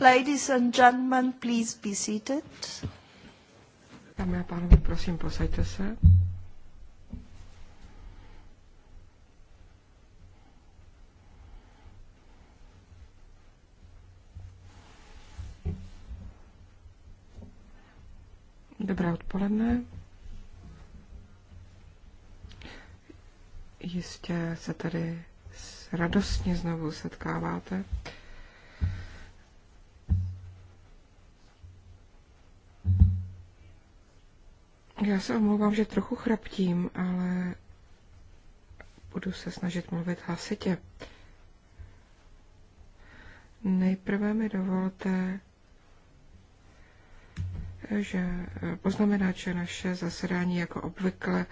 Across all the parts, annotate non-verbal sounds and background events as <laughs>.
Ladies and gentlemen, please be seated. Dámy a pánové, prosím, posaďte se. Dobré odpoledne. Jistě se tady radostně znovu setkáváte. Já se omlouvám, že trochu chraptím, ale budu se snažit mluvit hlasitě. Nejprve mi dovolte, že poznamenat, že naše zasedání jako obvykle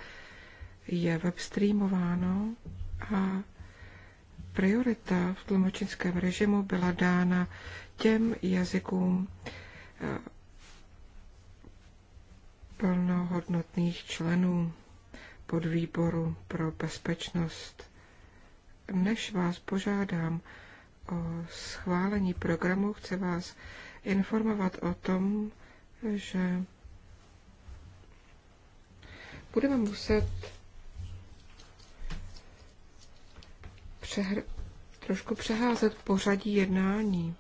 je webstreamováno a priorita v tlumočenském režimu byla dána těm jazykům, plnohodnotných členů podvýboru pro bezpečnost. Než vás požádám o schválení programu, chci vás informovat o tom, že budeme muset přehr- trošku přeházet pořadí jednání.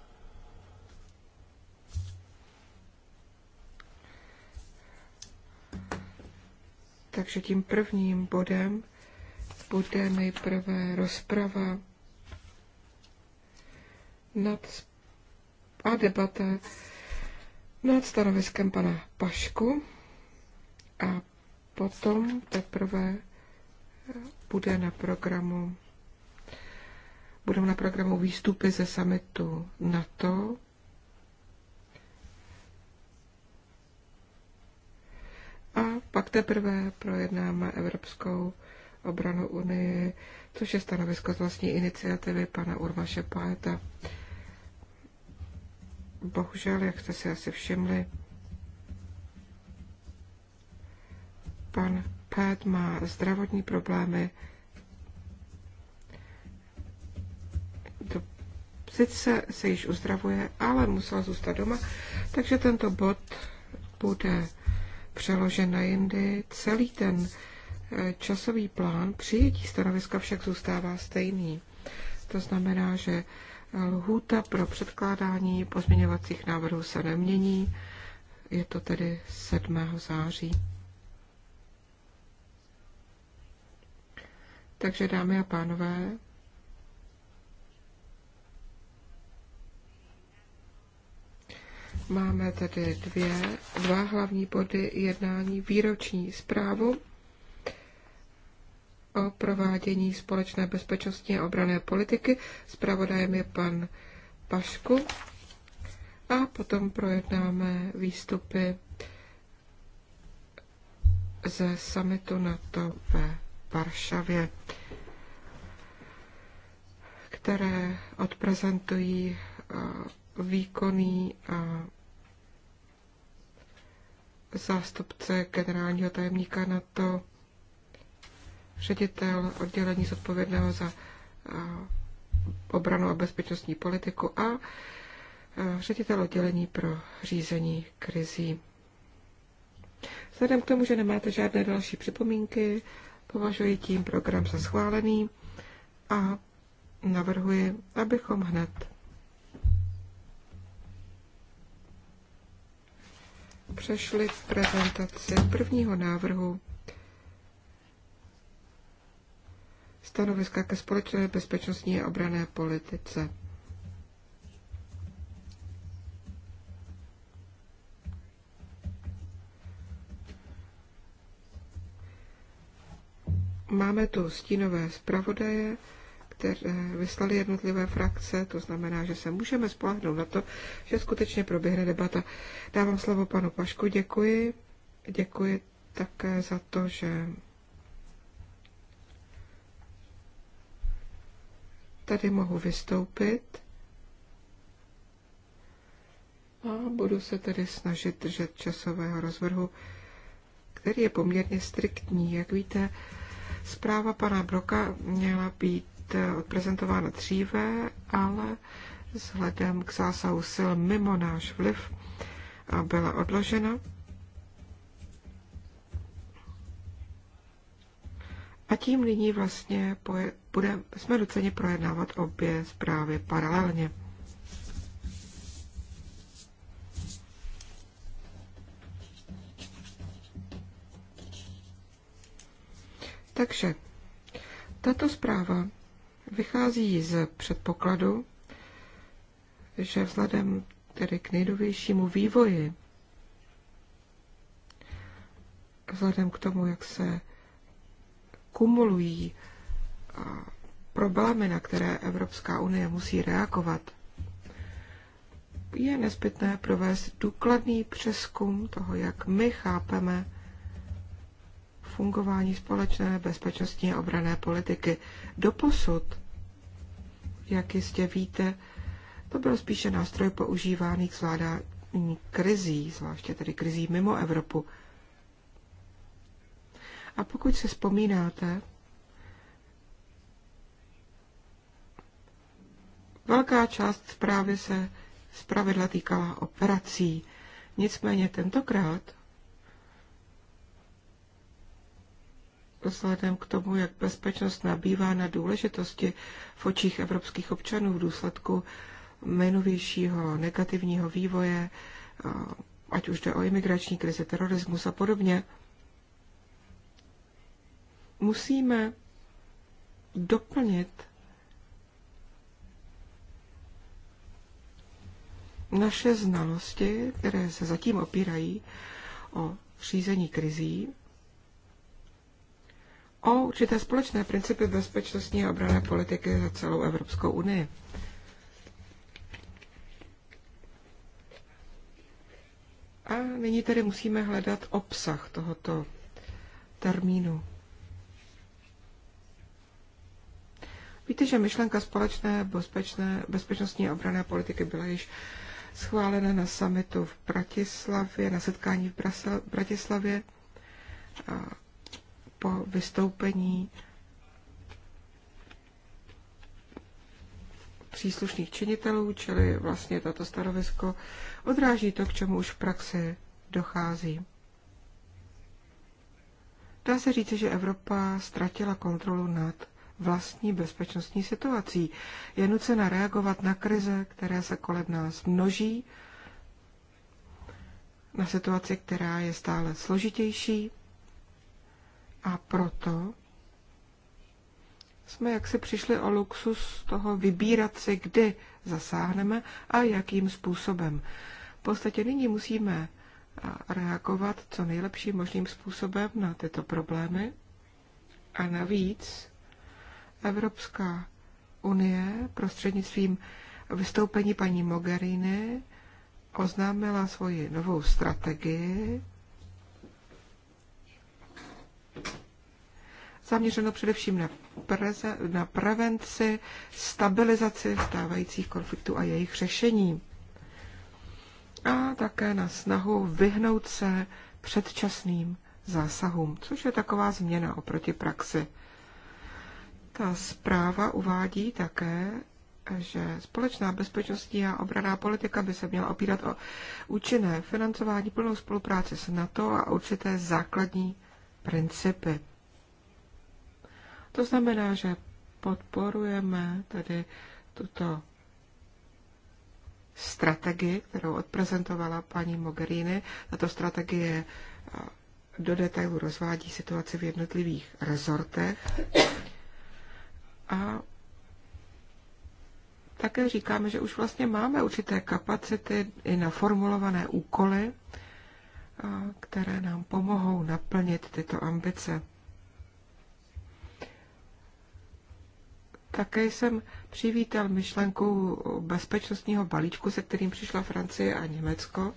Takže tím prvním bodem bude nejprve rozprava nad a debata nad stanoviskem pana Pašku a potom teprve bude na programu budou na programu výstupy ze samitu NATO A pak teprve projednáme Evropskou obranu Unii, což je stanovisko z vlastní iniciativy pana Urvaše Páta. Bohužel, jak jste si asi všimli, pan Pát má zdravotní problémy. sice se již uzdravuje, ale musel zůstat doma, takže tento bod bude přeložen na jindy. Celý ten eh, časový plán přijetí stanoviska však zůstává stejný. To znamená, že lhůta pro předkládání pozměňovacích návrhů se nemění. Je to tedy 7. září. Takže dámy a pánové, Máme tedy dvě, dva hlavní body jednání výroční zprávu o provádění společné bezpečnostní a obrané politiky. Zpravodajem je pan Pašku. A potom projednáme výstupy ze summitu NATO ve Varšavě, které odprezentují eh, výkonný a zástupce generálního tajemníka NATO, ředitel oddělení zodpovědného za eh, obranu a bezpečnostní politiku a eh, ředitel oddělení pro řízení krizí. Vzhledem k tomu, že nemáte žádné další připomínky, považuji tím program za schválený a navrhuji, abychom hned přešli k prezentaci prvního návrhu stanoviska ke společné bezpečnostní a obrané politice. Máme tu stínové zpravodaje, které eh, vyslali jednotlivé frakce, to znamená, že se můžeme spolehnout na to, že skutečně proběhne debata. Dávám slovo panu Pašku, děkuji. Děkuji také za to, že tady mohu vystoupit. A budu se tedy snažit držet časového rozvrhu, který je poměrně striktní. Jak víte, zpráva pana Broka měla být být odprezentována dříve, ale vzhledem k zásahu sil mimo náš vliv byla odložena. A tím nyní vlastně poje, bude, jsme doceni projednávat obě zprávy paralelně. Takže tato zpráva vychází z předpokladu, že vzhledem tedy k nejnovějšímu vývoji, vzhledem k tomu, jak se kumulují problémy, na které Evropská unie musí reagovat, je nezbytné provést důkladný přeskum toho, jak my chápeme fungování společné bezpečnostní a obrané politiky. Doposud, jak jistě víte, to byl spíše nástroj používaný k zvládání krizí, zvláště tedy krizí mimo Evropu. A pokud si vzpomínáte, velká část zprávy se zpravidla týkala operací. Nicméně tentokrát vzhledem k tomu, jak bezpečnost nabývá na důležitosti v očích evropských občanů v důsledku nejnovějšího negativního vývoje, eh, ať už jde o imigrační krizi, terorismus a podobně, musíme doplnit naše znalosti, které se zatím opírají o řízení krizí, o určité společné principy bezpečnostní a obrané politiky za celou Evropskou unii. A nyní tedy musíme hledat obsah tohoto termínu. Víte, že myšlenka společné bezpečné, bezpečnostní a obrané politiky byla již schválena na summitu v Bratislavě, na setkání v Bratislavě. A po vystoupení příslušných činitelů, čili vlastně toto stanovisko odráží to, k čemu už v praxi dochází. Dá se říci, že Evropa ztratila kontrolu nad vlastní bezpečnostní situací. Je nucena reagovat na krize, které se kolem nás množí, na situaci, která je stále složitější. A proto jsme jaksi přišli o luxus toho vybírat si, kdy zasáhneme a jakým způsobem. V podstatě nyní musíme reagovat co nejlepším možným způsobem na tyto problémy. A navíc Evropská unie prostřednictvím vystoupení paní Mogherini oznámila svoji novou strategii zaměřeno především na, preze, na prevenci, stabilizaci stávajících konfliktů a jejich řešení. A také na snahu vyhnout se předčasným zásahům, což je taková změna oproti praxi. Ta zpráva uvádí také, že společná bezpečnostní a obraná politika by se měla opírat o účinné financování, plnou spolupráci s NATO a určité základní principy. To znamená, že podporujeme tedy tuto strategii, kterou odprezentovala paní Mogherini. Tato strategie eh, do detailu rozvádí situaci v jednotlivých rezortech. A také říkáme, že už vlastně máme určité kapacity i na formulované úkoly, eh, které nám pomohou naplnit tyto ambice. Také jsem přivítal myšlenku bezpečnostního balíčku, se kterým přišla Francie a Německo.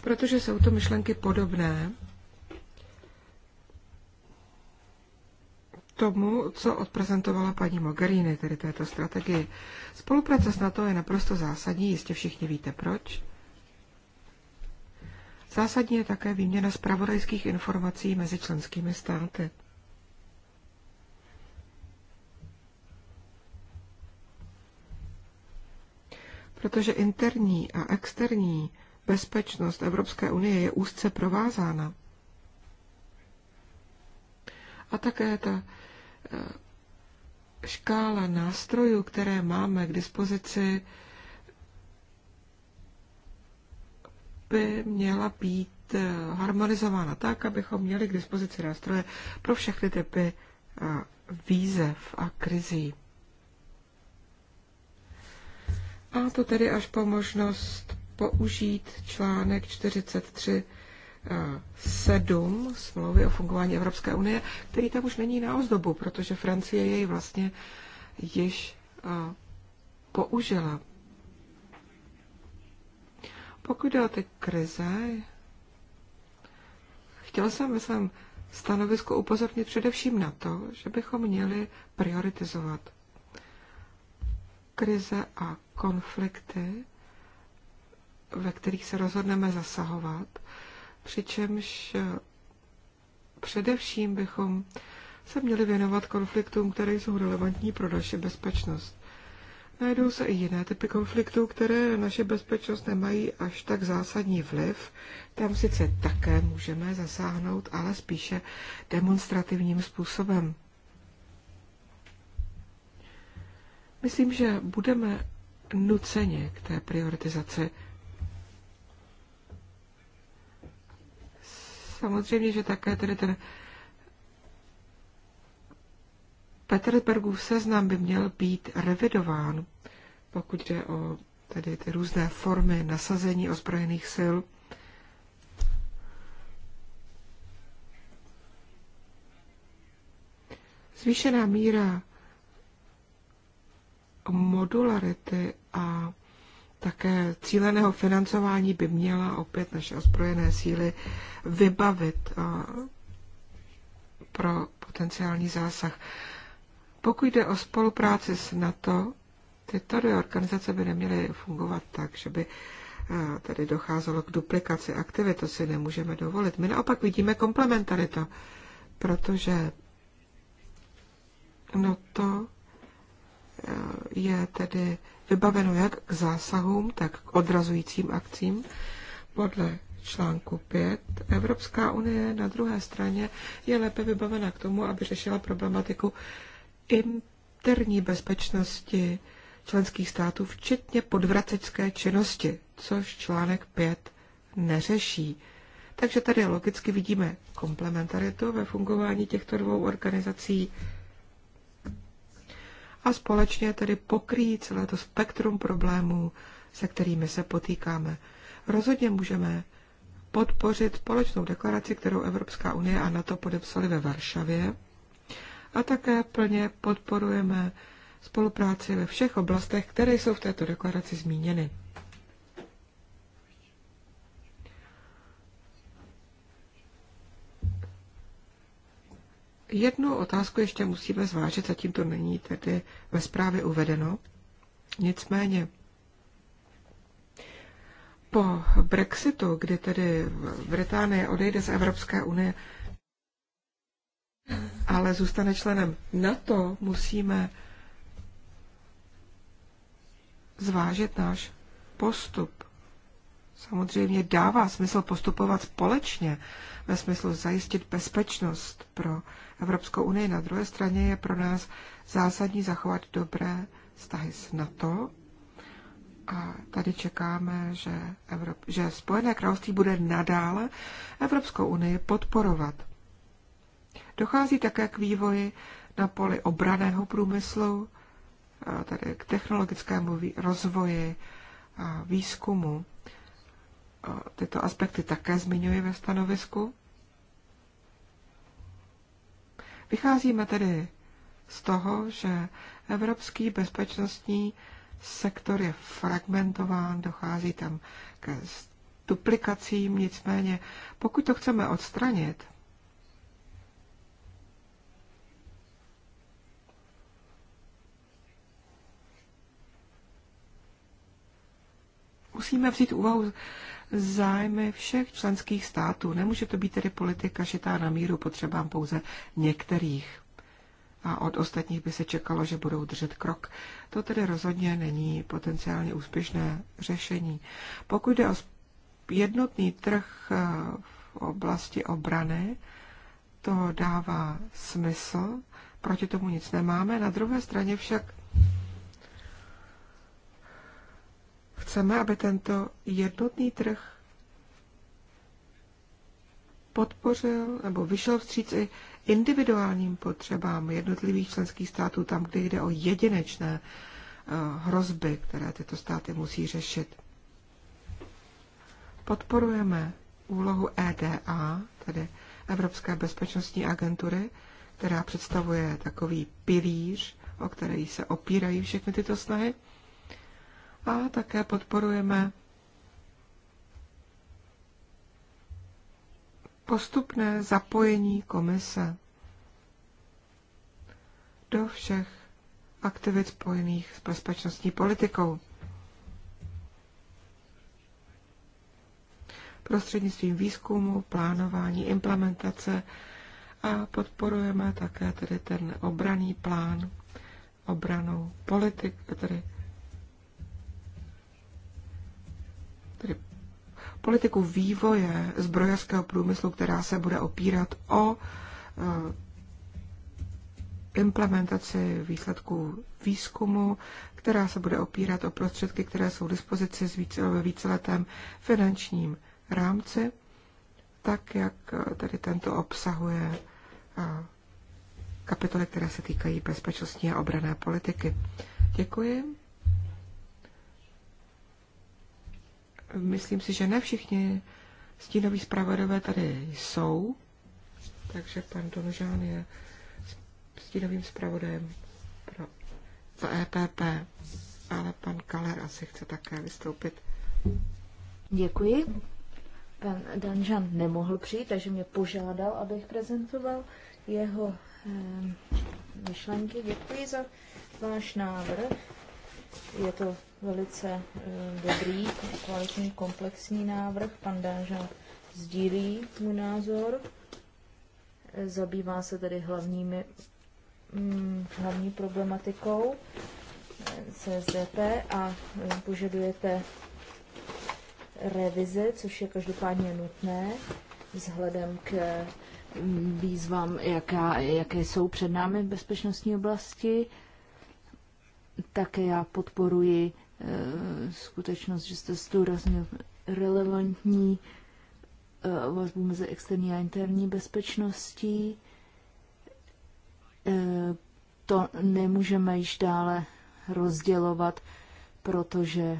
Protože jsou to myšlenky podobné tomu, co odprezentovala paní Mogherini, tedy této strategii. Spolupráce s NATO je naprosto zásadní, jistě všichni víte proč. Zásadní je také výměna zpravodajských informací mezi členskými státy. Protože interní a externí bezpečnost Evropské unie je úzce provázána. A také ta e, škála nástrojů, které máme k dispozici, by měla být eh, harmonizována tak, abychom měli k dispozici nástroje pro všechny typy eh, výzev a krizí. A to tedy až po možnost použít článek 437 eh, smlouvy o fungování Evropské unie, který tam už není na ozdobu, protože Francie jej vlastně již použila pokud jde o ty krize, chtěl jsem ve svém stanovisku upozornit především na to, že bychom měli prioritizovat krize a konflikty, ve kterých se rozhodneme zasahovat, přičemž především bychom se měli věnovat konfliktům, které jsou relevantní pro naši bezpečnost najdou se i jiné typy konfliktů, které na naše bezpečnost nemají až tak zásadní vliv. Tam sice také můžeme zasáhnout, ale spíše demonstrativním způsobem. Myslím, že budeme nuceni k té prioritizaci. Samozřejmě, že také tedy ten Petersbergův seznam by měl být revidován, pokud jde o tedy ty různé formy nasazení ozbrojených sil. Zvýšená míra modularity a také cíleného financování by měla opět naše ozbrojené síly vybavit pro potenciální zásah. Pokud jde o spolupráci s NATO, tyto dvě organizace by neměly fungovat tak, že by eh, tady docházelo k duplikaci aktivit, to si nemůžeme dovolit. My naopak vidíme komplementarita, protože no to eh, je tedy vybaveno jak k zásahům, tak k odrazujícím akcím podle článku 5. Evropská unie na druhé straně je lépe vybavena k tomu, aby řešila problematiku interní bezpečnosti členských států, včetně podvracecké činnosti, což článek 5 neřeší. Takže tady logicky vidíme komplementaritu ve fungování těchto dvou organizací a společně tedy pokryjí celé to spektrum problémů, se kterými se potýkáme. Rozhodně můžeme podpořit společnou deklaraci, kterou Evropská unie a NATO podepsali ve Varšavě a také plně podporujeme spolupráci ve všech oblastech, které jsou v této deklaraci zmíněny. Jednu otázku ještě musíme zvážit, zatím to není tedy ve zprávě uvedeno. Nicméně po Brexitu, kdy tedy Británie odejde z Evropské unie, ale zůstane členem NATO, musíme zvážit náš postup. Samozřejmě dává smysl postupovat společně ve smyslu zajistit bezpečnost pro Evropskou unii. Na druhé straně je pro nás zásadní zachovat dobré vztahy s NATO. A tady čekáme, že, Evrop- že Spojené království bude nadále Evropskou unii podporovat. Dochází také k vývoji na poli obraného průmyslu, tedy k technologickému rozvoji, a výzkumu. Tyto aspekty také zmiňuji ve stanovisku. Vycházíme tedy z toho, že evropský bezpečnostní sektor je fragmentován, dochází tam ke duplikacím, nicméně pokud to chceme odstranit, musíme vzít úvahu zájmy všech členských států. Nemůže to být tedy politika šitá na míru potřebám pouze některých. A od ostatních by se čekalo, že budou držet krok. To tedy rozhodně není potenciálně úspěšné řešení. Pokud jde o jednotný trh eh, v oblasti obrany, to dává smysl, proti tomu nic nemáme. Na druhé straně však Chceme, aby tento jednotný trh podpořil nebo vyšel vstříc i individuálním potřebám jednotlivých členských států tam, kde jde o jedinečné eh, hrozby, které tyto státy musí řešit. Podporujeme úlohu EDA, tedy Evropské bezpečnostní agentury, která představuje takový pilíř, o který se opírají všechny tyto snahy a také podporujeme postupné zapojení komise do všech aktivit spojených s bezpečnostní politikou. Prostřednictvím výzkumu, plánování, implementace a podporujeme také tedy ten obraný plán, obranou politik, tedy politiku vývoje zbrojařského průmyslu, která se bude opírat o eh, implementaci výsledků výzkumu, která se bude opírat o prostředky, které jsou k dispozici ve víceletém finančním rámci, tak jak eh, tedy tento obsahuje eh, kapitoly, které se týkají bezpečnostní a obrané politiky. Děkuji. Myslím si, že ne všichni stínoví zpravodové tady jsou, takže pan Donožán je stínovým zpravodajem pro EPP, ale pan Kaler asi chce také vystoupit. Děkuji. Pan Danžan nemohl přijít, takže mě požádal, abych prezentoval jeho eh, myšlenky. Děkuji za váš návrh je to velice eh, dobrý, kvalitní, komplexní návrh. Pan Dáža sdílí můj názor. Eh, zabývá se tedy hlavními, mm, hlavní problematikou eh, CSDP a požadujete revize, což je každopádně nutné vzhledem k výzvám, jaká, jaké jsou před námi v bezpečnostní oblasti. Také já podporuji eh, skutečnost, že jste zdůraznil relevantní eh, vazbu mezi externí a interní bezpečností. Eh, to nemůžeme již dále rozdělovat, protože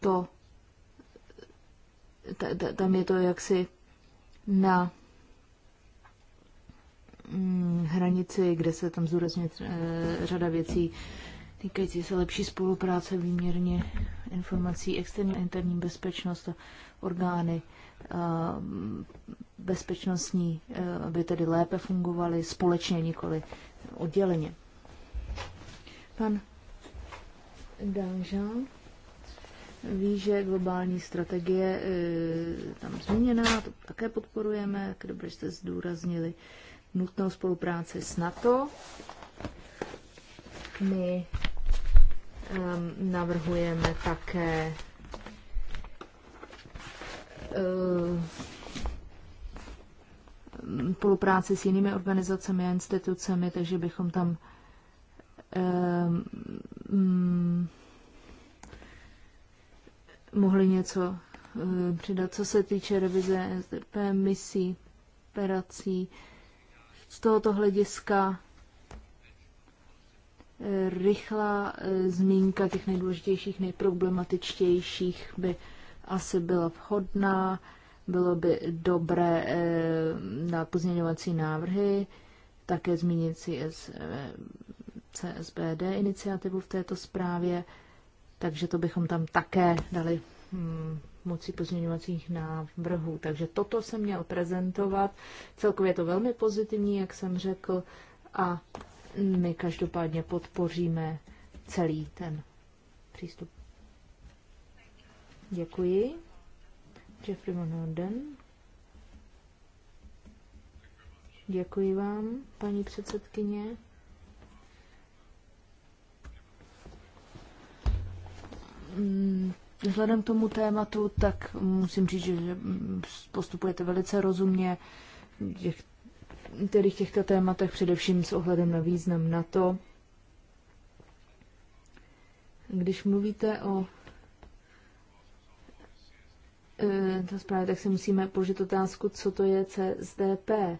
to, tam je to jaksi na Mm, hranici, kde se tam zúrazně eh, řada věcí týkající se lepší spolupráce, výměrně informací, externí a interní bezpečnost orgány eh, bezpečnostní, eh, aby tedy lépe fungovaly společně, nikoli odděleně. Pan Danžan ví, že globální strategie tam zmíněná, to také podporujeme, jak dobře jste zdůraznili nutnou spolupráci s NATO. My um, navrhujeme také um, spolupráci s jinými organizacemi a institucemi, takže bychom tam um, mohli něco přidat, co se týče revize SDP, misí, operací, z tohoto hlediska eh, rychlá eh, zmínka těch nejdůležitějších, nejproblematičtějších by asi byla vhodná. Bylo by dobré eh, na pozměňovací návrhy také zmínit si CSBD iniciativu v této zprávě, takže to bychom tam také dali Hm, moci pozměňovacích návrhů. Takže toto se měl prezentovat. Celkově je to velmi pozitivní, jak jsem řekl, a my každopádně podpoříme celý ten přístup. Děkuji. Jeffrey Van Orden. Děkuji vám, paní předsedkyně. Hm, Vzhledem k tomu tématu, tak musím říct, že postupujete velice rozumně v těch, v těchto tématech, především s ohledem na význam na to, Když mluvíte o e, to zprávě, tak si musíme položit otázku, co to je CSDP. E,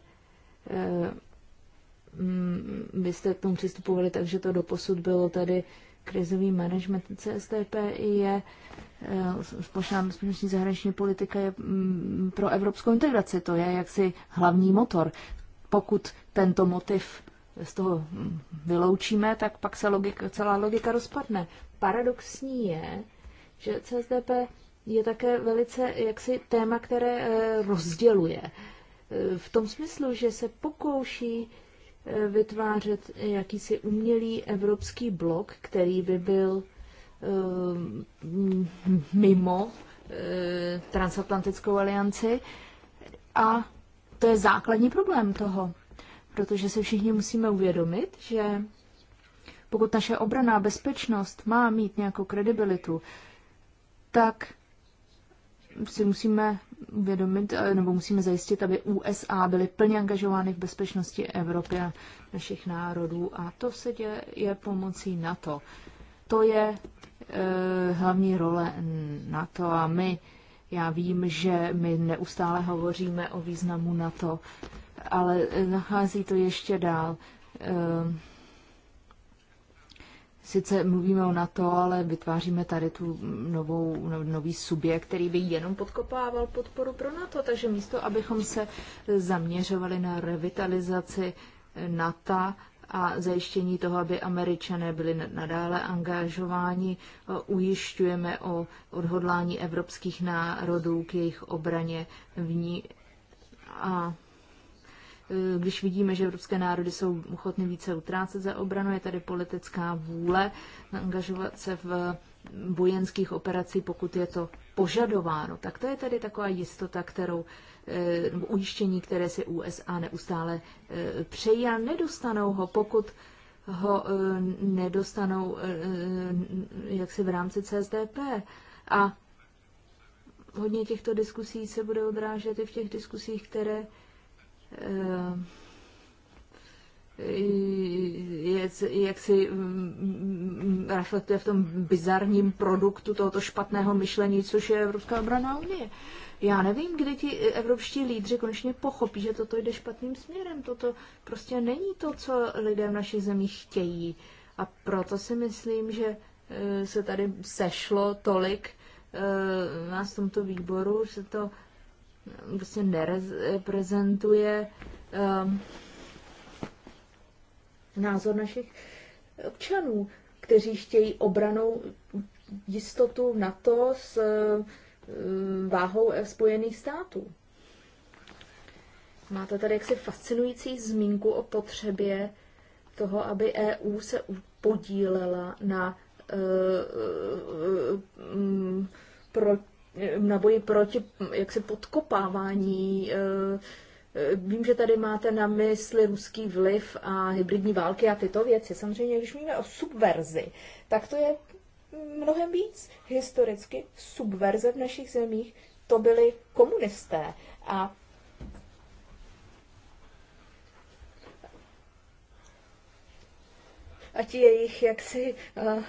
vy jste k tomu přistupovali tak, že to doposud bylo tady Krizový management CSTP je eh, společná bezpečnostní zahraniční politika je mm, pro evropskou integraci. To je jaksi hlavní motor. Pokud tento motiv z toho mm, vyloučíme, tak pak se logika, celá logika rozpadne. Paradoxní je, že CSDP je také velice jaksi téma, které eh, rozděluje. Eh, v tom smyslu, že se pokouší vytvářet jakýsi umělý evropský blok, který by byl eh, mimo eh, transatlantickou alianci. A to je základní problém toho, protože se všichni musíme uvědomit, že pokud naše obraná bezpečnost má mít nějakou kredibilitu, tak si musíme uvědomit, eh, nebo musíme zajistit, aby USA byly plně angažovány v bezpečnosti Evropy a našich národů. A to se děje je pomocí NATO. To je e, hlavní role NATO a my, já vím, že my neustále hovoříme o významu NATO, ale eh, nachází to ještě dál. E, sice mluvíme o NATO, ale vytváříme tady tu novou, no, nový subjekt, který by jenom podkopával podporu pro NATO. Takže místo, abychom se zaměřovali na revitalizaci NATO a zajištění toho, aby američané byli nadále angažováni, ujišťujeme o odhodlání evropských národů k jejich obraně v ní a Eh, když vidíme, že evropské národy jsou ochotny více utrácet za obranu, je tady politická vůle angažovat se v vojenských operací, pokud je to požadováno. Tak to je tady taková jistota, kterou eh, nebo ujištění, které si USA neustále eh, přejí a nedostanou ho, pokud ho nedostanou jaksi v rámci CSDP. A hodně těchto diskusí se bude odrážet i v těch diskusích, které Eh, je jak si mm, mm, mm, reflektuje v tom bizarním produktu tohoto špatného myšlení, což je Evropská obraná unie. Já nevím, kdy ti evropští lídři konečně pochopí, že toto jde špatným směrem. Toto prostě není to, co lidé v našich zemích chtějí. A proto si myslím, že eh, se tady sešlo tolik eh, nás v tomto výboru, že to prostě nereprezentuje um, názor našich občanů, kteří chtějí obranou jistotu NATO s um, váhou Spojených států. Máte tady jaksi fascinující zmínku o potřebě toho, aby EU se podílela na uh, eh, uh, eh, um, proti Eh, na boji proti hm, jaksi podkopávání. Eh, eh, vím, že tady máte na mysli ruský vliv a hybridní války a tyto věci. Samozřejmě, když mluvíme o subverzi, tak to je mnohem víc. Historicky subverze v našich zemích to byli komunisté a a ti jejich jaksi uh,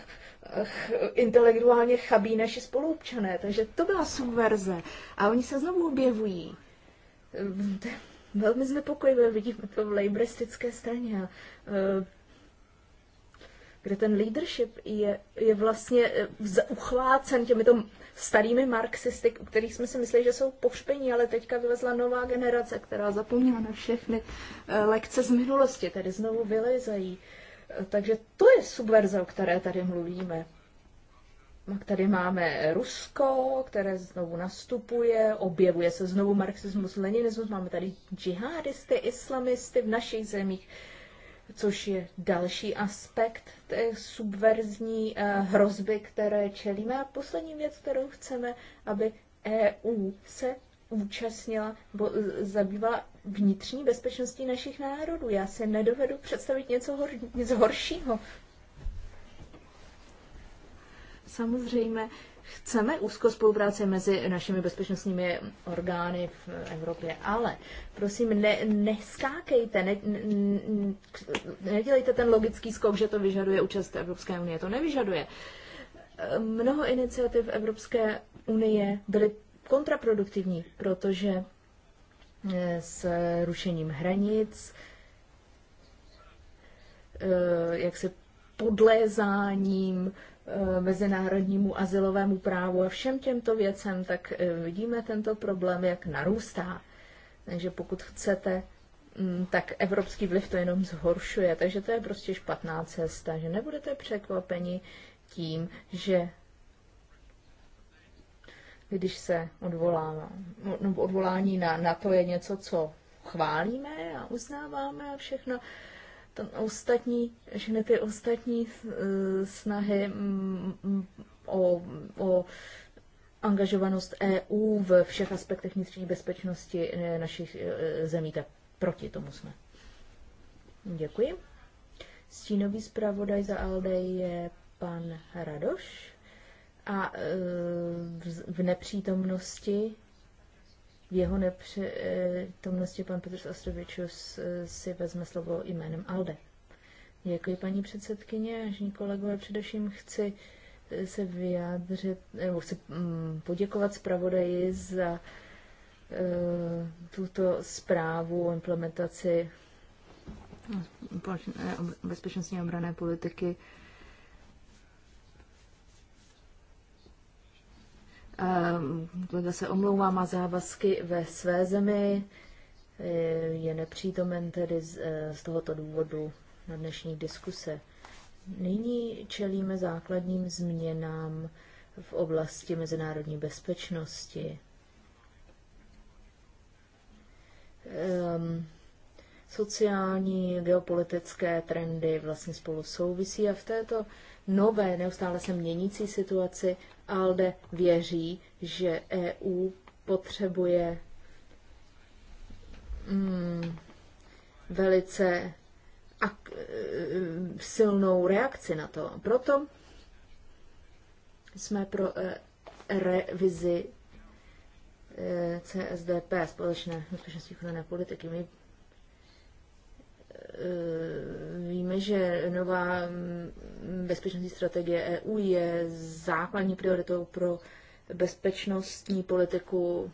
intelektuálně chabí naši spoluobčané. Takže to byla subverze. A oni se znovu objevují. Ehm, velmi znepokojivé vidíme to v lejbristické straně, ehm, kde ten leadership je, je vlastně e, uchvácen těmito starými marxisty, u kterých jsme si mysleli, že jsou pošpení, ale teďka vylezla nová generace, která zapomněla na všechny e, lekce z minulosti, tedy znovu vylezají. Uh, takže to je subverze, o které tady mluvíme. Pak tady máme Rusko, které znovu nastupuje, objevuje se znovu marxismus, leninismus, máme tady džihadisty, islamisty v našich zemích, což je další aspekt té subverzní eh, hrozby, které čelíme. A poslední věc, kterou chceme, aby EU se účastnila nebo e, zabývala vnitřní bezpečností našich národů. Já se nedovedu představit něco, hor, něco horšího. Samozřejmě chceme úzkou spolupráci mezi našimi bezpečnostními orgány v Evropě, ale prosím, ne, neskákejte, ne, ne, nedělejte ten logický skok, že to vyžaduje účast Evropské unie. To nevyžaduje. Mnoho iniciativ Evropské unie byly kontraproduktivní, protože eh, s rušením hranic, eh, jak se podlézáním eh, mezinárodnímu azylovému právu a všem těmto věcem, tak vidíme tento problém, jak narůstá. Takže pokud chcete, mm, tak evropský vliv to jenom zhoršuje. Takže to je prostě špatná cesta, že nebudete překvapeni tím, že když se odvolává. No, odvolání na, na to je něco, co chválíme a uznáváme a všechno. Ten ostatní, všechny ty ostatní eh, snahy mm, mm, o, o angažovanost EU v všech aspektech vnitřní bezpečnosti eh, našich eh, zemí, tak proti tomu jsme. Děkuji. Stínový zpravodaj za ALDE je pan Radoš a e, v nepřítomnosti, v jeho nepřítomnosti pan Petr Ostrovičus e, si vezme slovo jménem Alde. Děkuji, paní předsedkyně, vážení kolegové. Především chci e, se vyjádřit, nebo chci mm, poděkovat zpravodaji za tuto zprávu o implementaci bezpečnostní obrané politiky Kolega ehm, se omlouvá, má závazky ve své zemi, eh, je nepřítomen tedy z, eh, z tohoto důvodu na dnešní diskuse. Nyní čelíme základním změnám v oblasti mezinárodní bezpečnosti. Um, sociální, geopolitické trendy vlastně spolu souvisí a v této nové, neustále se měnící situaci, ALDE věří, že EU potřebuje mm, velice ak, e, silnou reakci na to. Proto jsme pro eh, revizi eh, CSDP, společné bezpečnostní ochranné politiky. My Eh, víme, že nová mm, bezpečnostní strategie EU je základní prioritou pro bezpečnostní politiku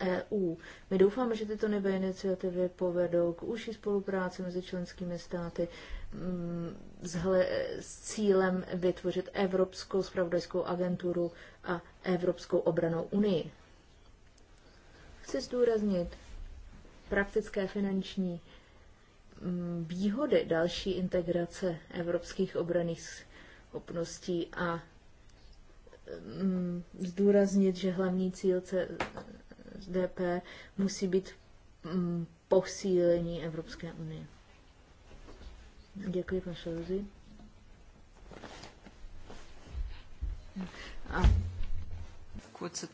EU. My doufáme, že tyto nové iniciativy povedou k užší spolupráci mezi členskými státy mm, s, cílem vytvořit Evropskou spravodajskou agenturu a Evropskou obranou unii. Chci zdůraznit praktické finanční Mm, výhody další integrace evropských obraných schopností a mm, zdůraznit, že hlavní cíl CDP musí být mm, posílení Evropské unie. Děkuji, pan Šelzi. A.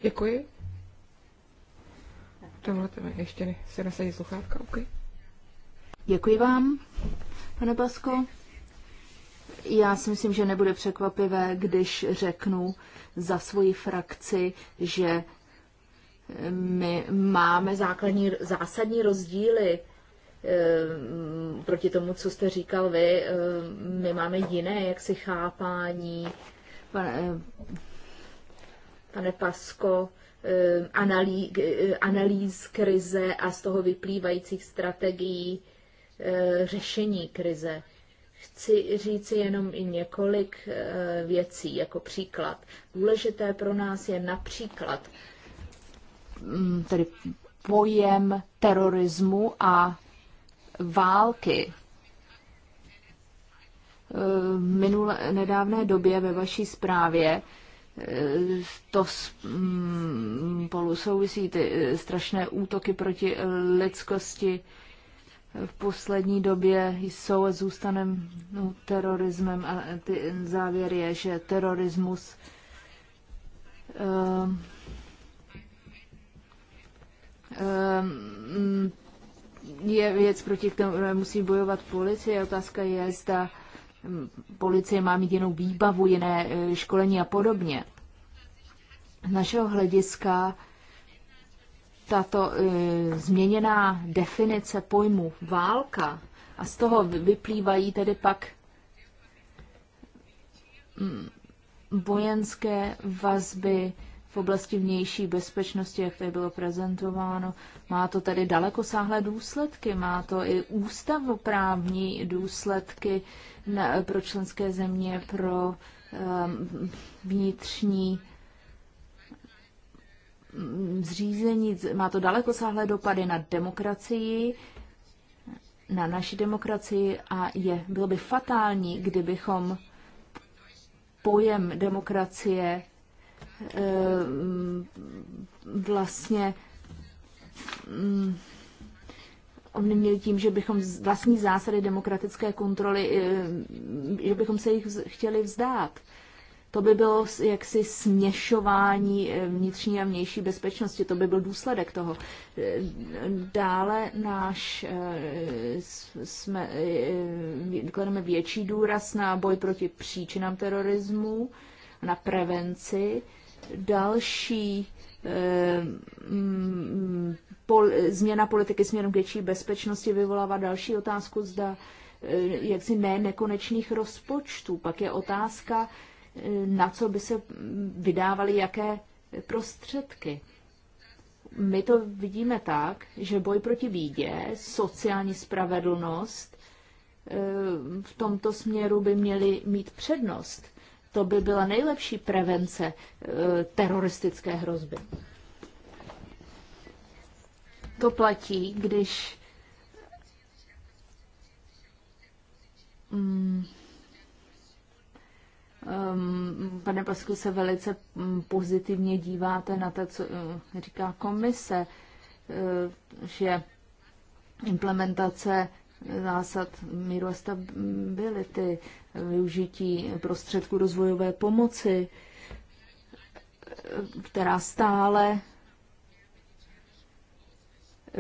Děkuji. Dovolte mi ještě si nasadí sluchátka, okay. Děkuji vám, pane Basko. Já si myslím, že nebude překvapivé, když řeknu za svoji frakci, že eh, my máme základní, zásadní rozdíly eh, proti tomu, co jste říkal vy. Eh, my máme jiné jaksi chápání. Pane, pane Pasko, analýz, analýz krize a z toho vyplývajících strategií Eh, řešení krize. Chci říci jenom i několik eh, věcí jako příklad. Důležité pro nás je například mm, tedy pojem terorismu a války. V eh, minulé, nedávné době ve vaší zprávě to mm, spolu souvisí ty strašné útoky proti lidskosti, v poslední době jsou a zůstanem no, terorismem a ty závěr je, že terorismus um, um, je věc, proti které musí bojovat policie. Otázka je, zda hm, policie má mít jinou výbavu, jiné eh, školení a podobně. Z našeho hlediska tato e, změněná definice pojmu válka a z toho vyplývají tedy pak mm, vojenské vazby v oblasti vnější bezpečnosti, jak tady bylo prezentováno. Má to tedy dalekosáhlé důsledky, má to i ústavoprávní důsledky na, pro členské země, pro um, vnitřní zřízení, má to dalekosáhlé dopady na demokracii, na naši demokracii a je, bylo by fatální, kdybychom pojem demokracie eh, vlastně mm, měl tím, že bychom vlastní zásady demokratické kontroly, eh, že bychom se jich chtěli vzdát to by bylo jaksi směšování eh, vnitřní a vnější bezpečnosti, to by byl důsledek toho. Eh, dále náš eh, jsme, klademe větší důraz na boj proti příčinám terorismu, na prevenci. Další mm, pol, změna politiky směrem k větší bezpečnosti vyvolává další otázku, zda jaksi ne nekonečných rozpočtů. Pak je otázka, na co by se vydávaly jaké prostředky. My to vidíme tak, že boj proti bídě, sociální spravedlnost eh, v tomto směru by měly mít přednost. To by byla nejlepší prevence eh, teroristické hrozby. To platí, když mm, Ehm, pane Pasku, se velice mm, pozitivně díváte na to, co eh, říká komise, eh, že implementace zásad míru a stability, využití prostředků rozvojové pomoci, eh, která stále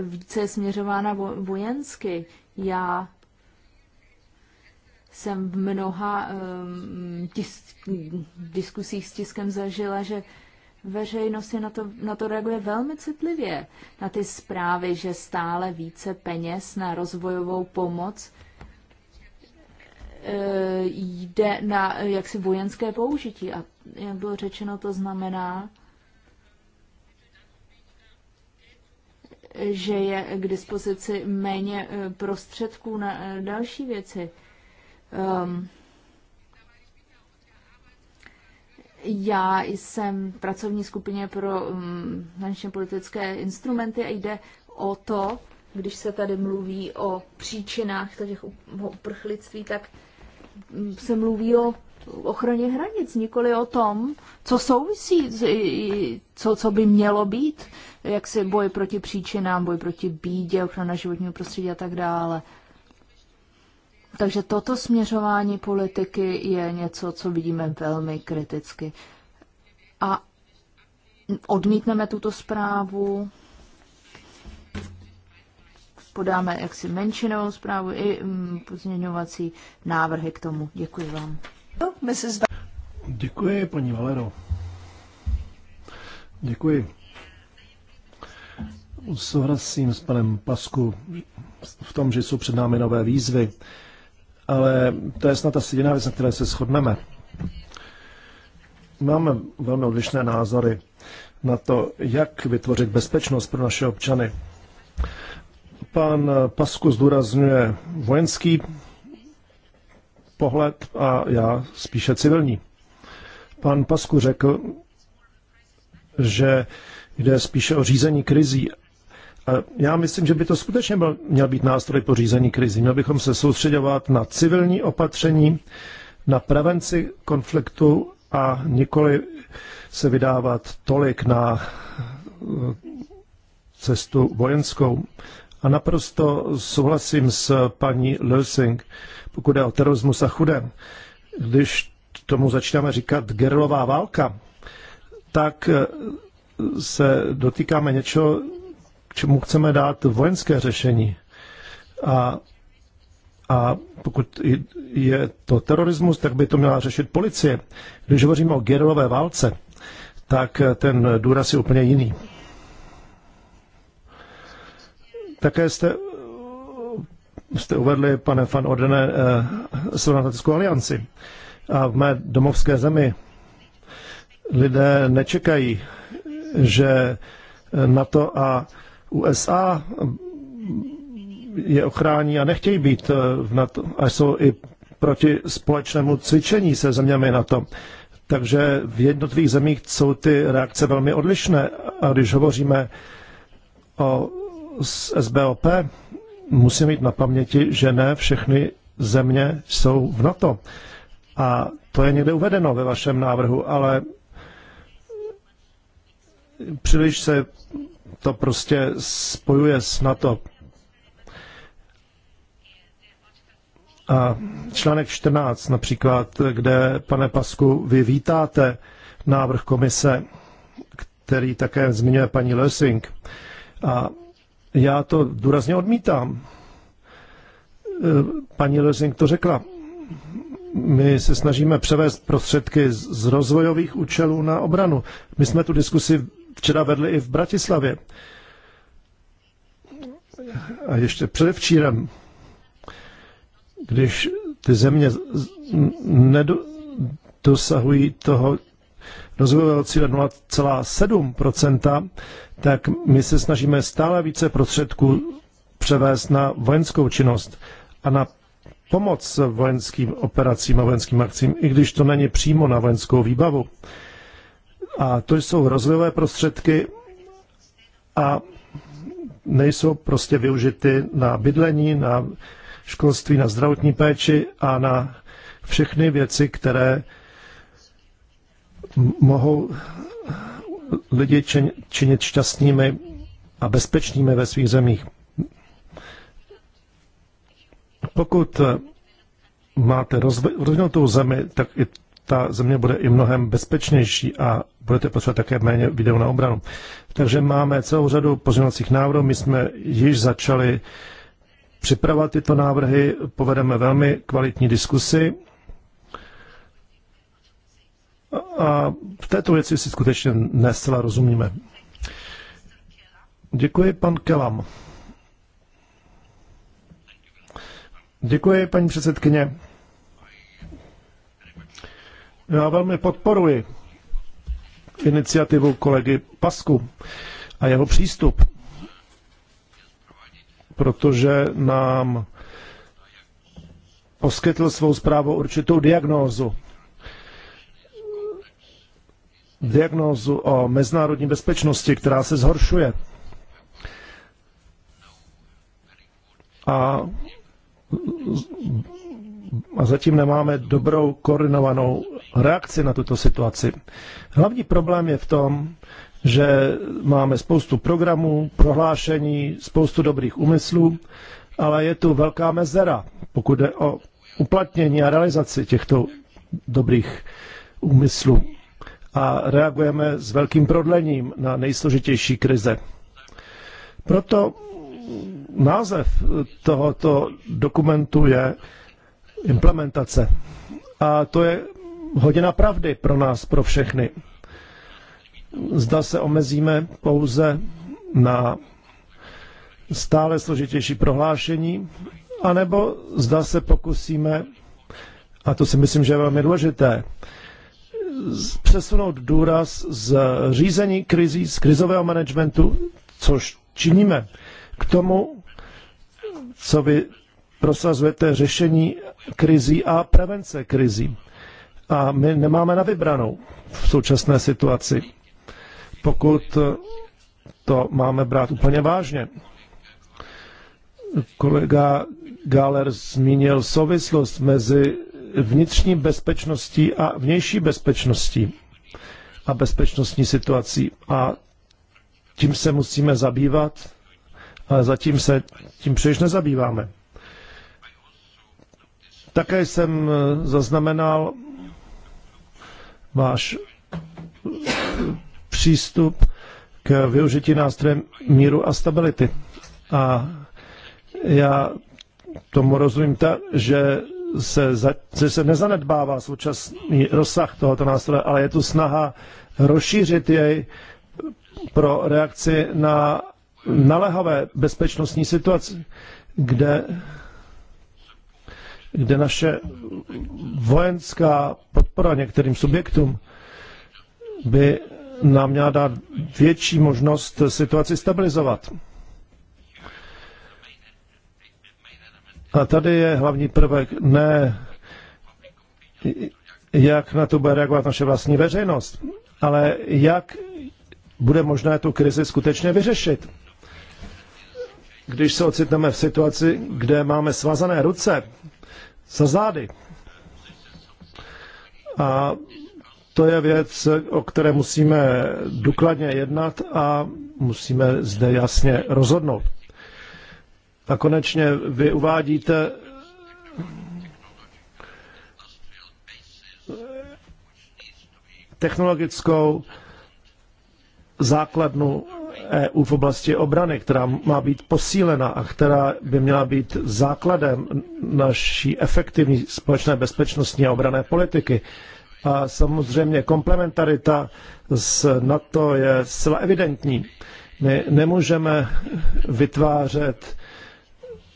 více je směřována vojensky. Já jsem v mnoha um, tisk, diskusích s tiskem zažila, že veřejnost je na, to, na to reaguje velmi citlivě, na ty zprávy, že stále více peněz na rozvojovou pomoc e, jde na jaksi vojenské použití. A jak bylo řečeno, to znamená, že je k dispozici méně e, prostředků na e, další věci. Um, já jsem v pracovní skupině pro um, politické instrumenty a jde o to, když se tady mluví o příčinách těch uprchlictví, tak mm, se mluví o ochraně hranic, nikoli o tom, co souvisí, co, co by mělo být, jak se boj proti příčinám, boj proti bídě, ochrana životního prostředí a tak dále. Takže toto směřování politiky je něco, co vidíme velmi kriticky. A odmítneme tuto zprávu, podáme jaksi menšinovou zprávu i mm, pozměňovací návrhy k tomu. Děkuji vám. Děkuji, paní Valero. Děkuji. Souhlasím s panem Pasku v tom, že jsou před námi nové výzvy ale to je snad asi jediná věc, na které se shodneme. Máme velmi odlišné názory na to, jak vytvořit bezpečnost pro naše občany. Pan Pasku zdůrazňuje vojenský pohled a já spíše civilní. Pan Pasku řekl, že jde spíše o řízení krizí já myslím, že by to skutečně byl, měl být nástroj pořízení krizi. krizí. Měl bychom se soustředovat na civilní opatření, na prevenci konfliktu a nikoli se vydávat tolik na eh, cestu vojenskou. A naprosto souhlasím s paní Lösing, pokud je o terorismus a chudem. Když tomu začínáme říkat gerlová válka, tak eh, se dotýkáme něčeho, čemu chceme dát vojenské řešení. A, a pokud je to terorismus, tak by to měla řešit policie. Když hovoříme o gerilové válce, tak ten důraz je úplně jiný. Také jste, jste uvedli, pane Van Ordene, eh, Severoatlantickou alianci. A v mé domovské zemi lidé nečekají, že na to a eh, USA je ochrání a nechtějí být eh, v NATO a jsou i proti společnému cvičení se zeměmi NATO. Takže v jednotlivých zemích jsou ty reakce velmi odlišné. A když hovoříme o SBOP, musíme mít na paměti, že ne všechny země jsou v NATO. A to je někde uvedeno ve vašem návrhu, ale příliš se to prostě spojuje s NATO. A článek 14 například, kde, pane Pasku, vy vítáte návrh komise, který také zmiňuje paní Lersing. A já to důrazně odmítám. Paní Lersing to řekla. My se snažíme převést prostředky z rozvojových účelů na obranu. My jsme tu diskusi včera vedli i v Bratislavě. A ještě předevčírem, když ty země nedosahují toho rozvojového cíle 0,7%, tak my se snažíme stále více prostředků převést na vojenskou činnost a na pomoc vojenským operacím a vojenským akcím, i když to není přímo na vojenskou výbavu. A to jsou rozvojové prostředky a nejsou prostě využity na bydlení, na školství, na zdravotní péči a na všechny věci, které mohou lidi činit šťastnými a bezpečnými ve svých zemích. Pokud máte rozvinutou zemi, tak i ta země bude i mnohem bezpečnější a budete potřebovat také méně videu na obranu. Takže máme celou řadu pozměňovacích návrhů. My jsme již začali připravovat tyto návrhy, povedeme velmi kvalitní diskusy. A v této věci si skutečně nescela rozumíme. Děkuji, pan Kelam. Děkuji, paní předsedkyně. Já velmi podporuji iniciativu kolegy Pasku a jeho přístup, protože nám poskytl svou zprávou určitou diagnózu. Diagnózu o mezinárodní bezpečnosti, která se zhoršuje. A a zatím nemáme dobrou koordinovanou reakci na tuto situaci. Hlavní problém je v tom, že máme spoustu programů, prohlášení, spoustu dobrých úmyslů, ale je tu velká mezera, pokud jde o uplatnění a realizaci těchto dobrých úmyslů. A reagujeme s velkým prodlením na nejsložitější krize. Proto název tohoto dokumentu je implementace. A to je hodina pravdy pro nás, pro všechny. Zda se omezíme pouze na stále složitější prohlášení, anebo zda se pokusíme, a to si myslím, že je velmi důležité, přesunout důraz z řízení krizí, z krizového managementu, což činíme, k tomu, co by prosazujete řešení krizí a prevence krizí. A my nemáme na vybranou v současné situaci, pokud to máme brát úplně vážně. Kolega Galer zmínil souvislost mezi vnitřní bezpečností a vnější bezpečností a bezpečnostní situací. A tím se musíme zabývat, ale zatím se tím příliš nezabýváme. Také jsem eh, zaznamenal váš eh, přístup k využití nástrojem míru a stability. A já tomu rozumím tak, že se, za, že se nezanedbává současný rozsah tohoto nástroje, ale je tu snaha rozšířit jej pro reakci na naléhavé bezpečnostní situaci, kde kde naše vojenská podpora některým subjektům by nám měla dát větší možnost situaci stabilizovat. A tady je hlavní prvek ne, jak na to bude reagovat naše vlastní veřejnost, ale jak bude možné tu krizi skutečně vyřešit. Když se ocitneme v situaci, kde máme svazané ruce, za zády. A to je věc, o které musíme důkladně jednat a musíme zde jasně rozhodnout. A konečně vy uvádíte technologickou základnu EU v oblasti obrany, která má být posílena a která by měla být základem naší efektivní společné bezpečnostní a obrané politiky. A samozřejmě komplementarita s NATO je zcela evidentní. My nemůžeme vytvářet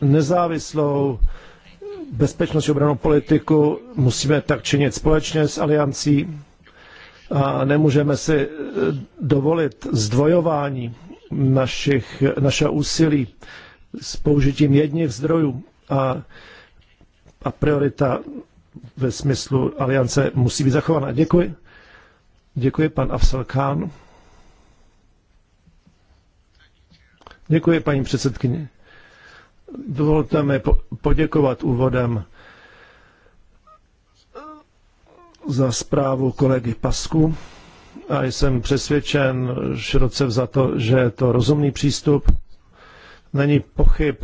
nezávislou bezpečnostní obranou politiku, musíme tak činit společně s aliancí a nemůžeme si eh, dovolit zdvojování našich, našeho úsilí s použitím jedních zdrojů a, a priorita ve smyslu aliance musí být zachována. Děkuji. Děkuji, pan Afsal Khan. Děkuji, paní předsedkyně. Dovolte mi poděkovat úvodem za zprávu kolegy Pasku a jsem přesvědčen široce vzato, že je to rozumný přístup. Není pochyb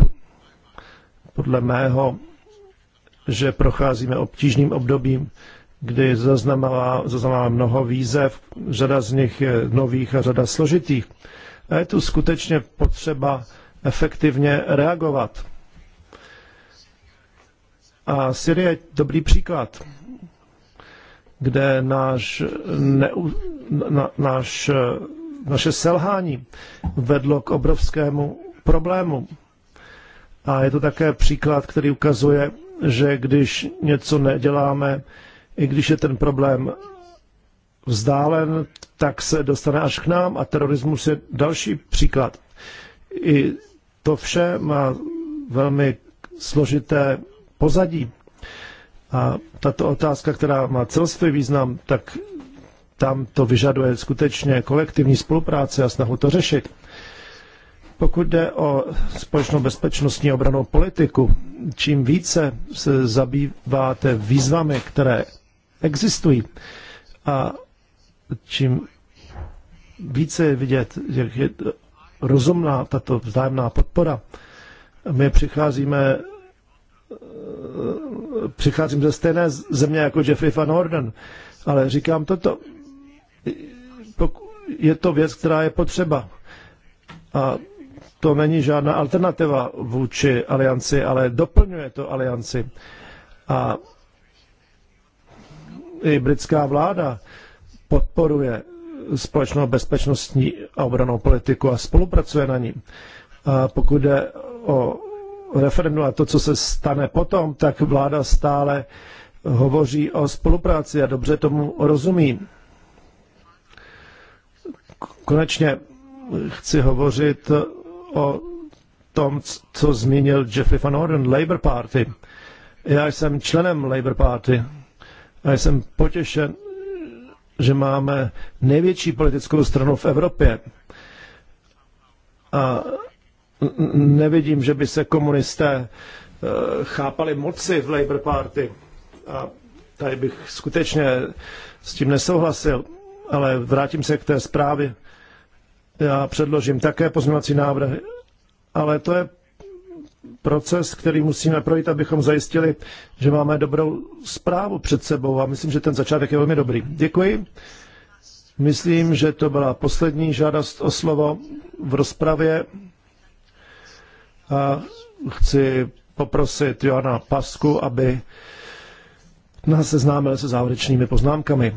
podle mého, že procházíme obtížným obdobím, kdy zaznamenala, zaznamenala mnoho výzev, řada z nich je nových a řada složitých. A je tu skutečně potřeba efektivně reagovat. A Syrie je dobrý příklad kde náš, ne, na, náš, naše selhání vedlo k obrovskému problému. A je to také příklad, který ukazuje, že když něco neděláme, i když je ten problém vzdálen, tak se dostane až k nám a terorismus je další příklad. I to vše má velmi složité pozadí. A tato otázka, která má celostvý význam, tak tam to vyžaduje skutečně kolektivní spolupráce a snahu to řešit. Pokud jde o společnou bezpečnostní obranou politiku, čím více se zabýváte výzvami, které existují a čím více je vidět, jak je rozumná tato vzájemná podpora, my přicházíme přicházím ze stejné země jako Jeffrey Van Orden, ale říkám toto. Je to věc, která je potřeba. A to není žádná alternativa vůči alianci, ale doplňuje to alianci. A i britská vláda podporuje společnou bezpečnostní a obranou politiku a spolupracuje na ní. A pokud jde o referendu a to, co se stane potom, tak vláda stále hovoří o spolupráci a dobře tomu rozumím. Konečně chci hovořit o tom, co zmínil Jeffrey Van Orden, Labour Party. Já jsem členem Labour Party a jsem potěšen, že máme největší politickou stranu v Evropě. A nevidím, že by se komunisté eh, chápali moci v Labour Party. A tady bych skutečně s tím nesouhlasil, ale vrátím se k té zprávě. Já předložím také pozměňovací návrh, ale to je proces, který musíme projít, abychom zajistili, že máme dobrou zprávu před sebou a myslím, že ten začátek je velmi dobrý. Děkuji. Myslím, že to byla poslední žádost o slovo v rozpravě chci poprosit Johana Pasku, aby nás seznámil se závěrečnými poznámkami.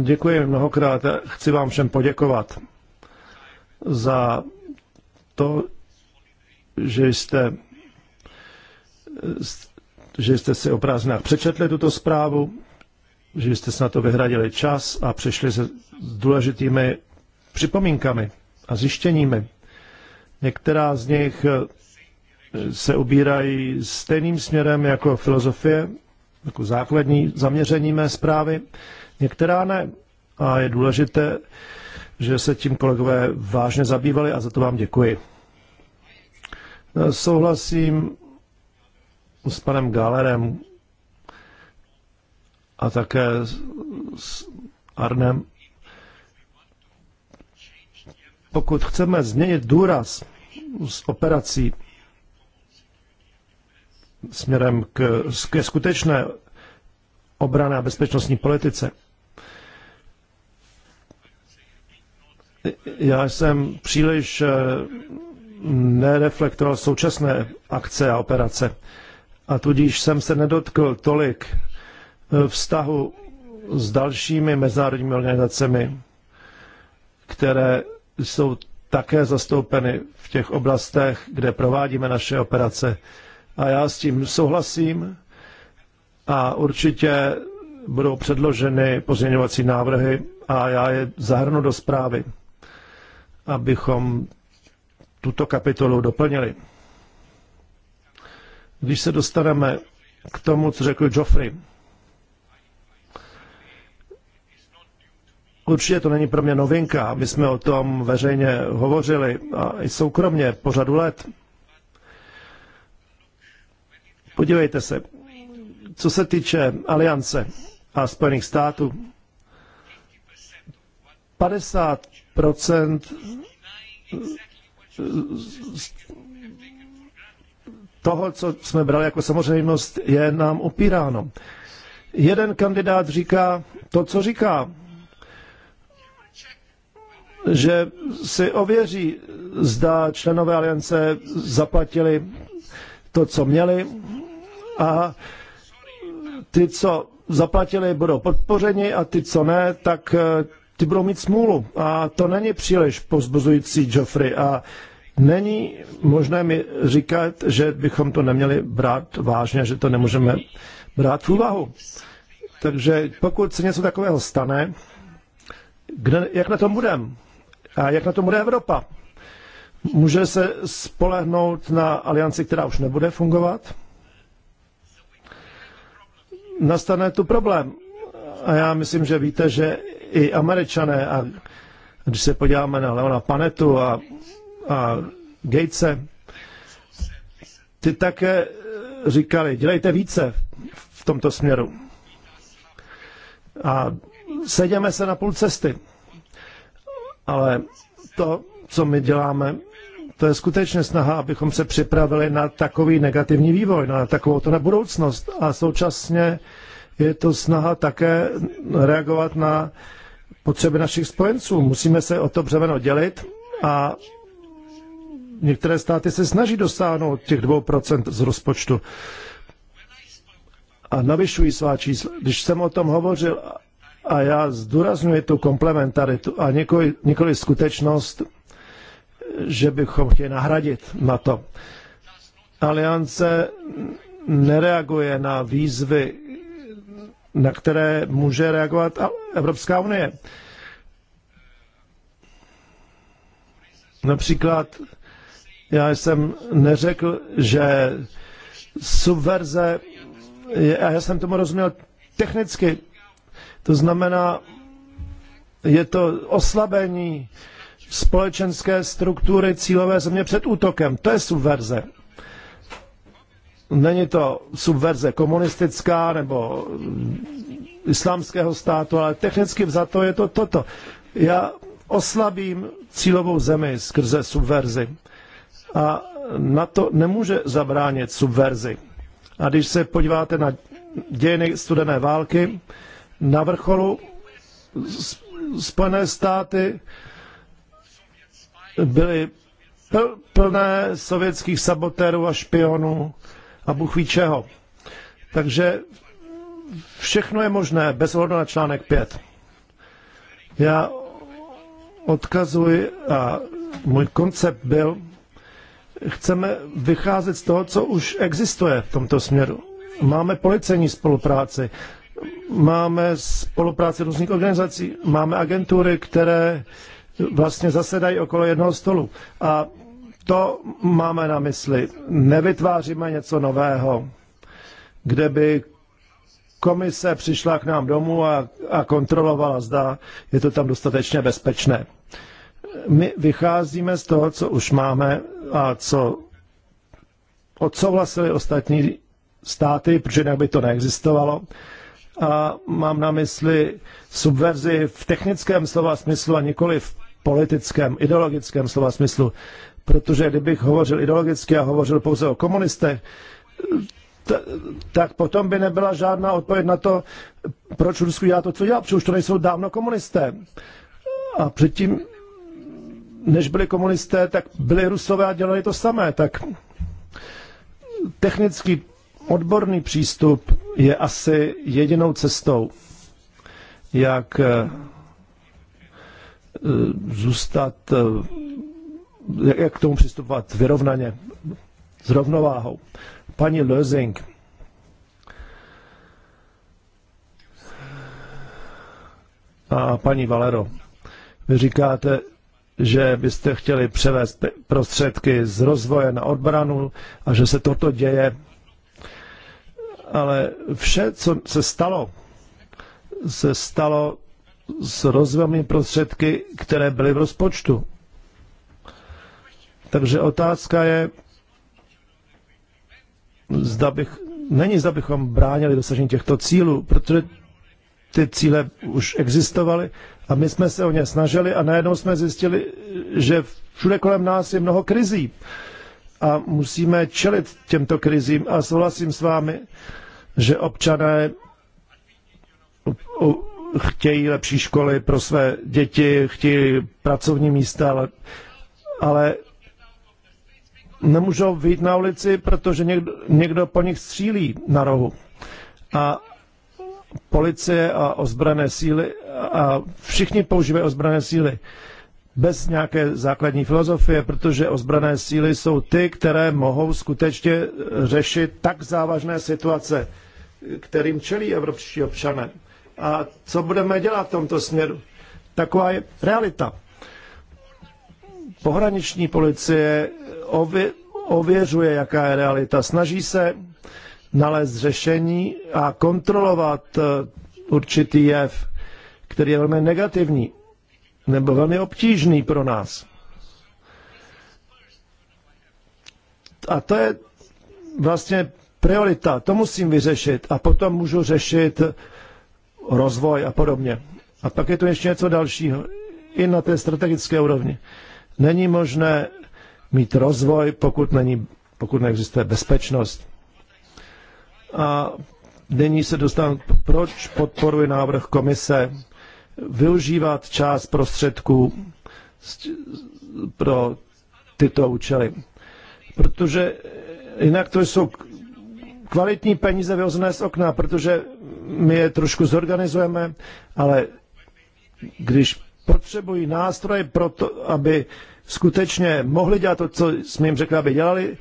Děkuji mnohokrát a chci vám všem poděkovat za to, že jste, že jste si o prázdninách přečetli tuto zprávu, že jste si na to vyhradili čas a přišli se s důležitými připomínkami a zjištěními. Některá z nich eh, se ubírají stejným směrem jako filozofie, jako základní zaměření mé zprávy, některá ne. A je důležité, že se tím kolegové vážně zabývali a za to vám děkuji. Eh, souhlasím s panem Galerem a také s Arnem pokud chceme změnit důraz z operací směrem k, k skutečné obrané a bezpečnostní politice, já jsem příliš eh, nereflektoval současné akce a operace. A tudíž jsem se nedotkl tolik eh, vztahu s dalšími mezinárodními organizacemi, které jsou také zastoupeny v těch oblastech, kde provádíme naše operace. A já s tím souhlasím a určitě budou předloženy pozměňovací návrhy a já je zahrnu do zprávy, abychom tuto kapitolu doplnili. Když se dostaneme k tomu, co řekl Joffrey, Určitě to není pro mě novinka, my jsme o tom veřejně hovořili a i soukromně po řadu let. Podívejte se, co se týče aliance a Spojených států, 50 toho, co jsme brali jako samozřejmost, je nám upíráno. Jeden kandidát říká to, co říká že si ověří, zda členové aliance zaplatili to, co měli a ty, co zaplatili, budou podpořeni a ty, co ne, tak eh, ty budou mít smůlu. A to není příliš pozbuzující, Joffrey. A není možné mi říkat, že bychom to neměli brát vážně, že to nemůžeme brát v úvahu. Takže pokud se něco takového stane, kde, jak na tom budeme? A jak na to bude Evropa? Může se spolehnout na alianci, která už nebude fungovat? Nastane tu problém. A já myslím, že víte, že i američané, a když se podíváme na Leona Panetu a, a Gatese, ty také říkali, dělejte více v tomto směru. A sedíme se na půl cesty ale to, co my děláme, to je skutečně snaha, abychom se připravili na takový negativní vývoj, na takovou to na budoucnost. A současně je to snaha také reagovat na potřeby našich spojenců. Musíme se o to břemeno dělit a některé státy se snaží dosáhnout těch 2% z rozpočtu a navyšují svá čísla. Když jsem o tom hovořil a já zdůraznuju tu komplementaritu a nikoli, nikoli skutečnost, že bychom chtěli nahradit na to. Aliance nereaguje na výzvy, na které může reagovat Evropská unie. Například já jsem neřekl, že subverze, a já jsem tomu rozuměl technicky, to znamená, je to oslabení společenské struktury cílové země před útokem. To je subverze. Není to subverze komunistická nebo islámského státu, ale technicky vzato je to toto. Já oslabím cílovou zemi skrze subverzi. A na to nemůže zabránit subverzi. A když se podíváte na dějiny studené války, na vrcholu Spojené státy byly plné sovětských sabotérů a špionů a Bůh ví čeho. Takže všechno je možné bez ohledu na článek 5. Já odkazuji a můj koncept byl, chceme vycházet z toho, co už existuje v tomto směru. Máme policejní spolupráci, máme spolupráci různých organizací, máme agentury, které vlastně zasedají okolo jednoho stolu. A to máme na mysli. Nevytváříme něco nového, kde by komise přišla k nám domů a, a kontrolovala, zda je to tam dostatečně bezpečné. My vycházíme z toho, co už máme a co odsouhlasili ostatní státy, protože jinak by to neexistovalo a mám na mysli subverzi v technickém slova smyslu a nikoli v politickém, ideologickém slova smyslu. Protože kdybych hovořil ideologicky a hovořil pouze o komunistech, tak potom by nebyla žádná odpověď na to, proč Rusku dělá to, co dělá, protože už to nejsou dávno komunisté. A předtím, než byli komunisté, tak byli rusové a dělali to samé. Tak technický, odborný přístup je asi jedinou cestou, jak eh, zůstat, eh, jak k tomu přistupovat vyrovnaně, s rovnováhou. Paní Lözing a paní Valero, vy říkáte, že byste chtěli převést prostředky z rozvoje na odbranu a že se toto děje ale vše, co se stalo, se stalo s rozvojovými prostředky, které byly v rozpočtu. Takže otázka je, zda bych, není zda bychom bránili dosažení těchto cílů, protože ty cíle už existovaly a my jsme se o ně snažili a najednou jsme zjistili, že všude kolem nás je mnoho krizí. Uh, a musíme čelit těmto krizím a souhlasím s vámi, že občané chtějí lepší školy pro své děti, chtějí pracovní místa, ale, ale nemůžou vyjít na ulici, protože někdo, někdo po nich střílí na rohu. A policie a ozbrané síly a všichni používají ozbrané síly bez nějaké základní filozofie, protože ozbrané síly jsou ty, které mohou skutečně řešit tak závažné situace, kterým čelí evropští občané. A co budeme dělat v tomto směru? Taková je realita. Pohraniční policie ově, ověřuje, jaká je realita. Snaží se nalézt řešení a kontrolovat eh, určitý jev, který je velmi negativní nebo velmi obtížný pro nás. A to je vlastně priorita, to musím vyřešit a potom můžu řešit rozvoj a podobně. A pak je tu ještě něco dalšího, i na té strategické úrovni. Není možné mít rozvoj, pokud, není, pokud neexistuje bezpečnost. A nyní se dostanu, proč podporuji návrh komise využívat část prostředků pro tyto účely. Protože jinak to jsou kvalitní peníze vyhozené z okna, protože my je trošku zorganizujeme, ale když potřebují nástroje pro to, aby skutečně mohli dělat to, co jsme jim řekli, aby dělali,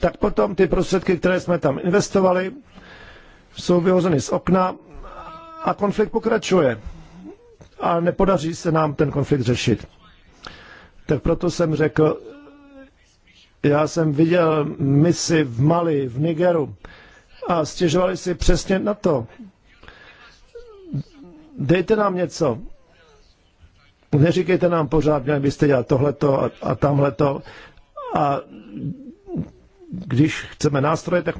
tak potom ty prostředky, které jsme tam investovali, jsou vyhozeny z okna a konflikt pokračuje a nepodaří se nám ten konflikt řešit. Tak proto jsem řekl, já jsem viděl misi v Mali, v Nigeru a stěžovali si přesně na to. Dejte nám něco. Neříkejte nám pořád, měli byste dělat tohleto a, a tamhleto. A když chceme nástroje, tak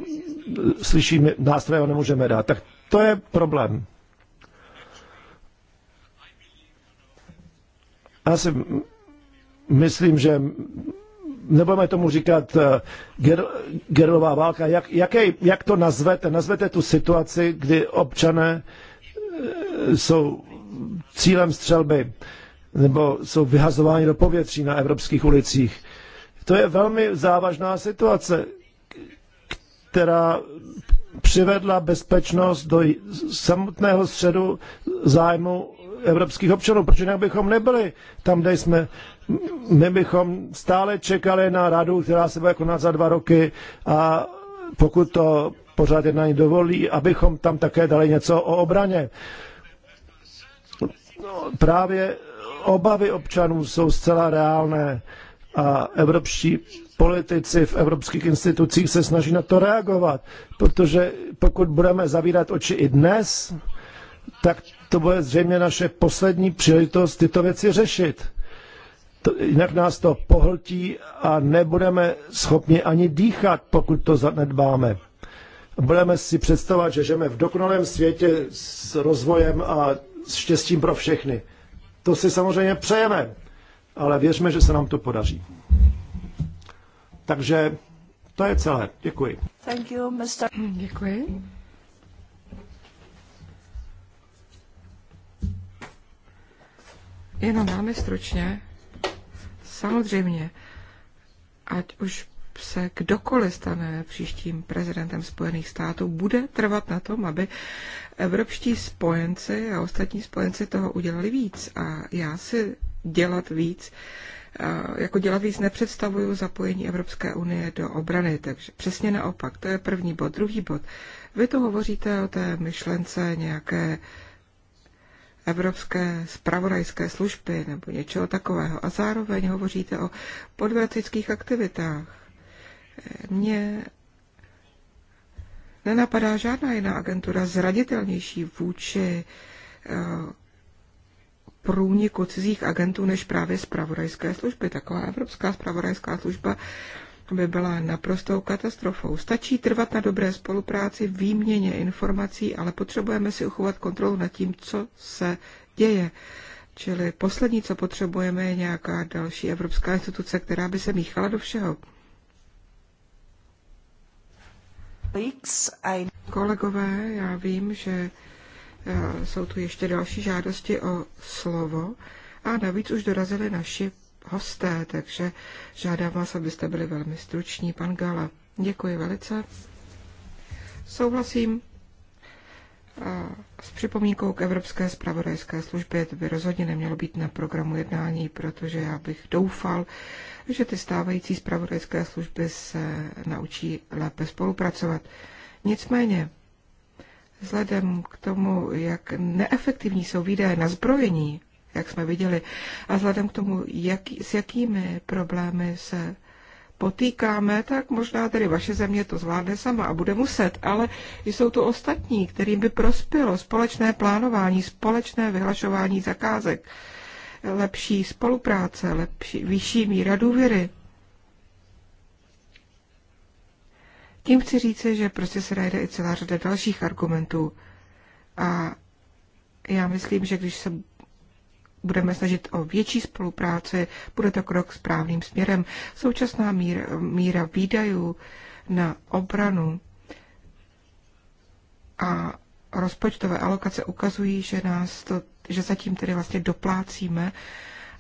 slyšíme, nástroje nemůžeme dát. Tak to je problém. Já si myslím, že nebudeme tomu říkat eh, ger, gerlová válka. Jak, jaké, jak to nazvete? Nazvete tu situaci, kdy občané eh, jsou cílem střelby nebo jsou vyhazováni do povětří na evropských ulicích. To je velmi závažná situace, která přivedla bezpečnost do samotného středu zájmu evropských občanů, protože jinak bychom nebyli tam, kde jsme. My bychom stále čekali na radu, která se bude konat za dva roky a pokud to pořád jednání dovolí, abychom tam také dali něco o obraně. No, právě obavy občanů jsou zcela reálné a evropští politici v evropských institucích se snaží na to reagovat, protože pokud budeme zavírat oči i dnes, tak to bude zřejmě naše poslední příležitost tyto věci řešit. To, jinak nás to pohltí a nebudeme schopni ani dýchat, pokud to zanedbáme. Budeme si představovat, že žijeme v dokonalém světě s rozvojem a s štěstím pro všechny. To si samozřejmě přejeme, ale věřme, že se nám to podaří. Takže to je celé. Děkuji. Thank you, Mr. Děkuji. Jenom máme stručně. Samozřejmě, ať už se kdokoliv stane příštím prezidentem Spojených států, bude trvat na tom, aby evropští spojenci a ostatní spojenci toho udělali víc. A já si dělat víc, jako dělat víc nepředstavuju zapojení Evropské unie do obrany, takže přesně naopak, to je první bod. Druhý bod, vy tu hovoříte o té myšlence nějaké Evropské spravodajské služby nebo něčeho takového. A zároveň hovoříte o podvratických aktivitách. Mně nenapadá žádná jiná agentura zraditelnější vůči eh, průniku cizích agentů než právě spravodajské služby. Taková evropská spravodajská služba by byla naprostou katastrofou. Stačí trvat na dobré spolupráci, výměně informací, ale potřebujeme si uchovat kontrolu nad tím, co se děje. Čili poslední, co potřebujeme, je nějaká další evropská instituce, která by se míchala do všeho. Kolegové, já vím, že eh, jsou tu ještě další žádosti o slovo a navíc už dorazili naši hosté, takže žádám vás, abyste byli velmi struční. Pan Gala, děkuji velice. Souhlasím s připomínkou k Evropské spravodajské službě. To by rozhodně nemělo být na programu jednání, protože já bych doufal, že ty stávající spravodajské služby se naučí lépe spolupracovat. Nicméně, vzhledem k tomu, jak neefektivní jsou výdaje na zbrojení jak jsme viděli. A vzhledem k tomu, jak, s jakými problémy se potýkáme, tak možná tedy vaše země to zvládne sama a bude muset, ale jsou tu ostatní, kterým by prospělo společné plánování, společné vyhlašování zakázek, lepší spolupráce, lepší, vyšší míra důvěry. Tím chci říci, že prostě se najde i celá řada dalších argumentů. A já myslím, že když se budeme snažit o větší spolupráci, bude to krok správným směrem. Současná míra, míra výdajů na obranu a rozpočtové alokace ukazují, že, nás to, že zatím tedy vlastně doplácíme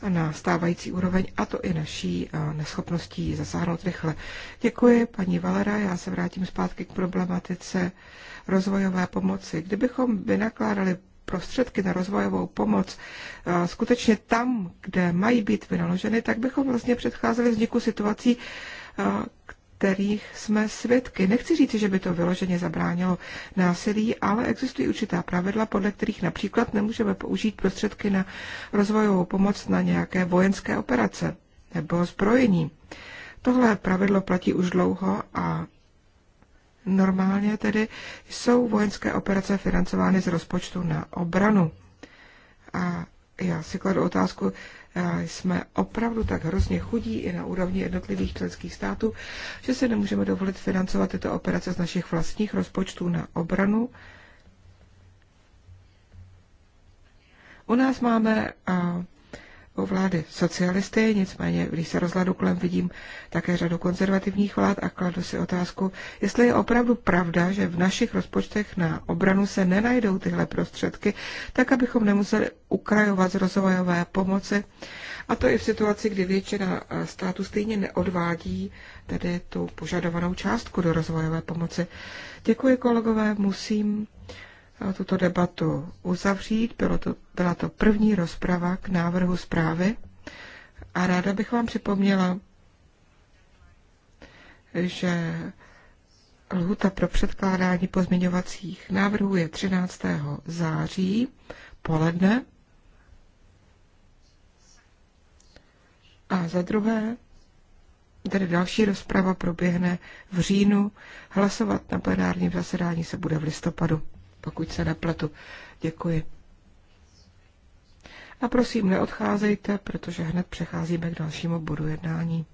na stávající úroveň a to i naší eh, neschopností zasáhnout rychle. Děkuji, paní Valera, já se vrátím zpátky k problematice rozvojové pomoci. Kdybychom vynakládali prostředky na rozvojovou pomoc skutečně tam, kde mají být vynaloženy, tak bychom vlastně předcházeli vzniku situací, kterých jsme svědky. Nechci říct, že by to vyloženě zabránilo násilí, ale existují určitá pravidla, podle kterých například nemůžeme použít prostředky na rozvojovou pomoc na nějaké vojenské operace nebo zbrojení. Tohle pravidlo platí už dlouho a Normálně tedy jsou vojenské operace financovány z rozpočtu na obranu. A já si kladu otázku, eh, jsme opravdu tak hrozně chudí i na úrovni jednotlivých členských států, že si nemůžeme dovolit financovat tyto operace z našich vlastních rozpočtů na obranu. U nás máme eh, u vlády socialisty, nicméně když se rozhladu kolem vidím také řadu konzervativních vlád a kladu si otázku, jestli je opravdu pravda, že v našich rozpočtech na obranu se nenajdou tyhle prostředky, tak abychom nemuseli ukrajovat z rozvojové pomoci. A to i v situaci, kdy většina eh, států stejně neodvádí tedy tu požadovanou částku do rozvojové pomoci. Děkuji kolegové, musím tuto debatu uzavřít. Bylo to, byla to první rozprava k návrhu zprávy a ráda bych vám připomněla, že lhuta pro předkládání pozměňovacích návrhů je 13. září poledne. A za druhé, tedy další rozprava proběhne v říjnu. Hlasovat na plenárním zasedání se bude v listopadu pokud se nepletu. Děkuji. A prosím, neodcházejte, protože hned přecházíme k dalšímu bodu jednání.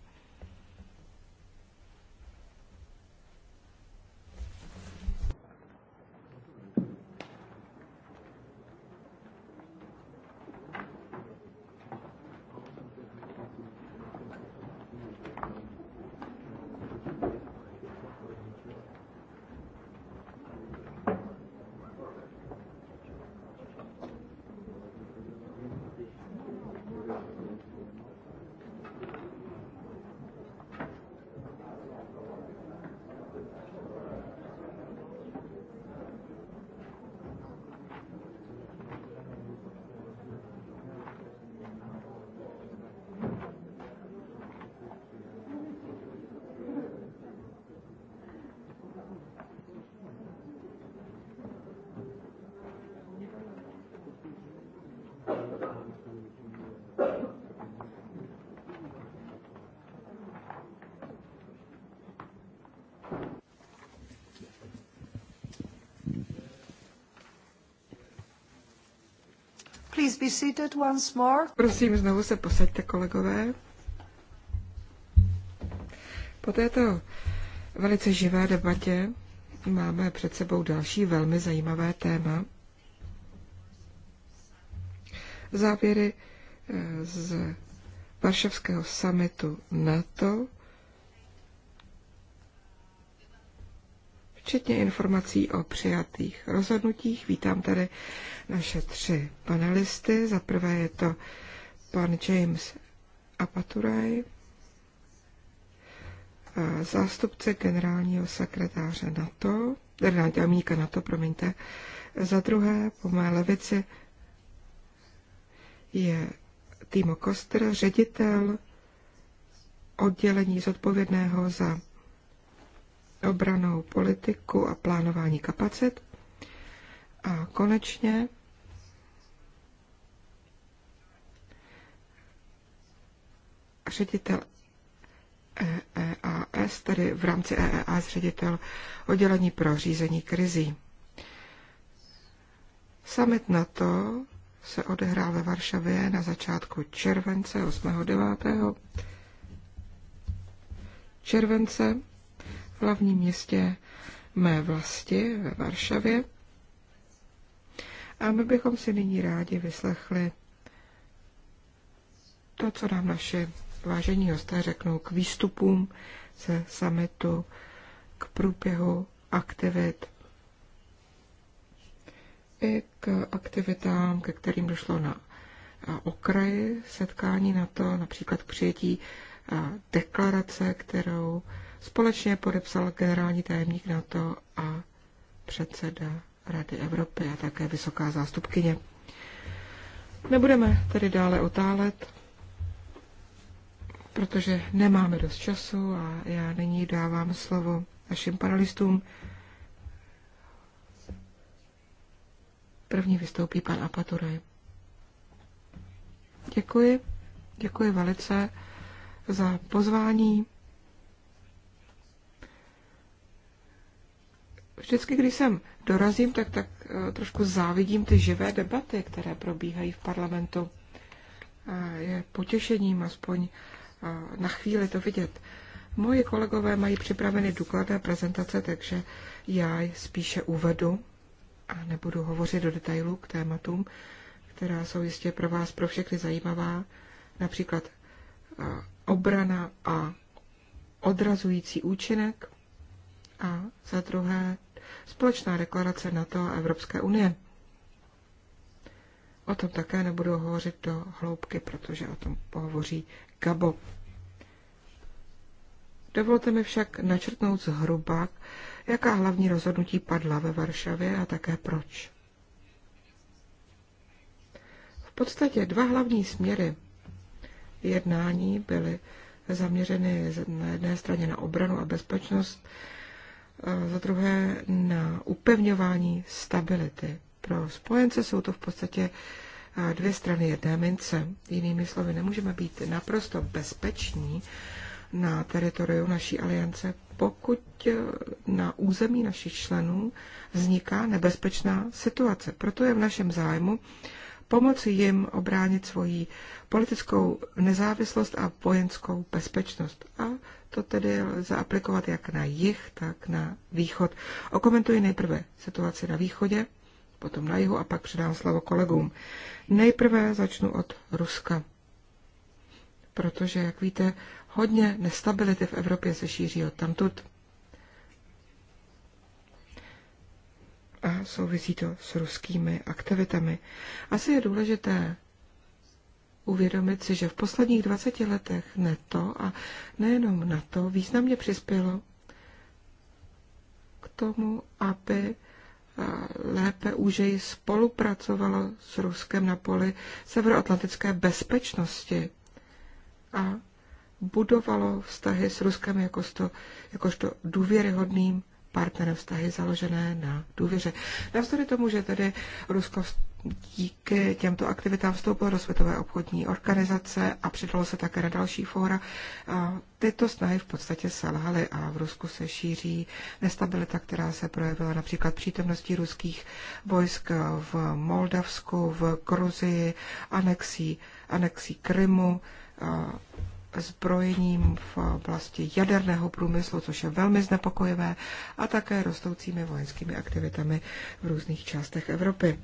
please be seated once more? Prosím, znovu se posaďte, kolegové. Po této velice živé debatě máme před sebou další velmi zajímavé téma. Závěry eh, z Varšavského samitu NATO včetně informací o přijatých rozhodnutích. Vítám tady naše tři panelisty. Za prvé je to pan James Apaturaj, zástupce generálního sekretáře NATO, generálního tajemníka NATO, promiňte. Za druhé, po mé levici, je Timo Koster, ředitel oddělení zodpovědného za obranou politiku a plánování kapacit. A konečně ředitel EEAS, tedy v rámci EEAS ředitel oddělení pro řízení krizí. Summit NATO se odehrál ve Varšavě na začátku července 8. 9. července hlavním městě mé vlasti ve Varšavě. A my bychom si nyní rádi vyslechli to, co nám naše vážení hosté řeknou k výstupům ze summitu, k průběhu aktivit i k aktivitám, ke kterým došlo na okraji setkání na to, například k přijetí deklarace, kterou společně podepsal generální tajemník NATO a předseda Rady Evropy a také vysoká zástupkyně. Nebudeme tedy dále otálet, protože nemáme dost času a já nyní dávám slovo našim panelistům. První vystoupí pan Apaturaj. Děkuji, děkuji velice za pozvání. vždycky, když jsem dorazím, tak, tak eh, trošku závidím ty živé debaty, které probíhají v parlamentu. je potěšením aspoň eh, na chvíli to vidět. Moji kolegové mají připraveny důkladné prezentace, takže já je spíše uvedu a nebudu hovořit do detailu k tématům, která jsou jistě pro vás pro všechny zajímavá, například eh, obrana a odrazující účinek a za druhé společná deklarace NATO a Evropské unie. O tom také nebudu hovořit do hloubky, protože o tom pohovoří Gabo. Dovolte mi však načrtnout zhruba, jaká hlavní rozhodnutí padla ve Varšavě a také proč. V podstatě dva hlavní směry jednání byly zaměřeny na jedné straně na obranu a bezpečnost za druhé na upevňování stability. Pro spojence jsou to v podstatě dvě strany jedné mince. Jinými slovy, nemůžeme být naprosto bezpeční na teritoriu naší aliance, pokud e, na území našich členů vzniká nebezpečná situace. Proto je v našem zájmu pomoci jim obránit svoji politickou nezávislost a vojenskou bezpečnost. A to tedy lze aplikovat jak na jih, tak na východ. Okomentuji nejprve situaci na východě, potom na jihu a pak předám slovo kolegům. Nejprve začnu od Ruska, protože, jak víte, hodně nestability v Evropě se šíří od tamtud. a souvisí to s ruskými aktivitami. Asi je důležité uvědomit si, že v posledních 20 letech NATO a nejenom NATO významně přispělo k tomu, aby lépe už spolupracovalo s Ruskem na poli severoatlantické bezpečnosti a budovalo vztahy s Ruskem jakožto, jakožto důvěryhodným partnerem vztahy založené na důvěře. Navzdory tomu, že tedy Rusko díky těmto aktivitám vstoupilo do Světové obchodní organizace a přidalo se také na další fóra. Tyto snahy v podstatě selhaly a v Rusku se šíří nestabilita, která se projevila například přítomností ruských vojsk v Moldavsku, v Gruzii, anexí, anexí Krymu, zbrojením v oblasti jaderného průmyslu, což je velmi znepokojivé, a také rostoucími vojenskými aktivitami v různých částech Evropy.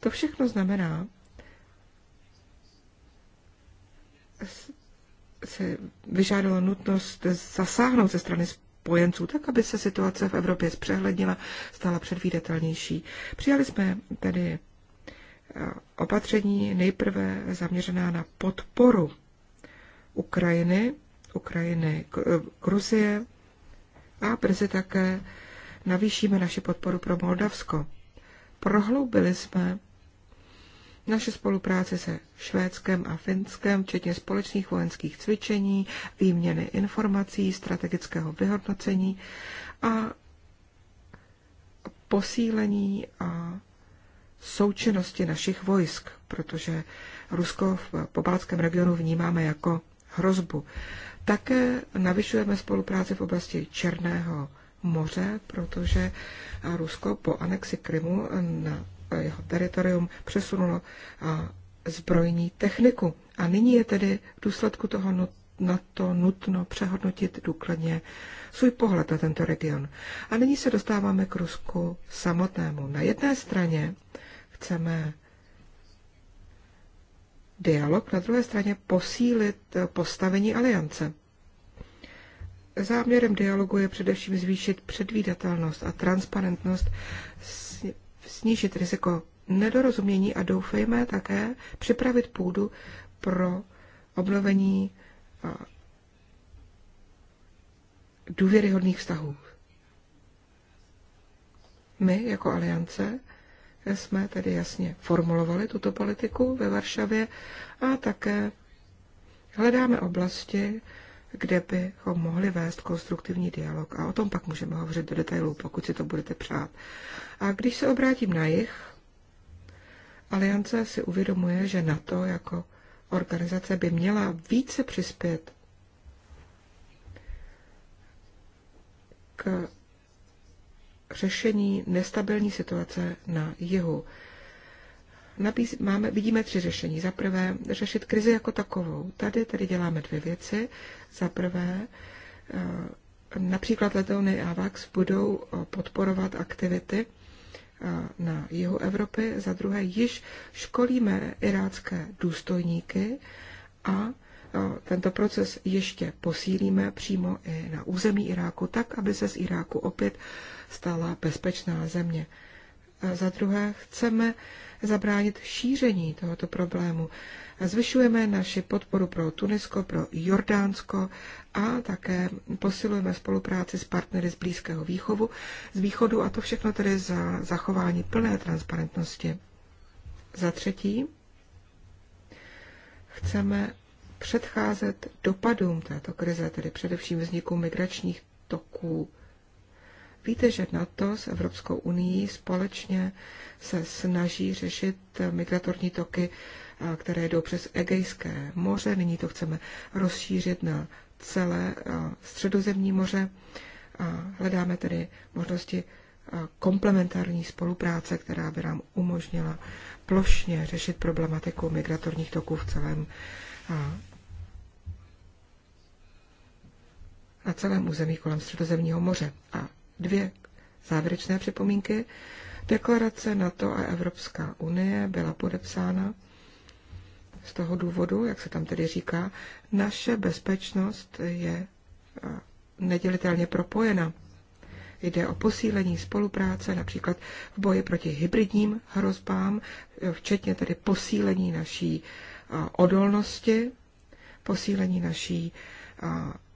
To všechno znamená, se vyžádalo nutnost zasáhnout ze strany spojenců, tak aby se situace v Evropě zpřehlednila, stala předvídatelnější. Přijali jsme tedy eh, opatření nejprve zaměřená na podporu Ukrajiny, Ukrajiny, eh, Gruzie a brzy také navýšíme naši podporu pro Moldavsko. Prohloubili jsme naše spolupráce se Švédskem a Finskem, včetně společných vojenských cvičení, výměny informací, strategického vyhodnocení a posílení a součinnosti našich vojsk, protože Rusko v pobaltském regionu vnímáme jako hrozbu. Také navyšujeme spolupráci v oblasti Černého moře, protože Rusko po anexi Krymu na jeho teritorium přesunulo zbrojní techniku. A nyní je tedy v důsledku toho na to nutno přehodnotit důkladně svůj pohled na tento region. A nyní se dostáváme k Rusku samotnému. Na jedné straně chceme dialog, na druhé straně posílit eh, postavení aliance. Záměrem dialogu je především zvýšit předvídatelnost a transparentnost, snížit riziko nedorozumění a doufejme také připravit půdu pro obnovení důvěryhodných vztahů. My jako aliance jsme tedy jasně formulovali tuto politiku ve Varšavě a také hledáme oblasti, kde bychom mohli vést konstruktivní dialog. A o tom pak můžeme hovořit do detailů, pokud si to budete přát. A když se obrátím na jich, Aliance si uvědomuje, že NATO jako organizace by měla více přispět k řešení nestabilní situace na jihu. Nabíz, máme, vidíme tři řešení. Za prvé, řešit krizi jako takovou. Tady tedy děláme dvě věci. Za prvé, eh, například letouny AVAX budou eh, podporovat aktivity eh, na jihu Evropy. Za druhé, již školíme irácké důstojníky a tento proces ještě posílíme přímo i na území Iráku, tak, aby se z Iráku opět stala bezpečná země. A za druhé, chceme zabránit šíření tohoto problému. Zvyšujeme naši podporu pro Tunisko, pro Jordánsko a také posilujeme spolupráci s partnery z Blízkého výchovu, z východu a to všechno tedy za zachování plné transparentnosti. Za třetí, chceme předcházet dopadům této krize, tedy především vzniku migračních toků Víte, že NATO s Evropskou unii společně se snaží řešit migratorní toky, eh, které jdou přes Egejské moře. Nyní to chceme rozšířit na celé eh, středozemní moře. Hledáme tedy možnosti eh, komplementární spolupráce, která by nám umožnila plošně řešit problematiku migratorních toků v celém na celém území kolem Středozemního moře. A dvě závěrečné připomínky. Deklarace NATO a Evropská unie byla podepsána z toho důvodu, jak se tam tedy říká, naše bezpečnost je eh, nedělitelně propojena. Jde o posílení spolupráce například v boji proti hybridním hrozbám, eh, včetně tedy posílení naší eh, odolnosti, posílení naší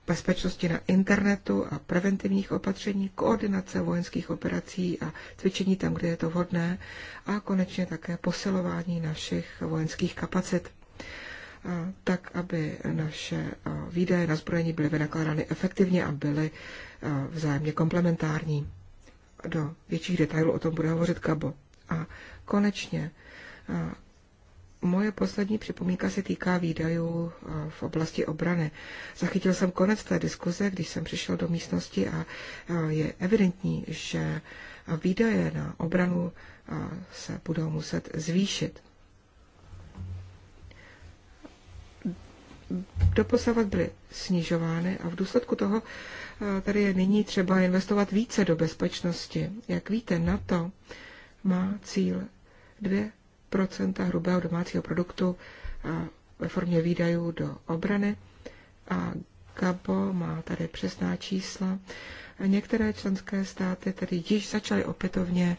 bezpečnosti na internetu a preventivních opatření, koordinace vojenských operací a cvičení tam, kde je to vhodné a konečně také posilování našich vojenských kapacit tak, aby naše výdaje na zbrojení byly vynakládány efektivně a byly vzájemně komplementární. Do větších detailů o tom bude hovořit Kabo. A konečně Moje poslední připomínka se týká výdajů eh, v oblasti obrany. Zachytil jsem konec té diskuze, když jsem přišel do místnosti a eh, je evidentní, že výdaje na obranu eh, se budou muset zvýšit. Doposavat byly snižovány a v důsledku toho tady je nyní třeba investovat více do bezpečnosti. Jak víte, NATO má cíl hrubého domácího produktu ve formě výdajů do obrany a Gabo má tady přesná čísla. Některé členské státy tedy již začaly opětovně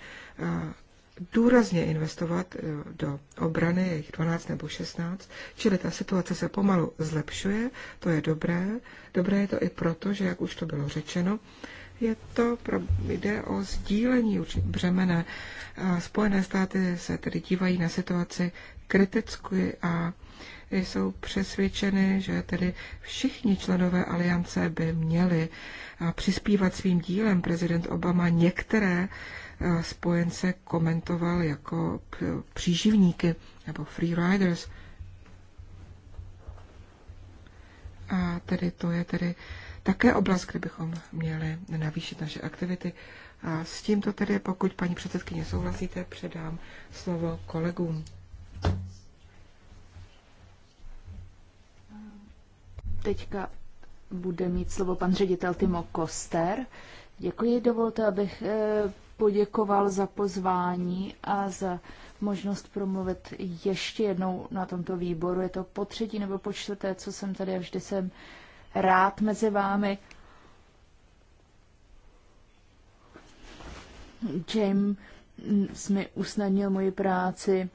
důrazně investovat e, do obrany, jejich 12 nebo 16, čili ta situace se pomalu zlepšuje, to je dobré. Dobré je to i proto, že, jak už to bylo řečeno, je to, pro, jde o sdílení břemene. Spojené státy se tedy dívají na situaci kriticky a jsou přesvědčeny, že tedy všichni členové aliance by měli přispívat svým dílem. Prezident Obama některé spojence komentoval jako příživníky nebo freeriders. A tedy to je tedy také oblast, kde bychom měli navýšit naše aktivity. A s tímto tedy, pokud paní předsedkyně souhlasíte, předám slovo kolegům. Teďka bude mít slovo pan ředitel Timo Koster. Děkuji, dovolte, abych eh, poděkoval za pozvání a za možnost promluvit ještě jednou na tomto výboru. Je to po třetí nebo po čtvrté, co jsem tady a vždy jsem rád mezi vámi. Jim mi usnadnil moji práci,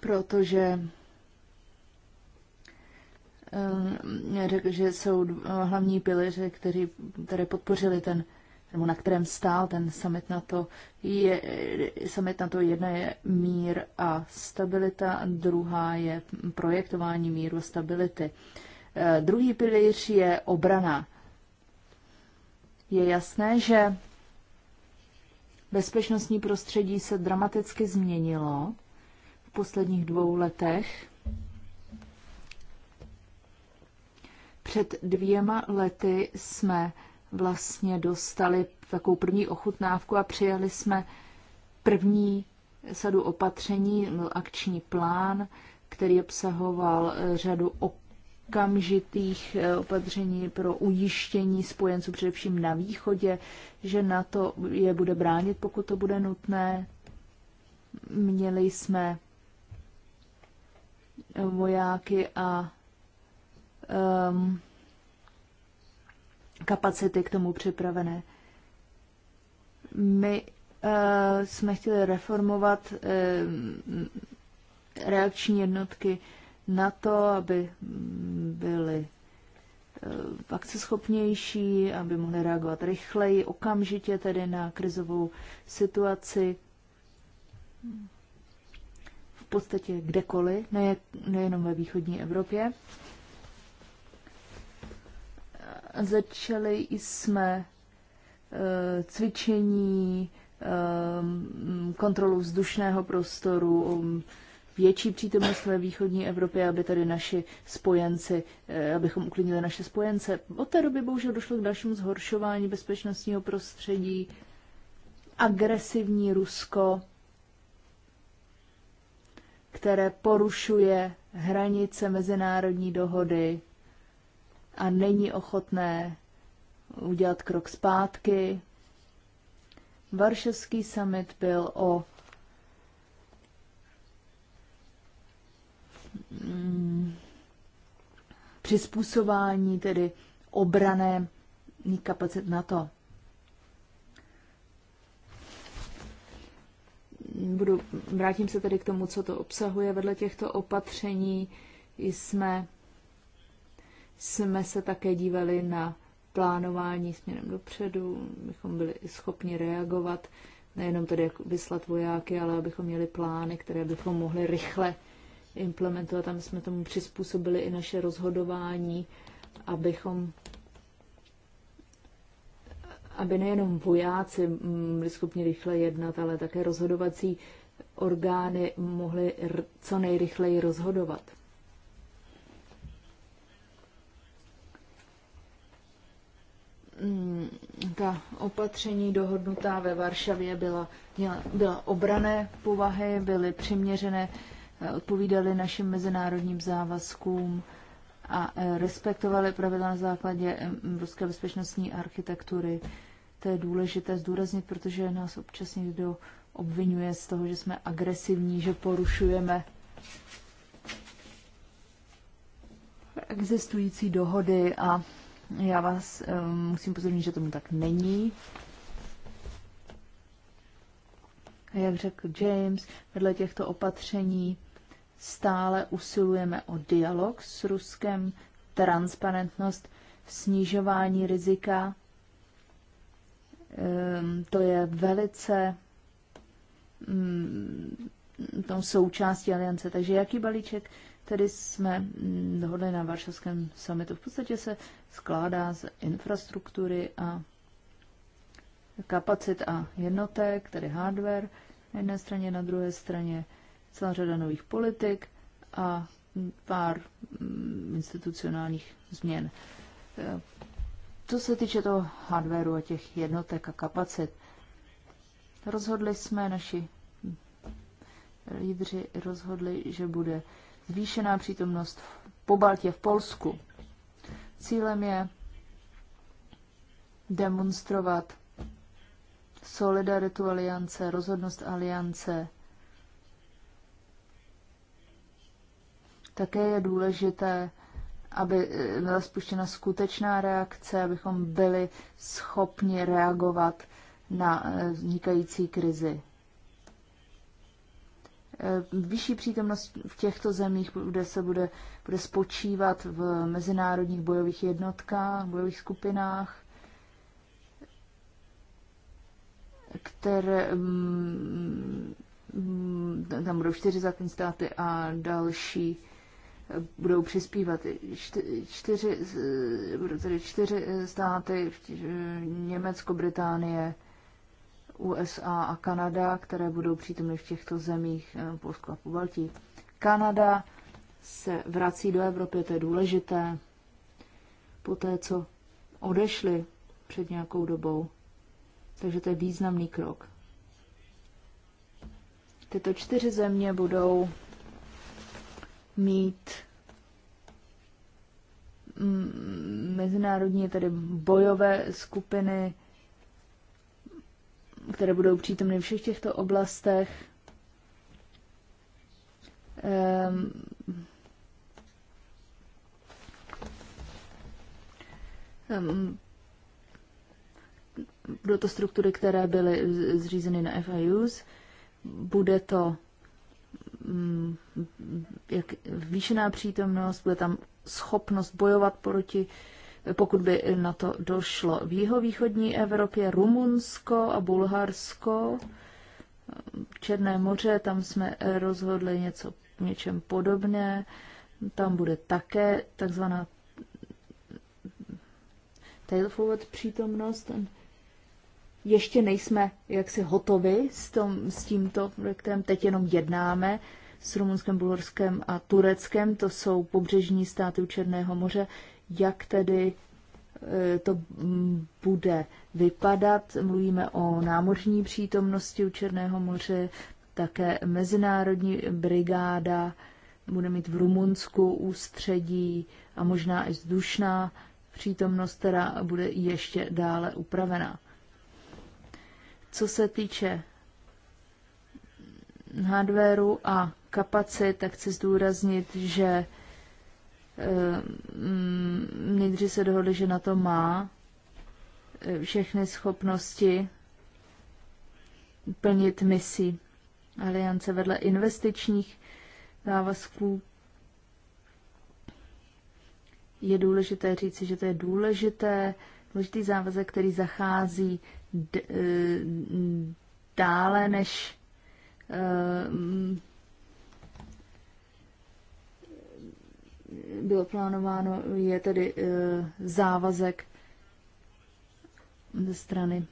protože eh, řekl, že jsou eh, hlavní pilíře, který, které podpořili ten, nebo na kterém stál ten summit na to. Je, summit na to jedna je mír a stabilita, druhá je projektování míru a stability. Uh, Eh, druhý pilíř je obrana. Je jasné, že bezpečnostní prostředí se dramaticky změnilo v posledních dvou letech. Před dvěma lety jsme vlastně dostali takovou první ochutnávku a přijali jsme první sadu opatření, akční plán, který obsahoval eh, řadu op- okamžitých eh, opatření pro ujištění spojenců, především na východě, že na to je bude bránit, pokud to bude nutné. Měli jsme vojáky a um, kapacity k tomu připravené. My uh, jsme chtěli reformovat uh, reakční jednotky na to, aby mm, byli eh, akceschopnější, aby mohli reagovat rychleji, okamžitě tedy na krizovou situaci v podstatě kdekoliv, ne, nejenom ve východní Evropě. Začali jsme eh, cvičení, eh, kontrolu vzdušného prostoru, mm, větší přítomnost ve východní Evropě, aby tady naši spojenci, eh, abychom uklidnili naše spojence. Od té doby bohužel došlo k dalšímu zhoršování bezpečnostního prostředí, agresivní Rusko, které porušuje hranice mezinárodní dohody a není ochotné udělat krok zpátky. Varšavský summit byl o Mm, přizpůsobování tedy obrané kapacit na to. Budu, vrátím se tedy k tomu, co to obsahuje. Vedle těchto opatření jsme, jsme se také dívali na plánování směrem dopředu, bychom byli schopni reagovat, nejenom tedy jako vyslat vojáky, ale abychom měli plány, které bychom mohli rychle implementovat. Tam jsme tomu přizpůsobili i naše rozhodování, abychom aby nejenom vojáci byli schopni rychle jednat, ale také rozhodovací orgány mohly co nejrychleji rozhodovat. Mm, ta opatření dohodnutá ve Varšavě byla, měla, byla obrané povahy, byly přiměřené odpovídali našim mezinárodním závazkům a eh, respektovali pravidla na základě eh, ruské bezpečnostní architektury. To je důležité zdůraznit, protože nás občas někdo obvinuje z toho, že jsme agresivní, že porušujeme existující dohody a já vás um, musím pozornit, že tomu tak není. A jak řekl James, vedle těchto opatření stále usilujeme o dialog s Ruskem, transparentnost, snižování rizika. Ehm, to je velice mm, tom součástí aliance. Takže jaký balíček tedy jsme mm, dohodli na Varšavském summitu? V podstatě se skládá z infrastruktury a kapacit a jednotek, tedy hardware na jedné straně, na druhé straně celá řada nových politik a pár mm, institucionálních změn. E, co se týče toho hardwareu a těch jednotek a kapacit, rozhodli jsme, naši lídři rozhodli, že bude zvýšená přítomnost po Baltě v Polsku. Cílem je demonstrovat solidaritu aliance, rozhodnost aliance Také je důležité, aby byla spuštěna skutečná reakce, abychom byli schopni reagovat na eh, vznikající krizi. Eh, vyšší přítomnost v těchto zemích, kde se bude, bude spočívat v mezinárodních bojových jednotkách, bojových skupinách, které mm, mm, tam budou čtyři základní státy a další budou přispívat. Čtyři, tedy čtyři státy, Německo, Británie, USA a Kanada, které budou přítomny v těchto zemích, eh, Polsko a Pobaltí. Kanada se vrací do Evropy, to je důležité, po té, co odešli před nějakou dobou. Takže to je významný krok. Tyto čtyři země budou mít mm, mezinárodní tedy bojové skupiny, které budou přítomny v všech těchto oblastech. Um, um, budou to struktury, které byly zřízeny na FIUs. Bude to Mm, jak výšená přítomnost, bude tam schopnost bojovat proti, pokud by na to došlo. V jihovýchodní Evropě Rumunsko a Bulharsko, Černé moře, tam jsme rozhodli něco něčem podobné. Tam bude také takzvaná tail forward přítomnost, ještě nejsme jaksi hotovi s, tom, s tímto projektem, teď jenom jednáme s Rumunskem, Bulharskem a Tureckem, to jsou pobřežní státy u Černého moře, jak tedy e, to bude vypadat. Mluvíme o námořní přítomnosti u Černého moře, také mezinárodní brigáda bude mít v Rumunsku ústředí a možná i vzdušná přítomnost, která bude ještě dále upravená. Co se týče hardwareu a kapacit, tak chci zdůraznit, že eh, mm, nejdřív se dohodli, že na to má eh, všechny schopnosti plnit misi aliance vedle investičních závazků. Je důležité říci, že to je důležité, důležitý závazek, který zachází E, dále než e, bylo plánováno, je tedy e, závazek ze strany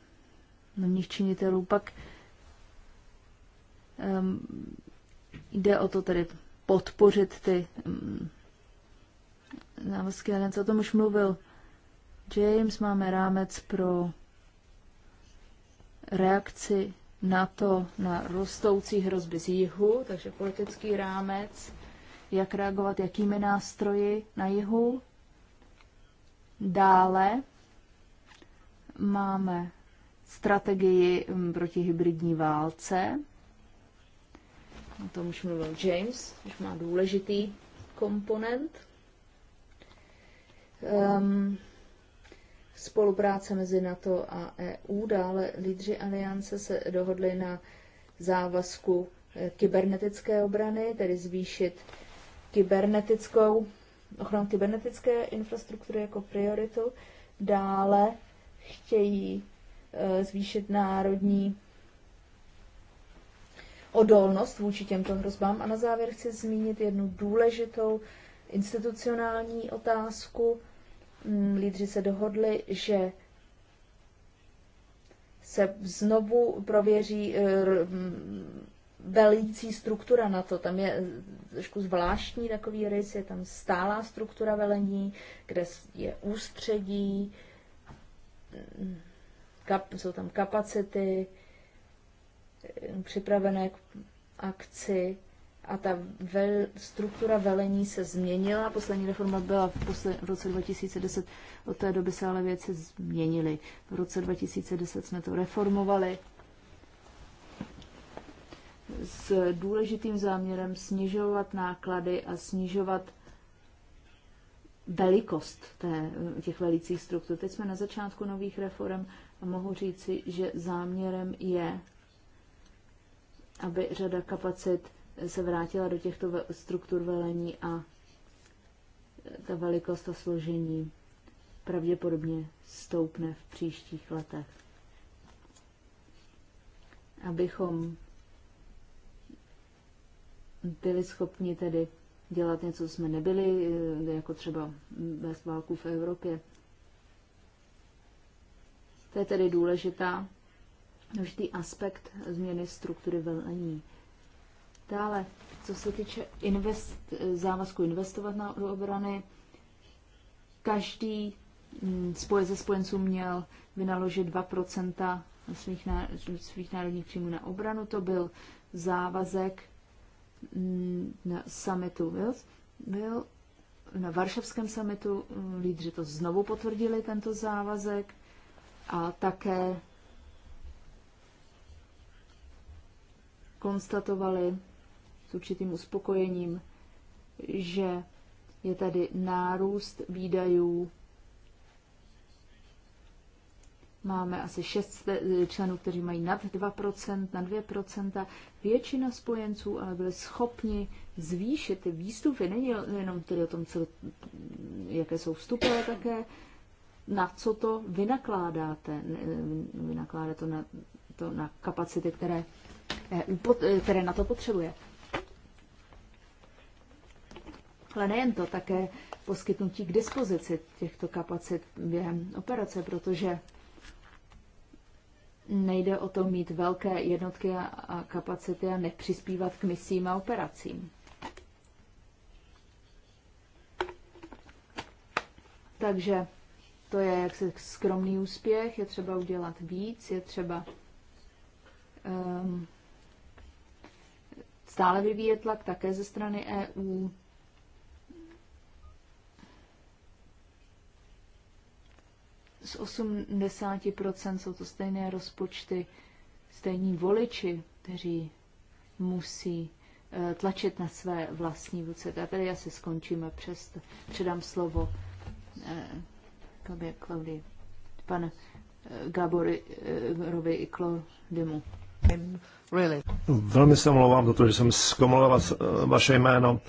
mnohých činitelů. Pak jde o to tedy podpořit ty závazky, co o tom už mluvil James, máme rámec pro reakci na to, na rostoucí hrozby z jihu, takže politický rámec, jak reagovat, jakými nástroji na jihu. Dále máme strategii mm, proti hybridní válce. O tom už mluvil James, už má důležitý komponent. Um, spolupráce mezi NATO a EU. Dále lídři aliance se dohodli na závazku eh, kybernetické obrany, tedy zvýšit kybernetickou, ochranu kybernetické infrastruktury jako prioritu. Dále chtějí eh, zvýšit národní odolnost vůči těmto hrozbám. A na závěr chci zmínit jednu důležitou institucionální otázku, lídři se dohodli, že se znovu prověří eh, velící struktura na to. Tam je trošku zvláštní takový rys, je tam stálá struktura velení, kde je ústředí, mm, kap, jsou tam kapacity eh, připravené k akci a ta vel, struktura velení se změnila. Poslední reforma byla v, posle, v roce 2010, od té doby se ale věci změnily. V roce 2010 jsme to reformovali s důležitým záměrem snižovat náklady a snižovat velikost té, těch velicích struktur. Teď jsme na začátku nových reform a mohu říci, že záměrem je, aby řada kapacit se vrátila do těchto struktur velení a ta velikost a složení pravděpodobně stoupne v příštích letech. Abychom byli schopni tedy dělat něco, co jsme nebyli, eh, jako třeba bez válku v Evropě. To je tedy důležitá, důležitý aspekt změny struktury velení. Dále, co se týče invest, závazku investovat na, do obrany, každý mm, spojec ze spojenců měl vynaložit 2% svých, ná, svých národních příjmů na obranu. To byl závazek mm, na summitu Wills. Byl na Varšavském summitu lídři to znovu potvrdili, tento závazek, a také konstatovali, určitým uspokojením, že je tady nárůst výdajů. Máme asi šest členů, kteří mají nad 2%, na 2%. Většina spojenců ale byly schopni zvýšit ty výstupy. Není jenom tedy o tom, co, jaké jsou vstupy, ale také na co to vynakládáte. Vynakládá to na, to na kapacity, které, e e, které na to potřebuje ale nejen to, také poskytnutí k dispozici těchto kapacit během operace, protože nejde o to mít velké jednotky a kapacity a nepřispívat k misím a operacím. Takže to je jak se skromný úspěch, je třeba udělat víc, je třeba um, stále vyvíjet tlak také ze strany EU. z 80% jsou to stejné rozpočty, stejní voliči, kteří musí eh, tlačit na své vlastní vůdce. A tady asi skončíme, přes, předám slovo eh, Klaudii, pan eh, Gaborovi eh, i Klaudimu. Really. Velmi se omlouvám za to, že jsem zkomolila vaše jméno.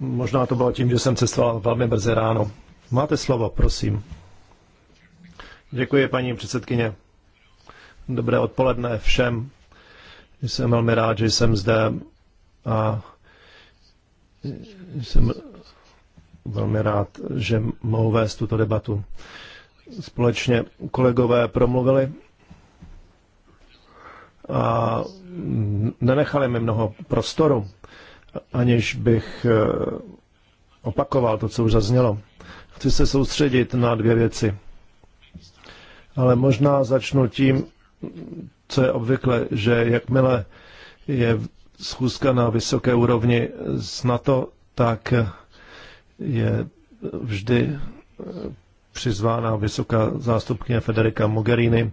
Možná to bylo tím, že jsem cestoval velmi brzy ráno. Máte slovo, prosím. Děkuji, paní předsedkyně. Dobré odpoledne všem. Jsem velmi rád, že jsem zde a jsem velmi rád, že mohu vést tuto debatu. Společně kolegové promluvili a nenechali mi mnoho prostoru, aniž bych eh, opakoval to, co už zaznělo. Chci se soustředit na dvě věci. Ale možná začnu tím, co je obvykle, že jakmile je schůzka na vysoké úrovni s NATO, tak je vždy přizvána vysoká zástupkyně Federika Mogherini.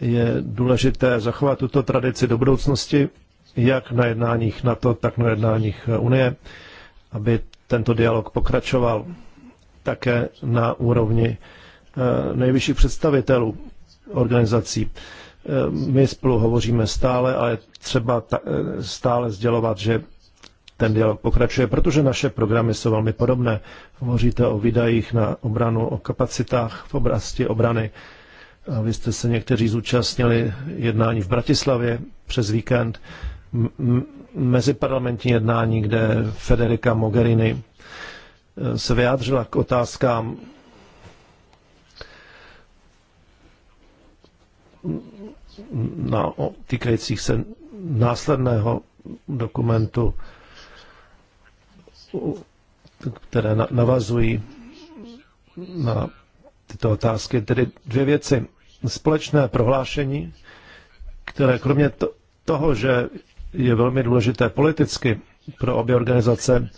Je důležité zachovat tuto tradici do budoucnosti, jak na jednáních NATO, tak na jednáních Unie, aby tento dialog pokračoval také na úrovni eh, nejvyšších představitelů organizací. Eh, my spolu hovoříme stále, ale třeba eh, stále sdělovat, že ten dialog pokračuje, protože naše programy jsou velmi podobné. Hovoříte o výdajích na obranu, o kapacitách v oblasti obrany. Vy jste se někteří zúčastnili jednání v Bratislavě přes víkend meziparlamentní jednání, kde Federica Mogherini eh, se vyjádřila k otázkám na, týkajících se následného dokumentu, které navazují na tyto otázky. Tedy dvě věci. Společné prohlášení, které kromě toho, že je velmi důležité politicky pro obě organizace,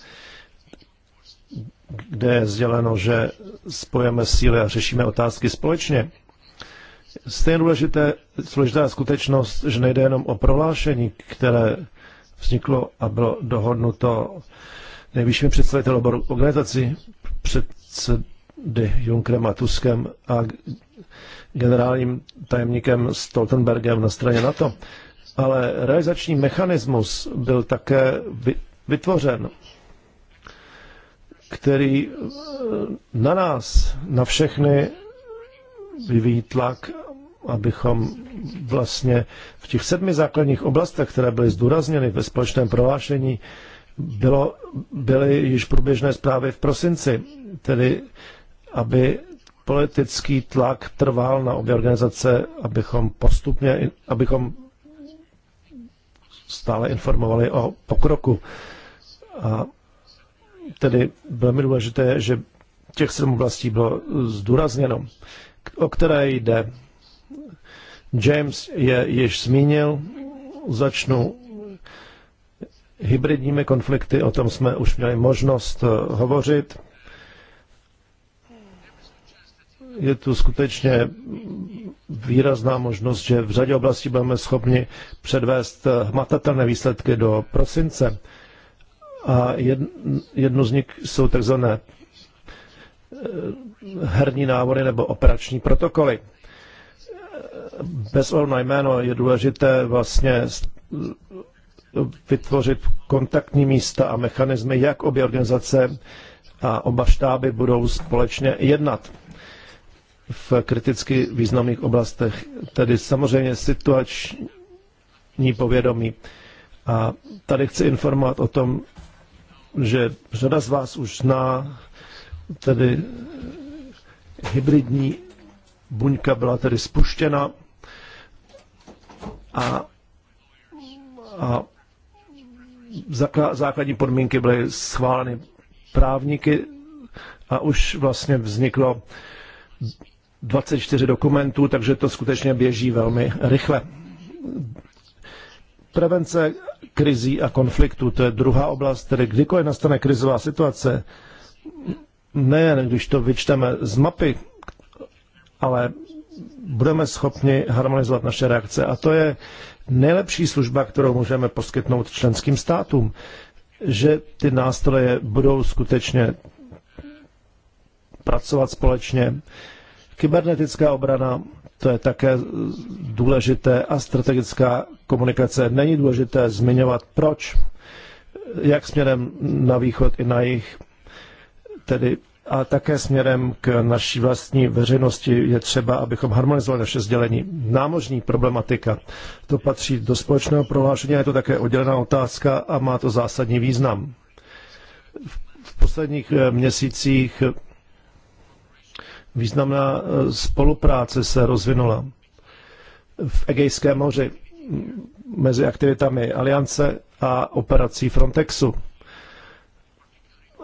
kde je sděleno, že spojeme síly a řešíme otázky společně. Stejně důležité, důležitá skutečnost, že nejde jenom o prohlášení, které vzniklo a bylo dohodnuto nejvyššími představiteli oboru organizací předsedy Junkrem a Tuskem a generálním tajemníkem Stoltenbergem na straně NATO ale realizační mechanismus byl také vytvořen, který eh, na nás, na všechny vyvíjí tlak, abychom vlastně v těch sedmi základních oblastech, které byly zdůrazněny ve společném prohlášení, bylo, byly již průběžné zprávy v prosinci, tedy aby politický tlak trval na obě organizace, abychom postupně, abychom stále informovali o pokroku. A tedy velmi důležité, že těch sedm oblastí bylo zdůrazněno, o které jde. James je již zmínil, začnu hybridními konflikty, o tom jsme už měli možnost eh, hovořit. Je tu skutečně výrazná možnost, že v řadě oblastí budeme schopni předvést eh, hmatatelné výsledky do prosince. A jedno z nich jsou takzvané eh, herní návody nebo operační protokoly. Eh, bez ohledu na jméno je důležité vlastně vytvořit kontaktní místa a mechanismy, jak obě organizace a oba štáby budou společně jednat v kriticky významných oblastech, tedy samozřejmě situační povědomí. A tady chci informovat o tom, že řada z vás už zná, tedy hybridní buňka byla tedy spuštěna a, a základní podmínky byly schváleny právníky a už vlastně vzniklo 24 dokumentů, takže to skutečně běží velmi rychle. Prevence krizí a konfliktů, to je druhá oblast, tedy kdykoliv nastane krizová situace, nejen když to vyčteme z mapy, ale budeme schopni harmonizovat naše reakce. A to je nejlepší služba, kterou můžeme poskytnout členským státům, že ty nástroje budou skutečně pracovat společně Kybernetická obrana, to je také důležité a strategická komunikace. Není důležité zmiňovat proč, jak směrem na východ i na jih, tedy a také směrem k naší vlastní veřejnosti je třeba, abychom harmonizovali naše sdělení. Námožní problematika, to patří do společného prohlášení, je to také oddělená otázka a má to zásadní význam. V posledních eh, měsících významná eh, spolupráce se rozvinula v Egejském moři mm, mezi aktivitami Aliance a operací Frontexu.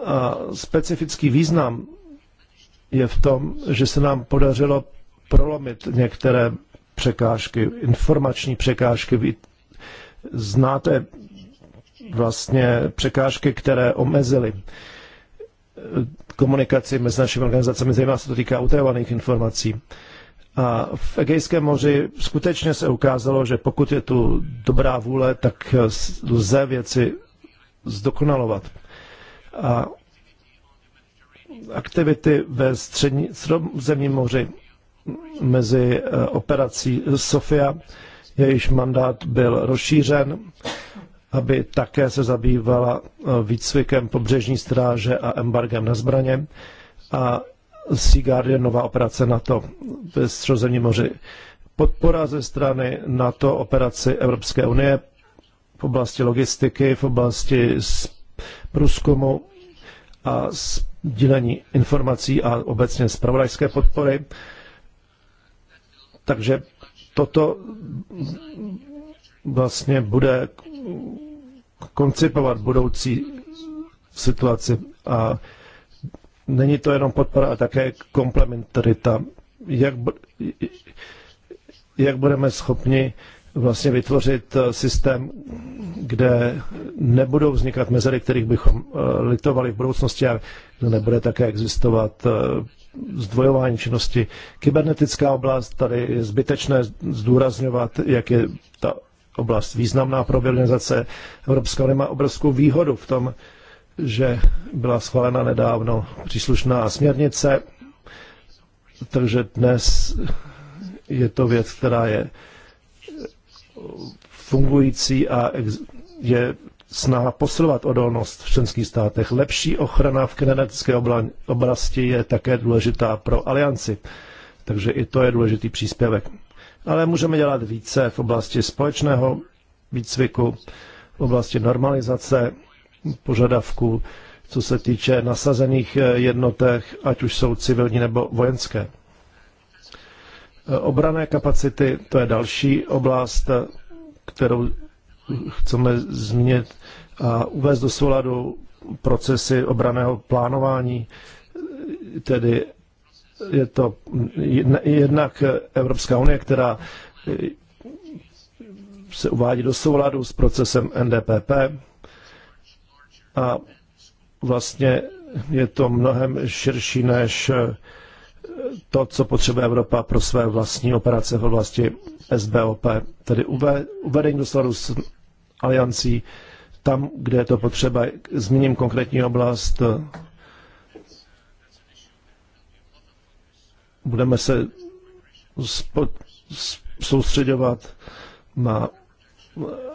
A specifický význam je v tom, že se nám podařilo prolomit některé překážky, informační překážky. Vy znáte vlastně překážky, které omezily Eh, komunikaci mezi našimi organizacemi, zejména se to týká utajovaných informací. A v Egejském moři skutečně se ukázalo, že pokud je tu dobrá vůle, tak lze věci zdokonalovat. A aktivity ve střední, středozemním moři mezi eh, operací Sofia, jejíž mandát byl rozšířen aby také se zabývala eh, výcvikem pobřežní stráže a embargem na zbraně. A Sea Guardian, nová operace NATO ve Středozemní moři. Podpora ze strany NATO operaci Evropské unie v oblasti logistiky, v oblasti průzkumu a sdílení informací a obecně zpravodajské podpory. Takže toto vlastně bude koncipovat budoucí situaci. A není to jenom podpora, ale také komplementarita. Jak, jak budeme schopni vlastně vytvořit eh, systém, kde nebudou vznikat mezery, kterých bychom eh, litovali v budoucnosti a kde nebude také existovat eh, zdvojování činnosti. Kybernetická oblast, tady je zbytečné zdůrazňovat, jak je ta oblast významná pro organizace. Evropská unie má obrovskou výhodu v tom, že byla schválena nedávno příslušná směrnice, takže dnes je to věc, která je fungující a je snaha posilovat odolnost v členských státech. Lepší ochrana v kinetické oblasti je také důležitá pro alianci. Takže i to je důležitý příspěvek ale můžeme dělat více v oblasti společného výcviku, v oblasti normalizace požadavků, co se týče nasazených jednotek, ať už jsou civilní nebo vojenské. Obrané kapacity, to je další oblast, kterou chceme změnit a uvést do souladu procesy obraného plánování, tedy je to jednak Evropská unie, která eh, se uvádí do souladu s procesem NDPP a vlastně je to mnohem širší než eh, to, co potřebuje Evropa pro své vlastní operace v oblasti SBOP, tedy uvedení do souladu s aliancí tam, kde je to potřeba. Zmíním konkrétní oblast budeme se soustředovat na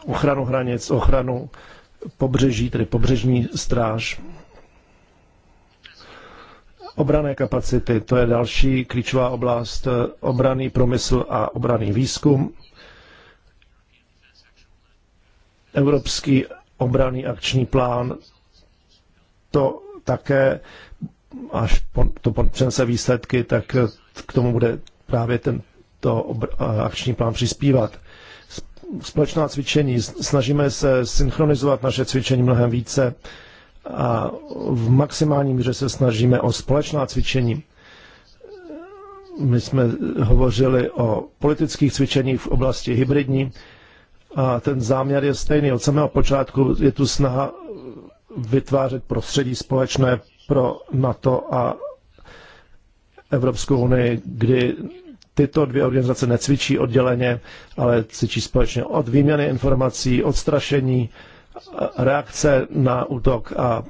ochranu hranic, ochranu pobřeží, tedy pobřežní stráž. Obrané kapacity, to je další klíčová oblast, eh, obraný promysl a obraný výzkum. Evropský obraný akční plán, to také až to přinese výsledky, tak eh, k tomu bude právě tento akční plán přispívat. Společná cvičení. Snažíme se synchronizovat naše cvičení mnohem více a v maximální míře se snažíme o společná cvičení. My jsme hovořili o politických cvičeních v oblasti hybridní a ten záměr je stejný. Od samého počátku je tu snaha vytvářet prostředí společné pro NATO a Evropskou unii, kdy tyto dvě organizace necvičí odděleně, ale cvičí společně od výměny informací, odstrašení, reakce na útok a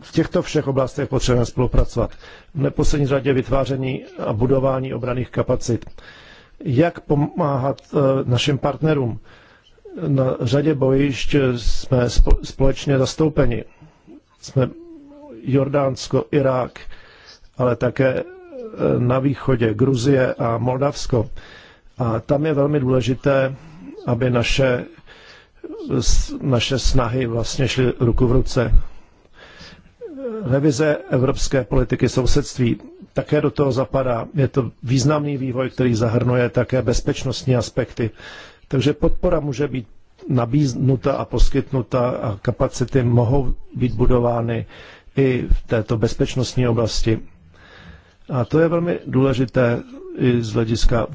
v těchto všech oblastech potřebujeme spolupracovat. V neposlední řadě vytváření a budování obraných kapacit. Jak pomáhat eh, našim partnerům? Na řadě bojišť jsme společně zastoupeni. Jsme Jordánsko, Irák, ale také e, na východě Gruzie a Moldavsko. A tam je velmi důležité, aby naše, naše snahy vlastně šly ruku v ruce. Revize evropské politiky sousedství také do toho zapadá. Je to významný vývoj, který zahrnuje také bezpečnostní aspekty. Takže podpora může být nabídnuta a poskytnuta a kapacity mohou být budovány i v této bezpečnostní oblasti. A to je velmi důležité i z hlediska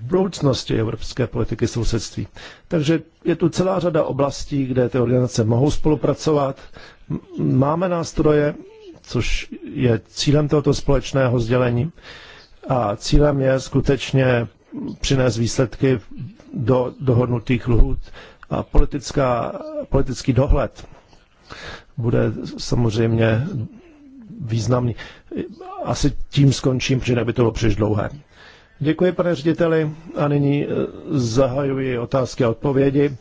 budoucnosti evropské politiky sousedství. Takže je tu celá řada oblastí, kde ty organizace mohou spolupracovat. Máme nástroje, což je cílem tohoto společného sdělení. A cílem je skutečně přinést výsledky do dohodnutých lhůt a politická, politický dohled bude samozřejmě významný. Asi tím skončím, protože by to bylo příliš dlouhé. Děkuji, pane řediteli, a nyní eh, zahajuji otázky a odpovědi.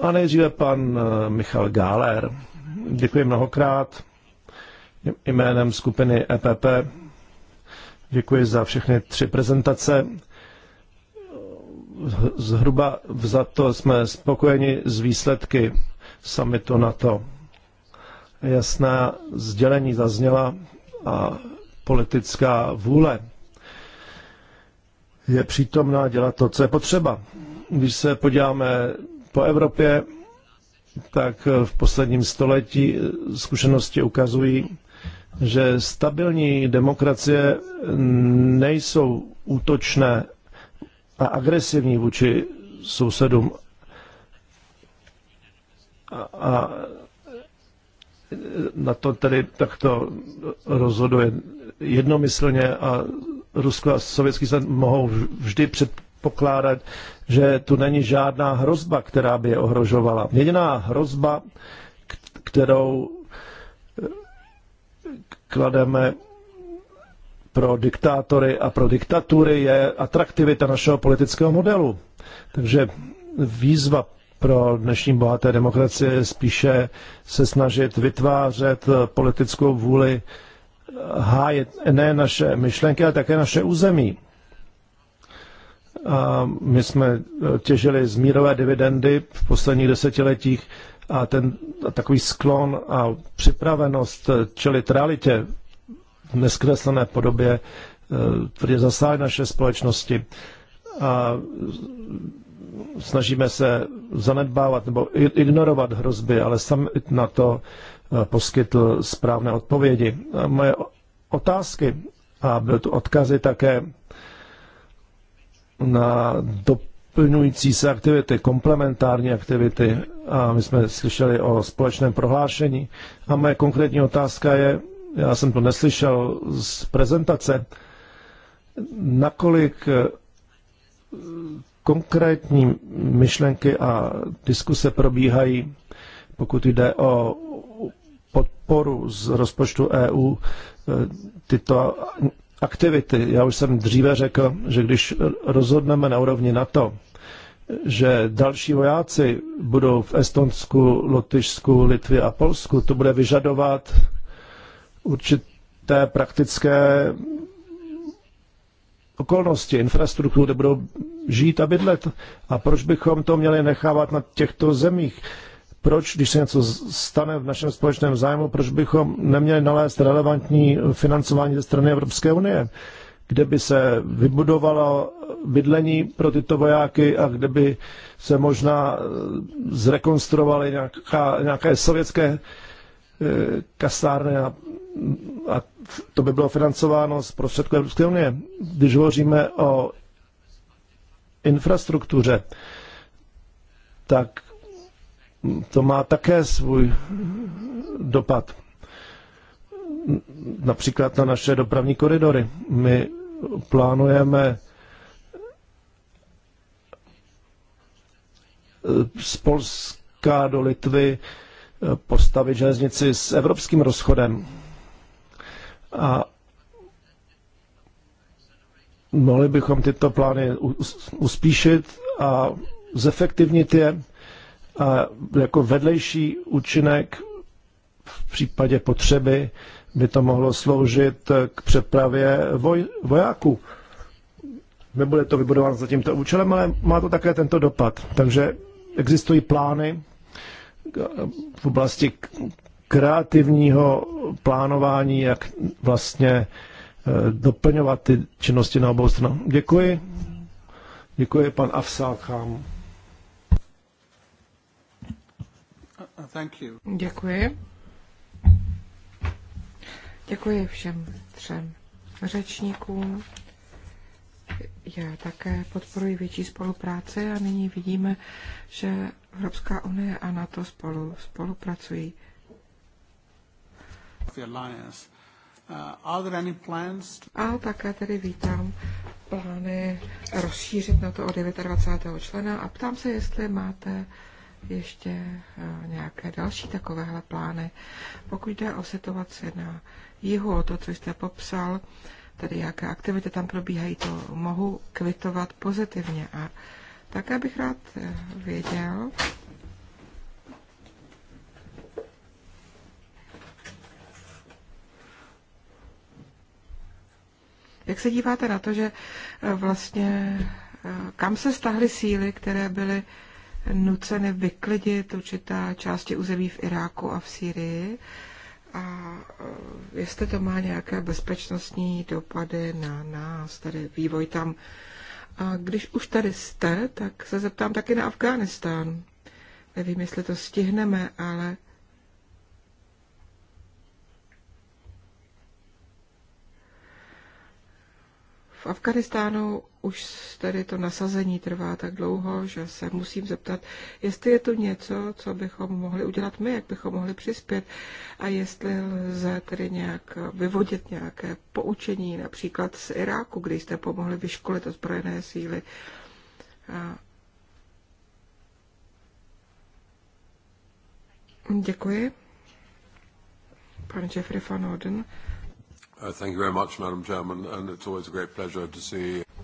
A nejdříve pan eh, Michal Gáler. Děkuji mnohokrát jménem skupiny EPP. Děkuji za všechny tři prezentace. Zhruba za to jsme spokojeni s výsledky summitu NATO. Jasná sdělení zazněla a politická vůle je přítomná dělat to, co je potřeba. Když se podíváme po Evropě, tak v posledním století zkušenosti ukazují, že stabilní demokracie nejsou útočné a agresivní vůči sousedům a na to tedy takto rozhoduje jednomyslně a Rusko a Sovětský svaz mohou vždy předpokládat, že tu není žádná hrozba, která by je ohrožovala. Jediná hrozba, kterou klademe pro diktátory a pro diktatury je atraktivita našeho politického modelu. Takže výzva pro dnešní bohaté demokracie spíše se snažit vytvářet politickou vůli hájet ne naše myšlenky, ale také naše území. A my jsme těžili z mírové dividendy v posledních desetiletích a ten a takový sklon a připravenost čelit realitě v neskreslené podobě eh, tvrdě zasáhly naše společnosti. A snažíme se zanedbávat nebo ignorovat hrozby, ale sam na to eh, poskytl správné odpovědi. A moje otázky a byl tu odkazy také na doplňující se aktivity, komplementární aktivity a my jsme slyšeli o společném prohlášení. A moje konkrétní otázka je, já jsem to neslyšel z prezentace, nakolik eh, konkrétní myšlenky a diskuse probíhají, pokud jde o podporu z rozpočtu EU eh, tyto aktivity. Já už jsem dříve řekl, že když rozhodneme na úrovni NATO, že další vojáci budou v Estonsku, Lotyšsku, Litvě a Polsku, to bude vyžadovat určité praktické okolnosti, infrastrukturu, kde budou žít a bydlet. A proč bychom to měli nechávat na těchto zemích? Proč, když se něco stane v našem společném zájmu, proč bychom neměli nalézt relevantní financování ze strany Evropské unie, kde by se vybudovalo bydlení pro tyto vojáky a kde by se možná e, zrekonstruovaly nějaká, nějaké sovětské e, kasárny a, a to by bylo financováno z prostředků Evropské unie. Když hovoříme o infrastruktuře, tak to má také svůj dopad. Například na naše dopravní koridory. My plánujeme z Polska do Litvy postavit železnici s evropským rozchodem. A mohli bychom tyto plány uspíšit a zefektivnit je a jako vedlejší účinek v případě potřeby by to mohlo sloužit k přepravě voj, vojáků. Nebude to vybudováno za tímto účelem, ale má to také tento dopad. Takže existují plány v oblasti kreativního plánování, jak vlastně eh, doplňovat ty činnosti na obou stranách. Děkuji. Děkuji, pan Afsal Khám. Děkuji. Děkuji všem třem řečníkům. Já také podporuji větší spolupráci a nyní vidíme, že Evropská unie a NATO spolu spolupracují. Uh, a také tedy vítám plány rozšířit na to o 29. člena a ptám se, jestli máte ještě eh, nějaké další takovéhle plány. Pokud jde o situaci na jihu, o to, co jste popsal, tedy jaké aktivity tam probíhají, to mohu kvitovat pozitivně. A také bych rád eh, věděl, Jak se díváte na to, že e, vlastně e, kam se stahly síly, které byly nuceny vyklidit určitá části území v Iráku a v Sýrii? A e, jestli to má nějaké bezpečnostní dopady na nás, tady vývoj tam. A když už tady jste, tak se zeptám taky na Afghánistán. Nevím, jestli to stihneme, ale V Afganistánu už tedy to nasazení trvá tak dlouho, že se musím zeptat, jestli je to něco, co bychom mohli udělat my, jak bychom mohli přispět a jestli lze tedy nějak vyvodit nějaké poučení, například z Iráku, kde jste pomohli vyškolit ozbrojené síly. A Děkuji. Pan Jeffrey van Oden.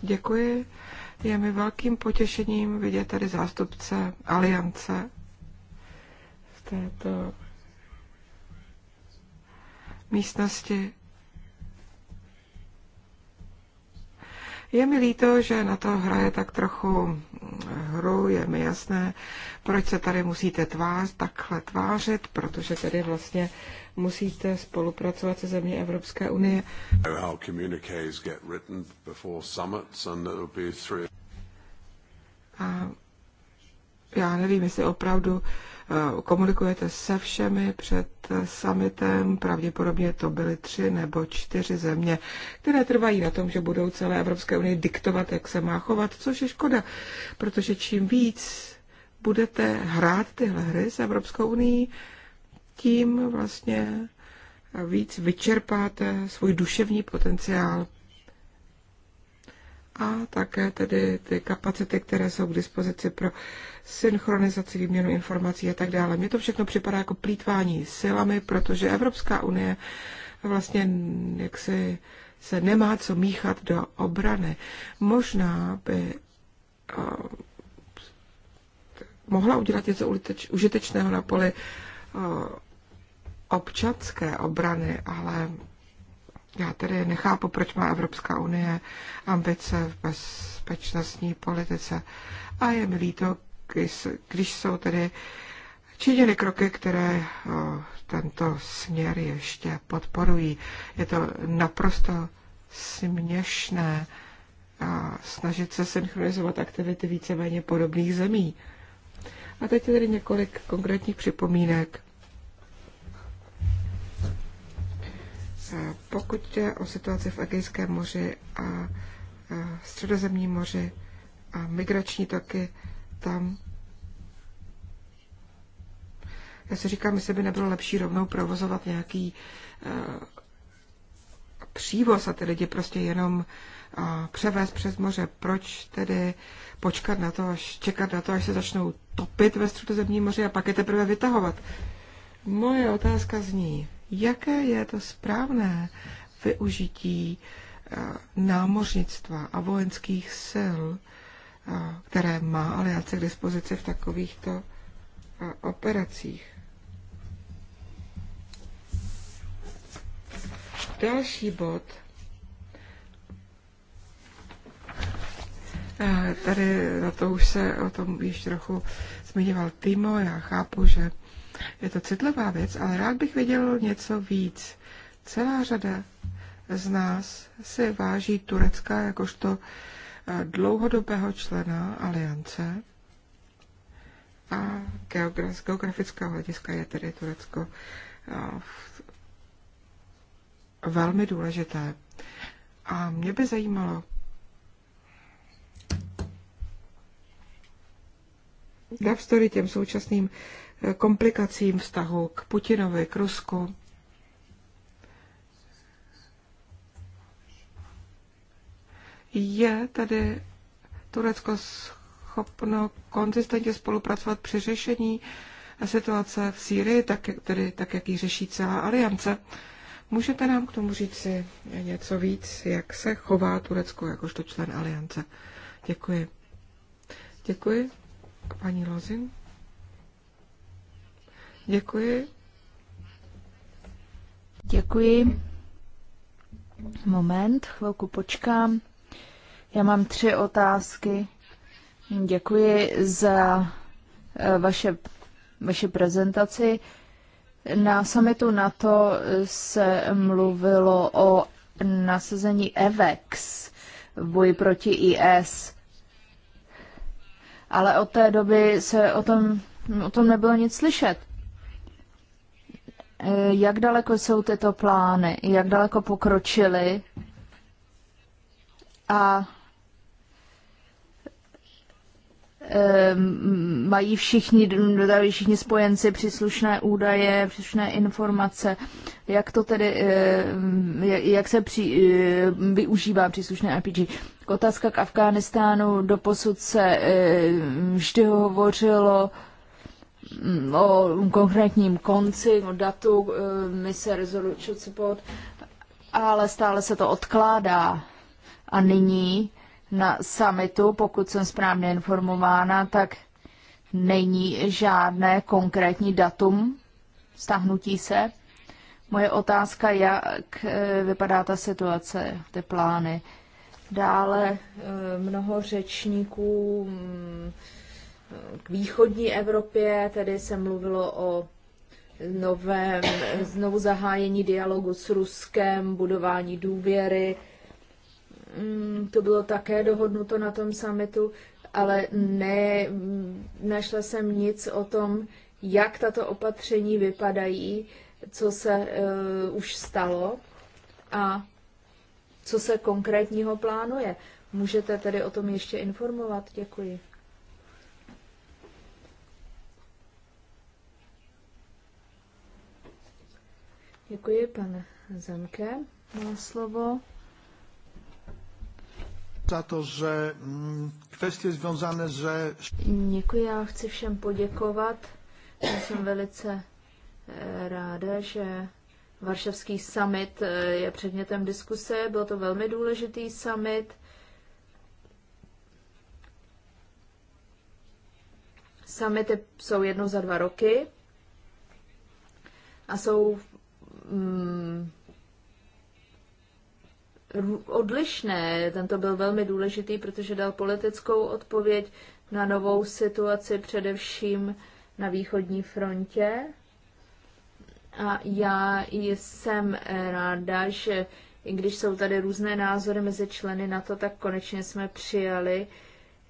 Děkuji. Je mi velkým potěšením vidět tady zástupce Aliance v této místnosti. Je mi líto, že na to hraje tak trochu hru, je mi jasné, proč se tady musíte tvář, takhle tvářit, protože tedy vlastně musíte spolupracovat se země Evropské unie. A já nevím, jestli opravdu eh, komunikujete se všemi před eh, summitem. Pravděpodobně to byly tři nebo čtyři země, které trvají na tom, že budou celé Evropské unie diktovat, jak se má chovat, což je škoda, protože čím víc budete hrát tyhle hry s Evropskou unii, tím vlastně víc vyčerpáte svůj duševní potenciál a také tedy ty kapacity, které jsou k dispozici pro synchronizaci, výměnu informací a tak dále. Mně to všechno připadá jako plítvání silami, protože Evropská unie vlastně jaksi se nemá co míchat do obrany. Možná by eh, mohla udělat něco užitečného na poli eh, občanské obrany, ale já tedy nechápu, proč má Evropská unie ambice v bezpečnostní politice. A je mi líto, když jsou tedy činěny kroky, které tento směr ještě podporují. Je to naprosto směšné snažit se synchronizovat aktivity víceméně podobných zemí. A teď je tedy několik konkrétních připomínek Pokud jde o situaci v Egejském moři a Středozemním moři a migrační toky, tam já si říkám, jestli by nebylo lepší rovnou provozovat nějaký e, přívoz a ty lidi prostě jenom e, převést přes moře. Proč tedy počkat na to, až čekat na to, až se začnou topit ve středozemním moři a pak je teprve vytahovat? Moje otázka zní, jaké je to správné využití eh, námořnictva a vojenských sil, eh, které má aliance k dispozici v takovýchto eh, operacích. Další bod. Tady na to už se o tom již trochu zmiňoval Timo. Já chápu, že je to citlivá věc, ale rád bych věděl něco víc. Celá řada z nás si váží Turecka jakožto eh, dlouhodobého člena aliance a z geografického hlediska je tedy Turecko eh, velmi důležité. A mě by zajímalo, navzdory těm současným komplikacím vztahu k Putinovi, k Rusku. Je tady Turecko schopno konzistentně spolupracovat při řešení situace v Sýrii, tak, tedy, tak jak ji řeší celá aliance. Můžete nám k tomu říct si něco víc, jak se chová Turecko jakožto člen aliance? Děkuji. Děkuji. Paní Lozin. Děkuji. Děkuji. Moment, chvilku počkám. Já mám tři otázky. Děkuji za eh, vaše, vaše prezentaci. Na summitu NATO se mluvilo o nasazení EVEX v boji proti IS, ale od té doby se o tom, o tom nebylo nic slyšet. Eh, jak daleko jsou tyto plány? Jak daleko pokročily? A eh, mají všichni, dodali všichni spojenci příslušné údaje, příslušné informace. Jak to tedy, eh, jak se při, využívá příslušné RPG? Otázka k Afghánistánu. posud se vždy hovořilo o konkrétním konci, o datu eh, mise Resolute Support, ale stále se to odkládá. A nyní na summitu, pokud jsem správně informována, tak není žádné konkrétní datum stahnutí se. Moje otázka, jak eh, vypadá ta situace, ty plány. Dále eh, mnoho řečníků mm, k východní Evropě, tedy se mluvilo o novém znovu zahájení dialogu s Ruskem, budování důvěry. Mm, to bylo také dohodnuto na tom summitu, ale ne, našla jsem nic o tom, jak tato opatření vypadají, co se uh, už stalo a co se konkrétního plánuje. Můžete tedy o tom ještě informovat? Děkuji. Děkuji, pane Zemke. Má slovo. Za to, že mm, kvestie związane, že... Děkuji, já chci všem poděkovat. Já jsem velice eh, ráda, že Varšavský summit eh, je předmětem diskuse. Byl to velmi důležitý summit. Summity jsou jednou za dva roky a jsou mm, odlišné. Tento byl velmi důležitý, protože dal politickou odpověď na novou situaci, především na východní frontě. A já jsem ráda, že i když jsou tady různé názory mezi členy na to, tak konečně jsme přijali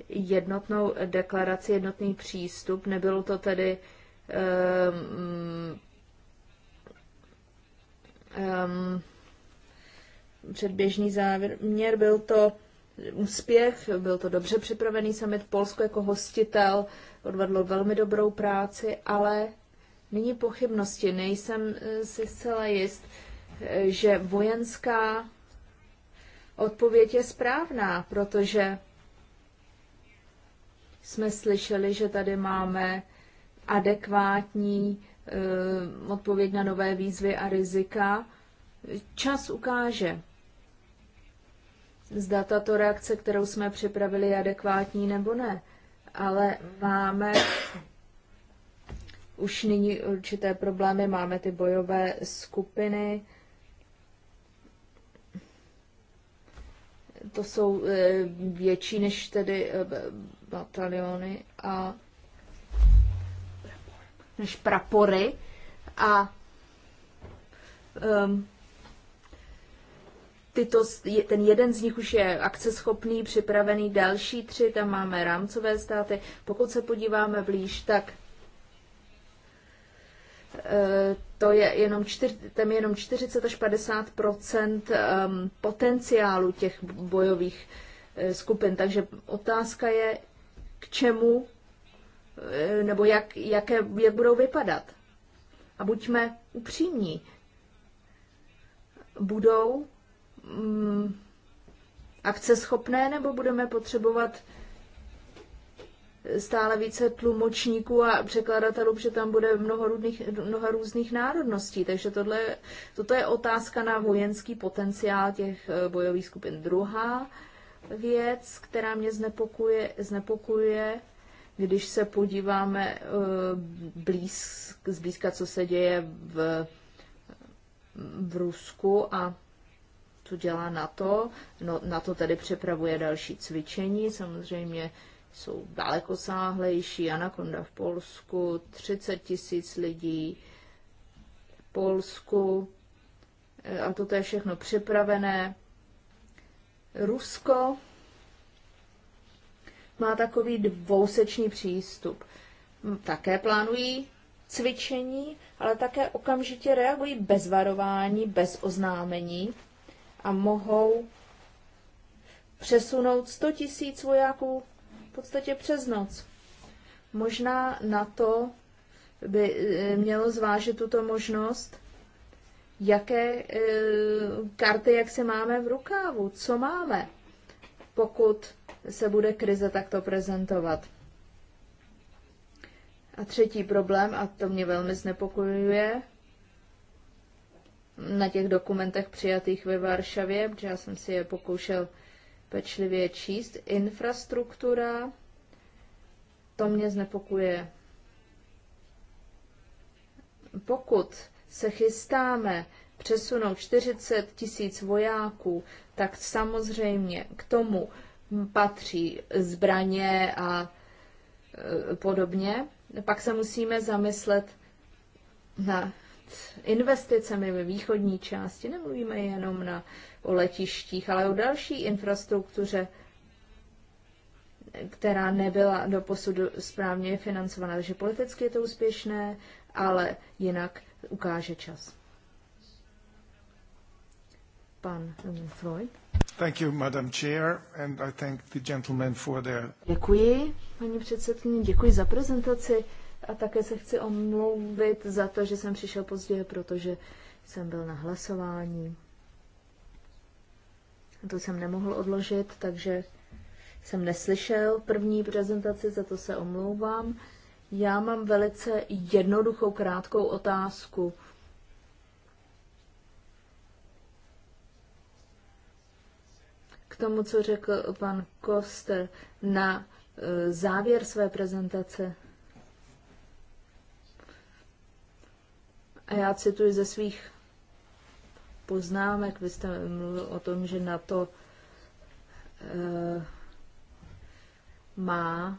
jednotnou deklaraci, jednotný přístup. Nebylo to tedy ehm, um, předběžný závěr. Měr byl to úspěch, byl to dobře připravený summit. Polsko jako hostitel odvedlo velmi dobrou práci, ale není pochybnosti, nejsem eh, si zcela jist, eh, že vojenská odpověď je správná, protože jsme slyšeli, že tady máme adekvátní Eh, odpověď na nové výzvy a rizika. Čas ukáže, zda tato reakce, kterou jsme připravili, je adekvátní nebo ne. Ale máme už nyní určité problémy, máme ty bojové skupiny. To jsou eh, větší než tedy eh, bataliony a než prapory a um, tyto, ten jeden z nich už je akceschopný, připravený, další tři, tam máme rámcové státy. Pokud se podíváme blíž, tak eh, to je jenom čtyř, tam je jenom 40 až 50 ehm, potenciálu těch bojových eh, skupin. Takže otázka je, k čemu Eh, nebo jak, jaké, jak budou vypadat. A buďme upřímní. Budou mm, akce schopné, nebo budeme potřebovat stále více tlumočníků a překladatelů, že tam bude mnoho, různých, mnoho různých národností. Takže tohle, toto je otázka na vojenský potenciál těch eh, bojových skupin. Druhá věc, která mě znepokuje, znepokuje když se podíváme eh, blíz, zblízka, co se děje v, v Rusku a co dělá NATO, no, NATO tedy přepravuje další cvičení, samozřejmě jsou sáhlejší. Anakonda v Polsku, 30 tisíc lidí v Polsku, eh, a toto je všechno připravené. Rusko má takový dvousečný přístup. Také plánují cvičení, ale také okamžitě reagují bez varování, bez oznámení a mohou přesunout 100 tisíc vojáků v podstatě přes noc. Možná na to by e, mělo zvážit tuto možnost, jaké e, karty, jak se máme v rukávu, co máme. Pokud se bude krize takto prezentovat. A třetí problém, a to mě velmi znepokojuje, na těch dokumentech přijatých ve Varšavě, protože já jsem si je pokoušel pečlivě číst, infrastruktura, to mě znepokuje. Pokud se chystáme přesunout 40 tisíc vojáků, tak samozřejmě k tomu patří zbraně a e, podobně. Pak se musíme zamyslet nad investicemi ve východní části. Nemluvíme jenom na, o letištích, ale o další infrastruktuře, která nebyla do posudu správně financovaná. Takže politicky je to úspěšné, ale jinak ukáže čas. Pan Freud. Thank you, Madam Chair, and I thank the gentleman for their... Děkuji, paní předsedkyně, děkuji za prezentaci a také se chci omluvit za to, že jsem přišel později, protože jsem byl na hlasování. To jsem nemohl odložit, takže jsem neslyšel první prezentaci, za to se omlouvám. Já mám velice jednoduchou, krátkou otázku K tomu, co řekl pan Koster na e, závěr své prezentace. A já cituji ze svých poznámek, vy jste mluvil o tom, že na to e, má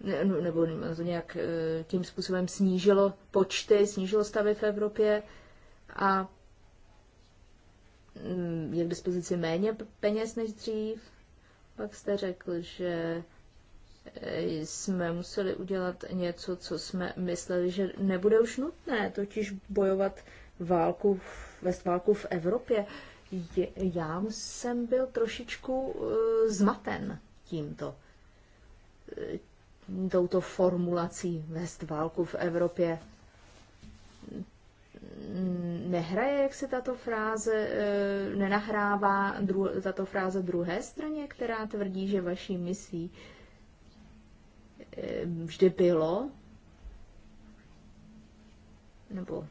ne, nebo to nějak e, tím způsobem snížilo počty, snížilo stavy v Evropě a mm, je k dispozici méně peněz než dřív. Pak jste řekl, že eh, jsme museli udělat něco, co jsme mysleli, že nebude už nutné, totiž bojovat válku, vést válku v Evropě. Já jsem byl trošičku eh, zmaten tímto, eh, touto formulací vést válku v Evropě nehraje, jak se tato fráze eh, nenahrává dru, tato fráze druhé straně, která tvrdí, že vaší misí eh, vždy bylo nebo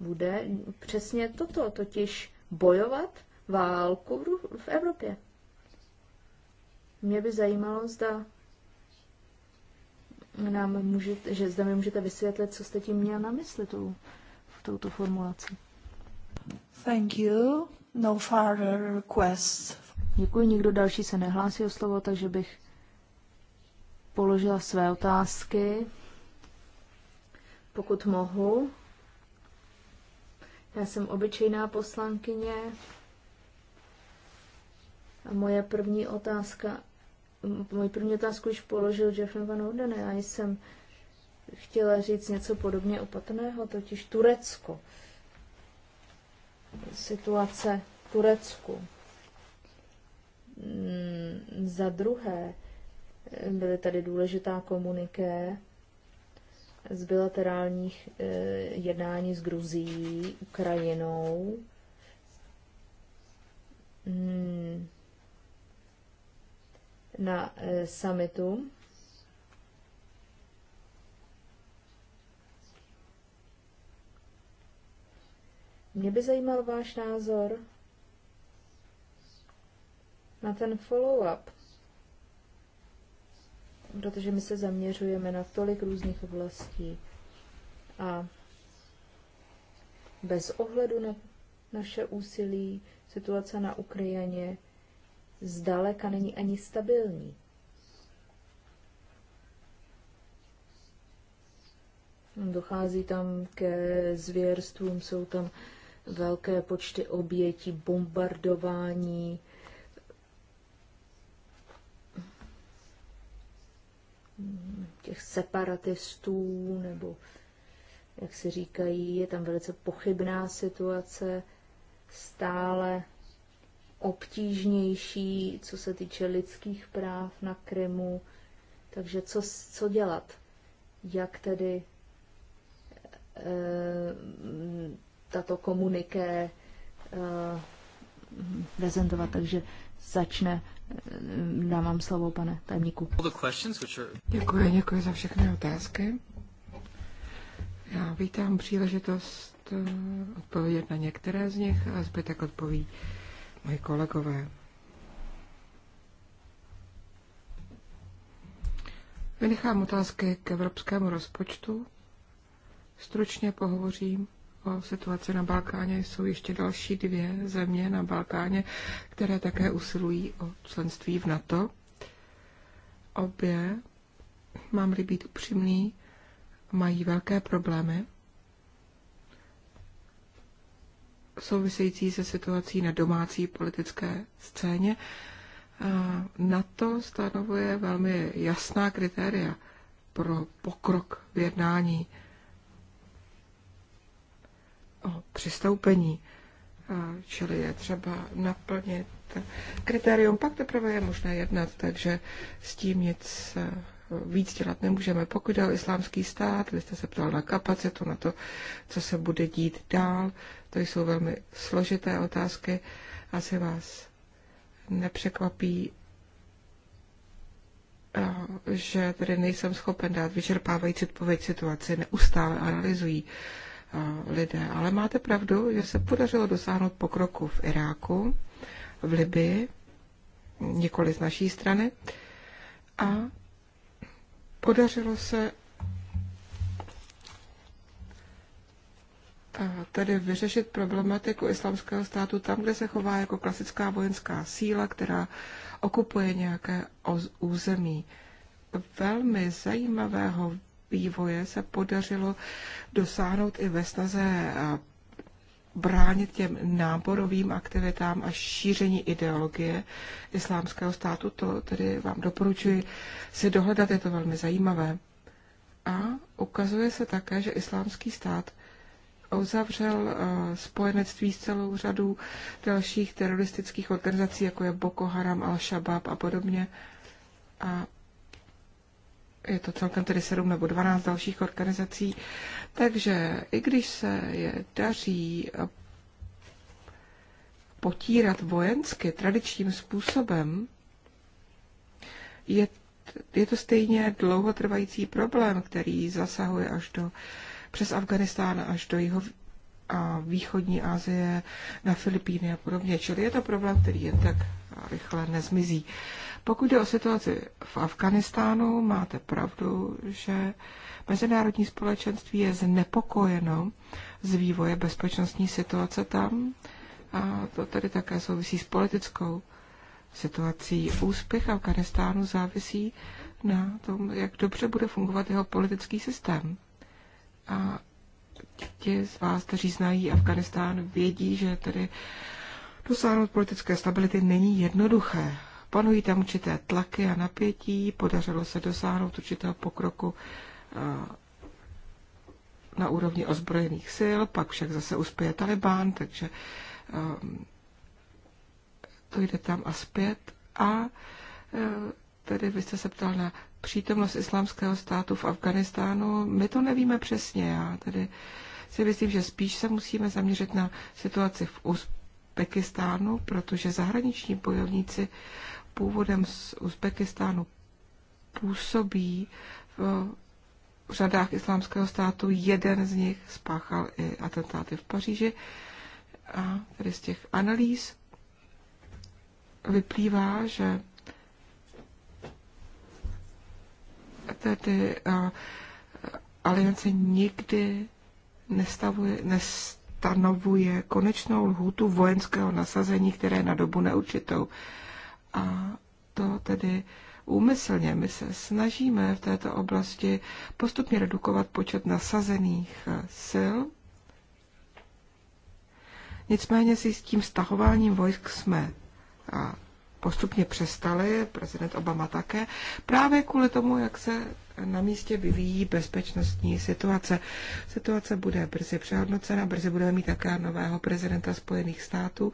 bude přesně toto, totiž bojovat válku v, v Evropě. Mě by zajímalo, zda nám můžete, že zda mi můžete vysvětlit, co jste tím měl na mysli, tou touto formulací. Thank you. No further requests. Děkuji, nikdo další se nehlásí o slovo, takže bych položila své otázky, pokud mohu. Já jsem obyčejná poslankyně a moje první otázka, moji první otázku již položil Jeffrey Van Orden a já jsem chtěla říct něco podobně opatrného, totiž Turecko. Situace Turecku. Mm, za druhé, byly tady důležitá komuniké z bilaterálních e, jednání s Gruzií, Ukrajinou. Mm, na e, summitu Mě by zajímal váš názor na ten follow-up, protože my se zaměřujeme na tolik různých oblastí a bez ohledu na naše úsilí situace na Ukrajině zdaleka není ani stabilní. Dochází tam ke zvěrstvům, jsou tam velké počty obětí, bombardování, těch separatistů, nebo jak si říkají, je tam velice pochybná situace, stále obtížnější, co se týče lidských práv na Krymu. Takže co, co dělat? Jak tedy eh, tato komuniké eh, prezentovat, takže začne, eh, dám vám slovo, pane tajemníku. Děkuji, děkuji za všechny otázky. Já vítám příležitost eh, odpovědět na některé z nich a zbytek odpoví moji kolegové. Vynechám otázky k evropskému rozpočtu, stručně pohovořím o situaci na Balkáně jsou ještě další dvě země na Balkáně, které také usilují o členství v NATO. Obě, mám-li být upřímný, mají velké problémy související se situací na domácí politické scéně. Na to stanovuje velmi jasná kritéria pro pokrok v jednání o přistoupení, čili je třeba naplnit kritérium, pak teprve je možné jednat, takže s tím nic eh, víc dělat nemůžeme. Pokud je o islámský stát, vy jste se ptal na kapacitu, na to, co se bude dít dál, to jsou velmi složité otázky. Asi vás nepřekvapí, eh, že tedy nejsem schopen dát vyčerpávající odpověď situaci, neustále analyzují lidé. Ale máte pravdu, že se podařilo dosáhnout pokroku v Iráku, v Libii, nikoli z naší strany. A podařilo se tedy vyřešit problematiku islamského státu tam, kde se chová jako klasická vojenská síla, která okupuje nějaké území. Velmi zajímavého vývoje se podařilo dosáhnout i ve snaze eh, bránit těm náborovým aktivitám a šíření ideologie islámského státu. To tedy vám doporučuji si dohledat, je to velmi zajímavé. A ukazuje se také, že islámský stát uzavřel eh, spojenectví s celou řadou dalších teroristických organizací, jako je Boko Haram, Al-Shabaab a podobně. A je to celkem tedy 7 nebo 12 dalších organizací. Takže i když se je daří potírat vojensky tradičním způsobem, je, je to stejně dlouhotrvající problém, který zasahuje až do, přes Afganistán až do jeho a východní Asie, na Filipíny a podobně. Čili je to problém, který jen tak rychle nezmizí. Pokud jde o situaci v Afganistánu, máte pravdu, že mezinárodní společenství je znepokojeno z vývoje bezpečnostní situace tam a to tedy také souvisí s politickou situací. Úspěch Afganistánu závisí na tom, jak dobře bude fungovat jeho politický systém. A ti z vás, kteří znají Afganistán, vědí, že tedy dosáhnout politické stability není jednoduché. Panují tam určité tlaky a napětí, podařilo se dosáhnout určitého pokroku eh, na úrovni ozbrojených sil, pak však zase uspěje Taliban, takže eh, to jde tam a zpět. A eh, tedy vy jste se ptal na přítomnost islámského státu v Afganistánu. My to nevíme přesně. Já tedy si myslím, že spíš se musíme zaměřit na situaci v Uzbekistánu, protože zahraniční bojovníci původem z Uzbekistánu působí v řadách islámského státu. Jeden z nich spáchal i atentáty v Paříži. A tedy z těch analýz vyplývá, že tedy uh, aliance nikdy nestavuje, nestanovuje konečnou lhůtu vojenského nasazení, které je na dobu neurčitou. A to tedy úmyslně. My se snažíme v této oblasti postupně redukovat počet nasazených eh, sil. Nicméně si s tím stahováním vojsk jsme eh, postupně přestali, prezident Obama také, právě kvůli tomu, jak se na místě vyvíjí bezpečnostní situace. Situace bude brzy přehodnocena, brzy budeme mít také nového prezidenta Spojených států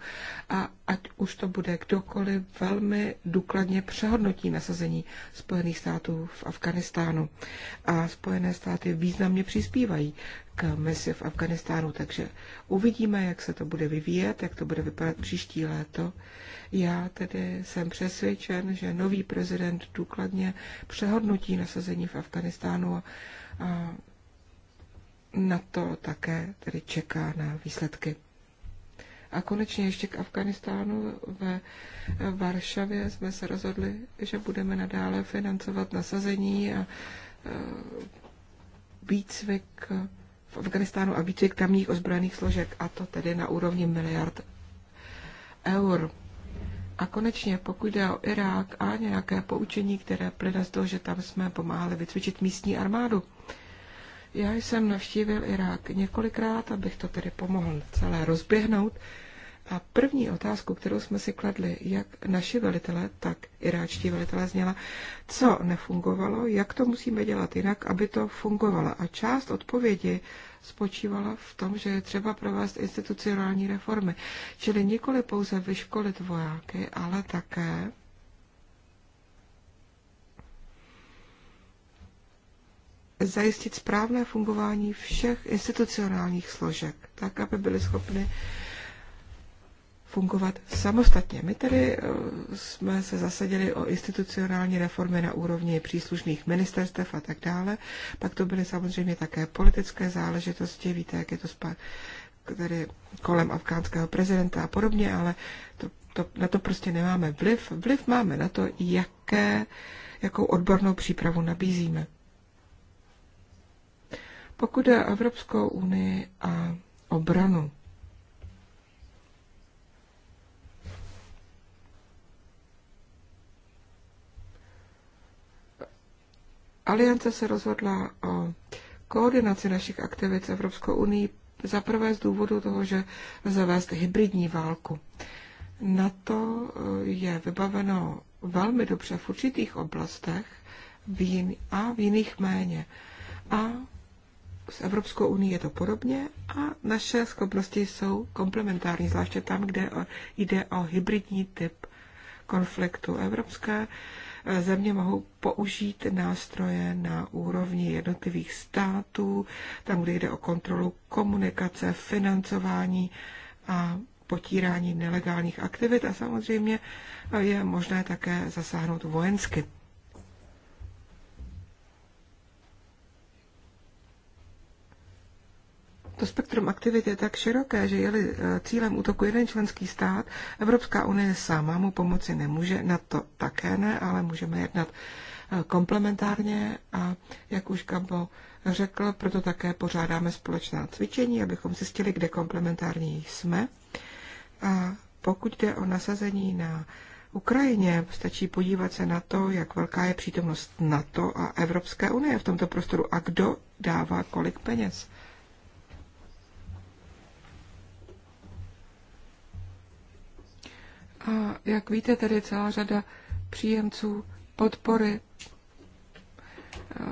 a ať už to bude kdokoliv, velmi důkladně přehodnotí nasazení Spojených států v Afganistánu. A Spojené státy významně přispívají k misi v Afganistánu. Takže uvidíme, jak se to bude vyvíjet, jak to bude vypadat příští léto. Já tedy jsem přesvědčen, že nový prezident důkladně přehodnotí nasazení v Afganistánu a na to také tedy čeká na výsledky. A konečně ještě k Afganistánu. Ve Varšavě jsme se rozhodli, že budeme nadále financovat nasazení a výcvik v Afganistánu a výcvik tamních ozbrojených složek, a to tedy na úrovni miliard eur. A konečně, pokud jde o Irák a nějaké poučení, které plyne z toho, že tam jsme pomáhali vycvičit místní armádu. Já jsem navštívil Irák několikrát, abych to tedy pomohl celé rozběhnout. A první otázku, kterou jsme si kladli, jak naši velitelé, tak iráčtí velitelé zněla, co nefungovalo, jak to musíme dělat jinak, aby to fungovalo. A část odpovědi spočívala v tom, že je třeba provést institucionální reformy. Čili nikoli pouze vyškolit vojáky, ale také zajistit správné fungování všech institucionálních složek, tak, aby byly schopny fungovat samostatně. My tedy eh, jsme se zasadili o institucionální reformy na úrovni příslušných ministerstev a tak dále. Pak to byly samozřejmě také politické záležitosti, víte, jak je to spát tedy kolem afgánského prezidenta a podobně, ale to, to, na to prostě nemáme vliv. Vliv máme na to, jaké, jakou odbornou přípravu nabízíme. Pokud je Evropskou unii a obranu, Aliance se rozhodla o koordinaci našich aktivit s Evropskou unii za prvé z důvodu toho, že zavést hybridní válku. Na to eh, je vybaveno velmi dobře v určitých oblastech v jin, a v jiných méně. A s Evropskou unii je to podobně a naše schopnosti jsou komplementární, zvláště tam, kde jde o hybridní typ konfliktu. Evropské země mohou použít nástroje na úrovni jednotlivých států, tam, kde jde o kontrolu komunikace, financování a potírání nelegálních aktivit a samozřejmě je možné také zasáhnout vojensky. To spektrum aktivit je tak široké, že je-li eh, cílem útoku jeden členský stát, Evropská unie sama mu pomoci nemůže, na to také ne, ale můžeme jednat eh, komplementárně a jak už Gabo řekl, proto také pořádáme společná cvičení, abychom zjistili, kde komplementární jsme. A pokud jde o nasazení na Ukrajině, stačí podívat se na to, jak velká je přítomnost NATO a Evropské unie v tomto prostoru a kdo dává kolik peněz. A jak víte, tedy celá řada příjemců podpory e,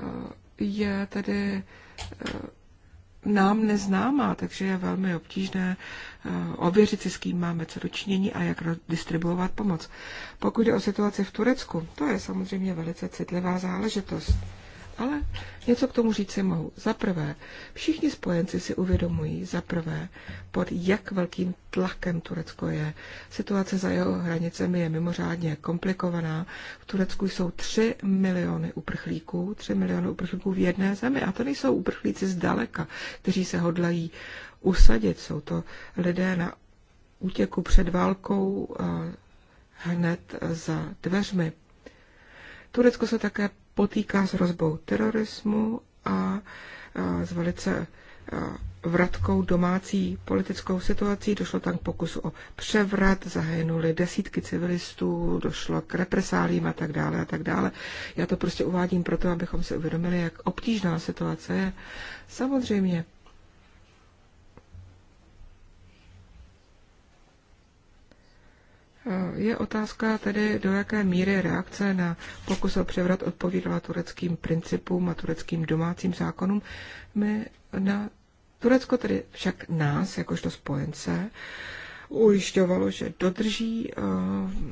je tedy e, nám neznámá, takže je velmi obtížné e, ověřit si, s kým máme co dočinění a jak distribuovat pomoc. Pokud jde o situaci v Turecku, to je samozřejmě velice citlivá záležitost ale něco k tomu říci mohu. Za prvé, všichni spojenci si uvědomují, za prvé, pod jak velkým tlakem Turecko je. Situace za jeho hranicemi je mimořádně komplikovaná. V Turecku jsou 3 miliony uprchlíků, 3 miliony uprchlíků v jedné zemi a to nejsou uprchlíci zdaleka, kteří se hodlají usadit. Jsou to lidé na útěku před válkou eh, hned za dveřmi. Turecko se také potýká s hrozbou terorismu a s velice vratkou domácí politickou situací. Došlo tam k pokusu o převrat, zahynuli desítky civilistů, došlo k represálím a tak dále a tak dále. Já to prostě uvádím proto, abychom si uvědomili, jak obtížná situace je. Samozřejmě Je otázka tedy, do jaké míry reakce na pokus o převrat odpovídala tureckým principům a tureckým domácím zákonům. My na Turecko tedy však nás, jakožto spojence, ujišťovalo, že dodrží eh,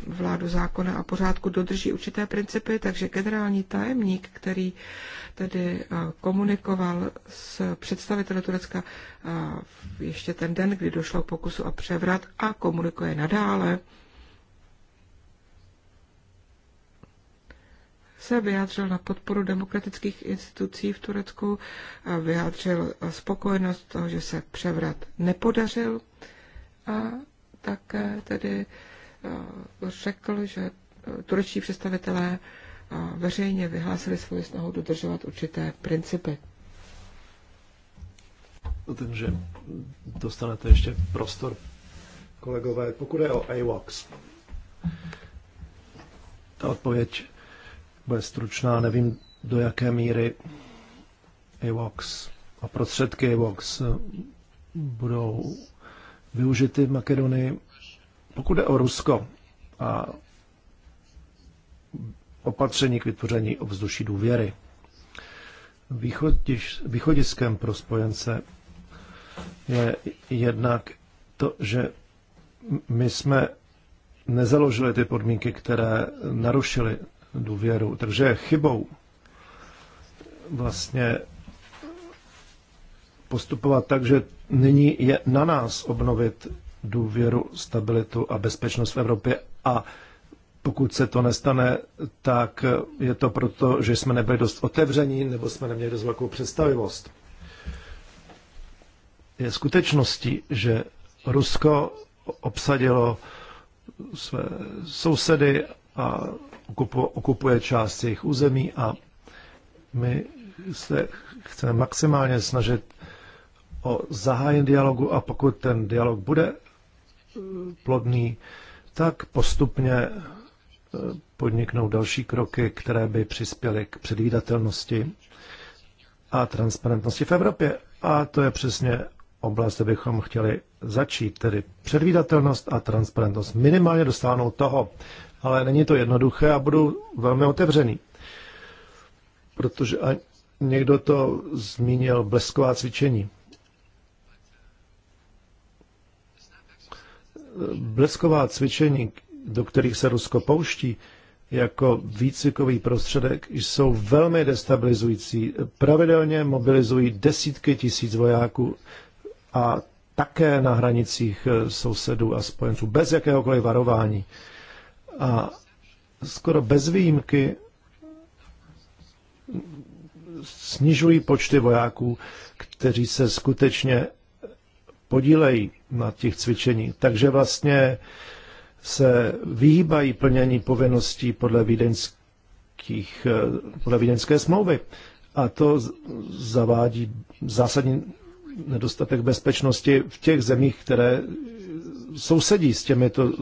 vládu zákona a pořádku dodrží určité principy, takže generální tajemník, který tedy eh, komunikoval s představiteli Turecka eh, ještě ten den, kdy došlo k pokusu o převrat a komunikuje nadále, se vyjádřil na podporu demokratických institucí v Turecku a vyjádřil spokojenost toho, že se převrat nepodařil a také tedy e, řekl, že e, turečtí představitelé e, veřejně vyhlásili svoji snahu dodržovat určité principy. No, takže dostanete ještě prostor, kolegové. Pokud je o AWACS, ta odpověď bude stručná, nevím do jaké míry EVOX a prostředky EVOX eh, budou využity v Makedonii. Pokud jde o Rusko a opatření k vytvoření ovzduší důvěry, Východiš, východiskem pro spojence je jednak to, že my jsme nezaložili ty podmínky, které narušily důvěru. Takže chybou vlastně postupovat tak, že nyní je na nás obnovit důvěru, stabilitu a bezpečnost v Evropě a pokud se to nestane, tak je to proto, že jsme nebyli dost otevření nebo jsme neměli dost velkou představivost. Je skutečností, že Rusko obsadilo své sousedy a okupuje část jejich území a my se chceme maximálně snažit o zahájení dialogu a pokud ten dialog bude eh, plodný, tak postupně eh, podniknou další kroky, které by přispěly k předvídatelnosti a transparentnosti v Evropě. A to je přesně oblast, kde bychom chtěli začít, tedy předvídatelnost a transparentnost. Minimálně dosáhnout toho, ale není to jednoduché a budu velmi otevřený. Protože a někdo to zmínil, blesková cvičení. Blesková cvičení, do kterých se Rusko pouští, jako výcvikový prostředek jsou velmi destabilizující. Pravidelně mobilizují desítky tisíc vojáků a také na hranicích sousedů a spojenců bez jakéhokoliv varování. A skoro bez výjimky snižují počty vojáků, kteří se skutečně podílejí na těch cvičení. Takže vlastně se vyhýbají plnění povinností podle vídeňských, podle vídeňské smlouvy. A to zavádí zásadní nedostatek bezpečnosti v těch zemích, které sousedí s těmito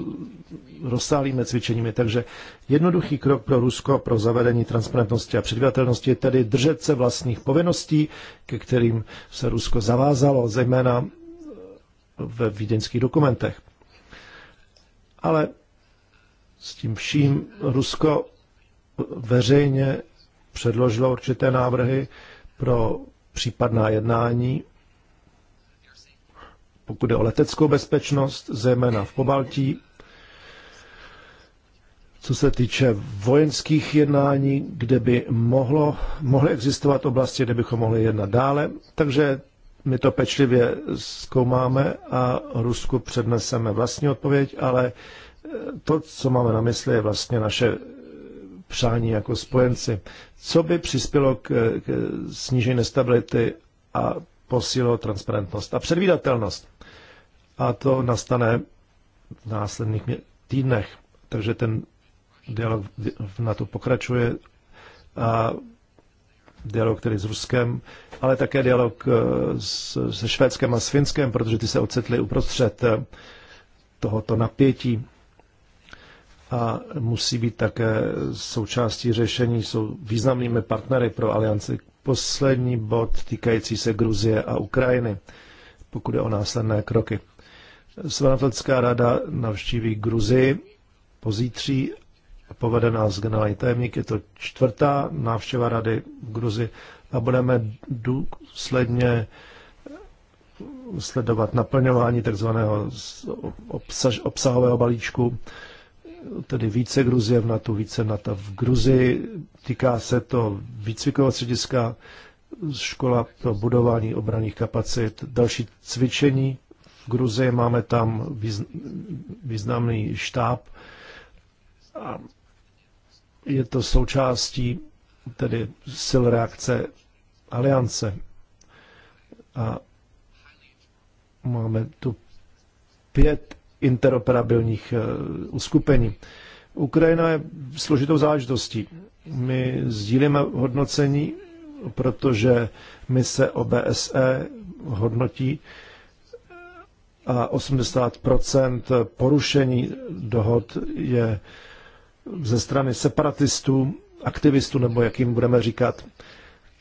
rozsáhlými cvičeními. Takže jednoduchý krok pro Rusko pro zavedení transparentnosti a předvídatelnosti je tedy držet se vlastních povinností, ke kterým se Rusko zavázalo, zejména ve vídeňských dokumentech. Ale s tím vším Rusko veřejně předložilo určité návrhy pro případná jednání pokud jde o leteckou bezpečnost, zejména v Pobaltí. Co se týče vojenských jednání, kde by mohlo, mohly existovat oblasti, kde bychom mohli jednat dále. Takže my to pečlivě zkoumáme a Rusku předneseme vlastní odpověď, ale e, to, co máme na mysli, je vlastně naše přání jako spojenci. Co by přispělo k, k snížení nestability a posílilo transparentnost a předvídatelnost? a to nastane v následných týdnech. Takže ten dialog na to pokračuje a dialog tedy s Ruskem, ale také dialog e, se Švédskem a s Finskem, protože ty se ocitly uprostřed e, tohoto napětí a musí být také součástí řešení, jsou významnými partnery pro alianci. Poslední bod týkající se Gruzie a Ukrajiny, pokud je o následné kroky. Svatatelská rada navštíví Gruzi pozítří a povede nás generální tajemník. Je to čtvrtá návštěva rady v Gruzi a budeme důsledně sledovat naplňování tzv. obsahového balíčku, tedy více Gruzie v NATO, více NATO v Gruzii. Týká se to výcvikového střediska, škola pro budování obraných kapacit, další cvičení Gruzii, máme tam významný štáb a je to součástí tedy sil reakce aliance. A máme tu pět interoperabilních eh, uskupení. Ukrajina je složitou záležitostí. My sdílíme hodnocení, protože mise OBSE hodnotí a 80 porušení dohod je ze strany separatistů, aktivistů nebo jak jim budeme říkat.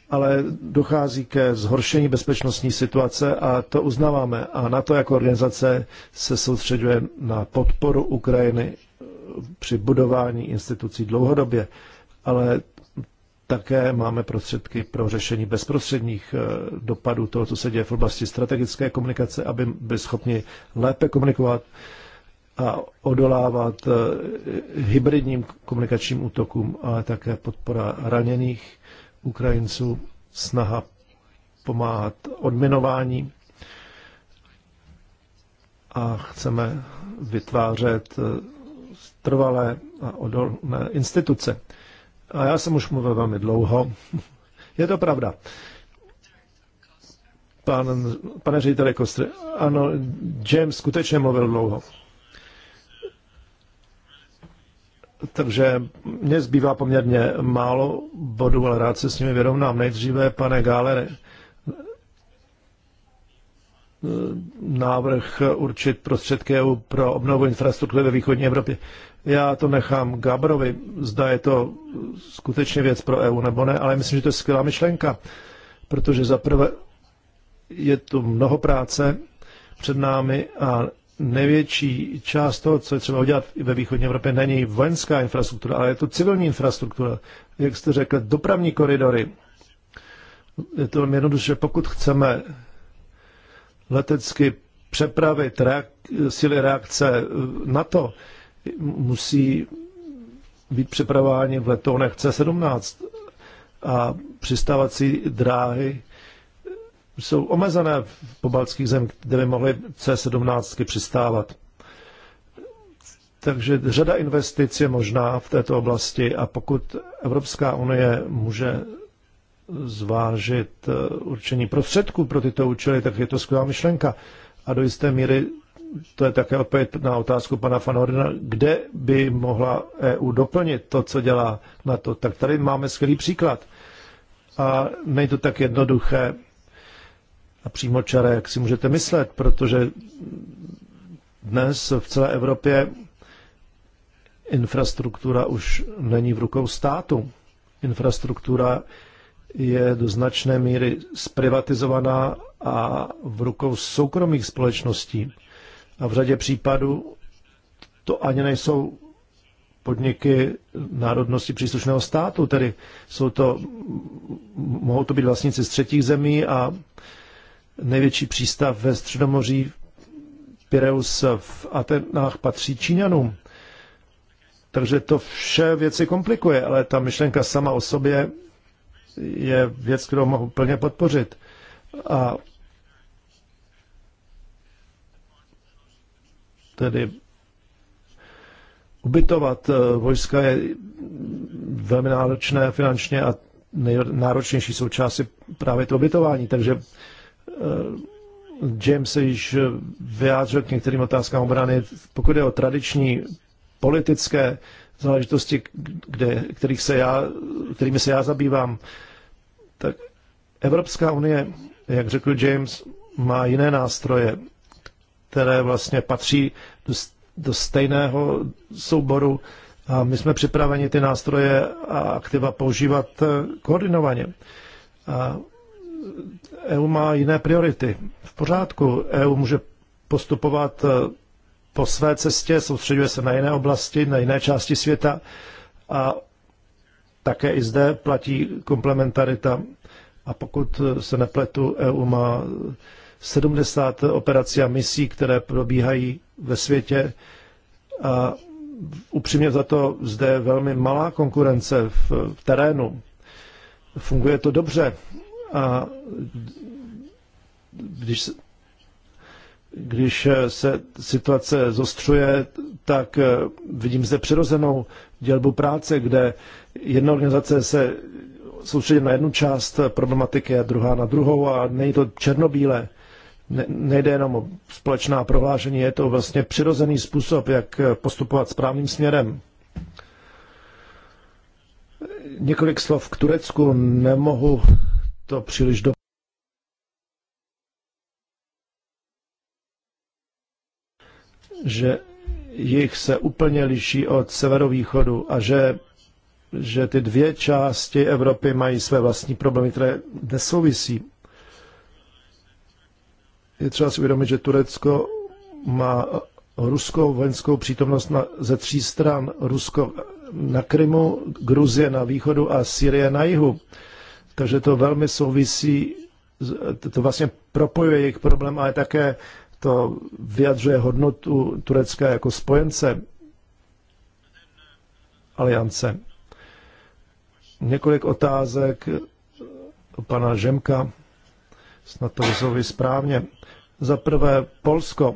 Ale dochází ke zhoršení bezpečnostní situace a to uznáváme. A na to jako organizace se soustředuje na podporu Ukrajiny při budování institucí dlouhodobě. Ale také máme prostředky pro řešení bezprostředních eh, dopadů toho, co se děje v oblasti strategické komunikace, aby byli schopni lépe komunikovat a odolávat eh, hybridním komunikačním útokům, ale také podpora raněných Ukrajinců, snaha pomáhat odminování a chceme vytvářet eh, trvalé a odolné instituce. A já jsem už mluvil velmi dlouho. <laughs> Je to pravda. Pan, pane řediteli Kostry, ano, James skutečně mluvil dlouho. Takže mě zbývá poměrně málo bodů, ale rád se s nimi vyrovnám. Nejdříve, pane Gálery, návrh určit prostředky EU pro obnovu infrastruktury ve východní Evropě. Já to nechám Gabrovi, zda je to skutečně věc pro EU nebo ne, ale myslím, že to je skvělá myšlenka, protože zaprvé je tu mnoho práce před námi a největší část toho, co je třeba udělat ve východní Evropě, není vojenská infrastruktura, ale je to civilní infrastruktura. Jak jste řekl, dopravní koridory. Je to velmi jednoduše, pokud chceme letecky přepravit reak- síly reakce na to, musí být přepravováni v letounech C-17 a přistávací dráhy jsou omezené v pobaltských zemích, kde by mohly C-17 přistávat. Takže řada investic je možná v této oblasti a pokud Evropská unie může zvážit eh, určení prostředků pro tyto účely, tak je to skvělá myšlenka. A do jisté míry to je také odpověď na otázku pana Fanorina, kde by mohla EU doplnit to, co dělá na to. Tak tady máme skvělý příklad. A není to tak jednoduché a čaré, jak si můžete myslet, protože dnes v celé Evropě infrastruktura už není v rukou státu. Infrastruktura je do značné míry zprivatizovaná a v rukou soukromých společností. A v řadě případů to ani nejsou podniky národnosti příslušného státu, tedy jsou to, mohou to být vlastníci z třetích zemí a největší přístav ve Středomoří Pireus v Atenách patří Číňanům. Takže to vše věci komplikuje, ale ta myšlenka sama o sobě je věc, kterou mohu plně podpořit. A tedy ubytovat eh, vojska je velmi náročné finančně a nejnáročnější jsou časy právě to ubytování. Takže eh, James se již vyjádřil k některým otázkám obrany. Pokud je o tradiční politické záležitosti, kde, kterých se já, kterými se já zabývám. Tak Evropská unie, jak řekl James, má jiné nástroje, které vlastně patří do, do stejného souboru a my jsme připraveni ty nástroje a aktiva používat eh, koordinovaně. A EU má jiné priority. V pořádku, EU může postupovat eh, po své cestě, soustředuje se na jiné oblasti, na jiné části světa a také i zde platí komplementarita. A pokud se nepletu, EU má 70 operací a misí, které probíhají ve světě a upřímně za to zde je velmi malá konkurence v, v terénu. Funguje to dobře a když když eh, se situace zostřuje, tak eh, vidím zde přirozenou dělbu práce, kde jedna organizace se soustředí na jednu část problematiky a druhá na druhou a není to černobílé. nejde jenom o společná prohlášení, je to vlastně přirozený způsob, jak eh, postupovat správným směrem. Několik slov k Turecku nemohu to příliš do že jich se úplně liší od severovýchodu a že, že ty dvě části Evropy mají své vlastní problémy, které nesouvisí. Je třeba si uvědomit, že Turecko má ruskou vojenskou přítomnost na, ze tří stran. Rusko na Krymu, Gruzie na východu a Syrie na jihu. Takže to velmi souvisí, to vlastně propojuje jejich problém, ale také to vyjadřuje hodnotu Turecka jako spojence aliance. Několik otázek pana Žemka, snad to vysloví správně. Za prvé Polsko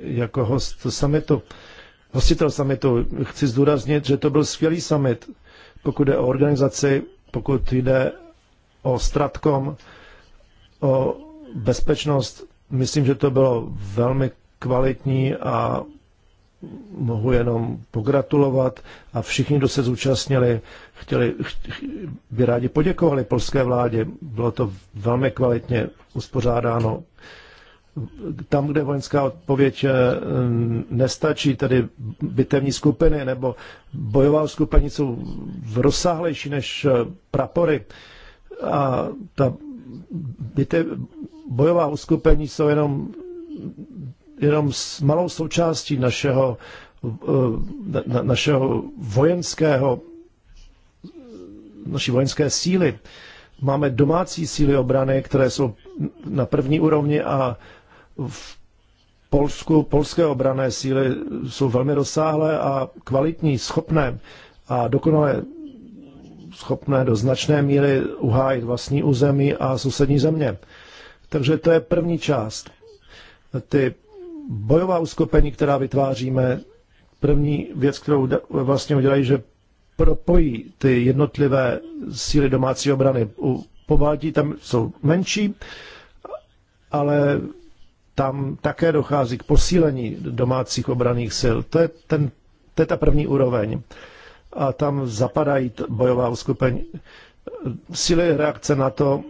jako host summitu, hostitel summitu. Chci zdůraznit, že to byl skvělý summit, pokud jde o organizaci, pokud jde o Stratkom, o bezpečnost Myslím, že to bylo velmi kvalitní a mohu jenom pogratulovat a všichni, kdo se zúčastnili, chtěli, by rádi poděkovali polské vládě. Bylo to velmi kvalitně uspořádáno. Tam, kde vojenská odpověď eh, nestačí, tedy bitevní skupiny nebo bojová skupiny jsou rozsáhlejší než eh, prapory a ta bitev, bojová uskupení jsou jenom, jenom s malou součástí našeho, eh, na, našeho vojenského, naší vojenské síly. Máme domácí síly obrany, které jsou na první úrovni a v Polsku, polské obrané síly jsou velmi rozsáhlé a kvalitní, schopné a dokonale schopné do značné míry uhájit vlastní území a sousední země. Takže to je první část. Ty bojová uskupení, která vytváříme, první věc, kterou vlastně udělají, že propojí ty jednotlivé síly domácí obrany. U povádí tam jsou menší, ale tam také dochází k posílení domácích obraných sil. To je, ten, to je ta první úroveň. A tam zapadají bojová uskupení. Síly reakce na to,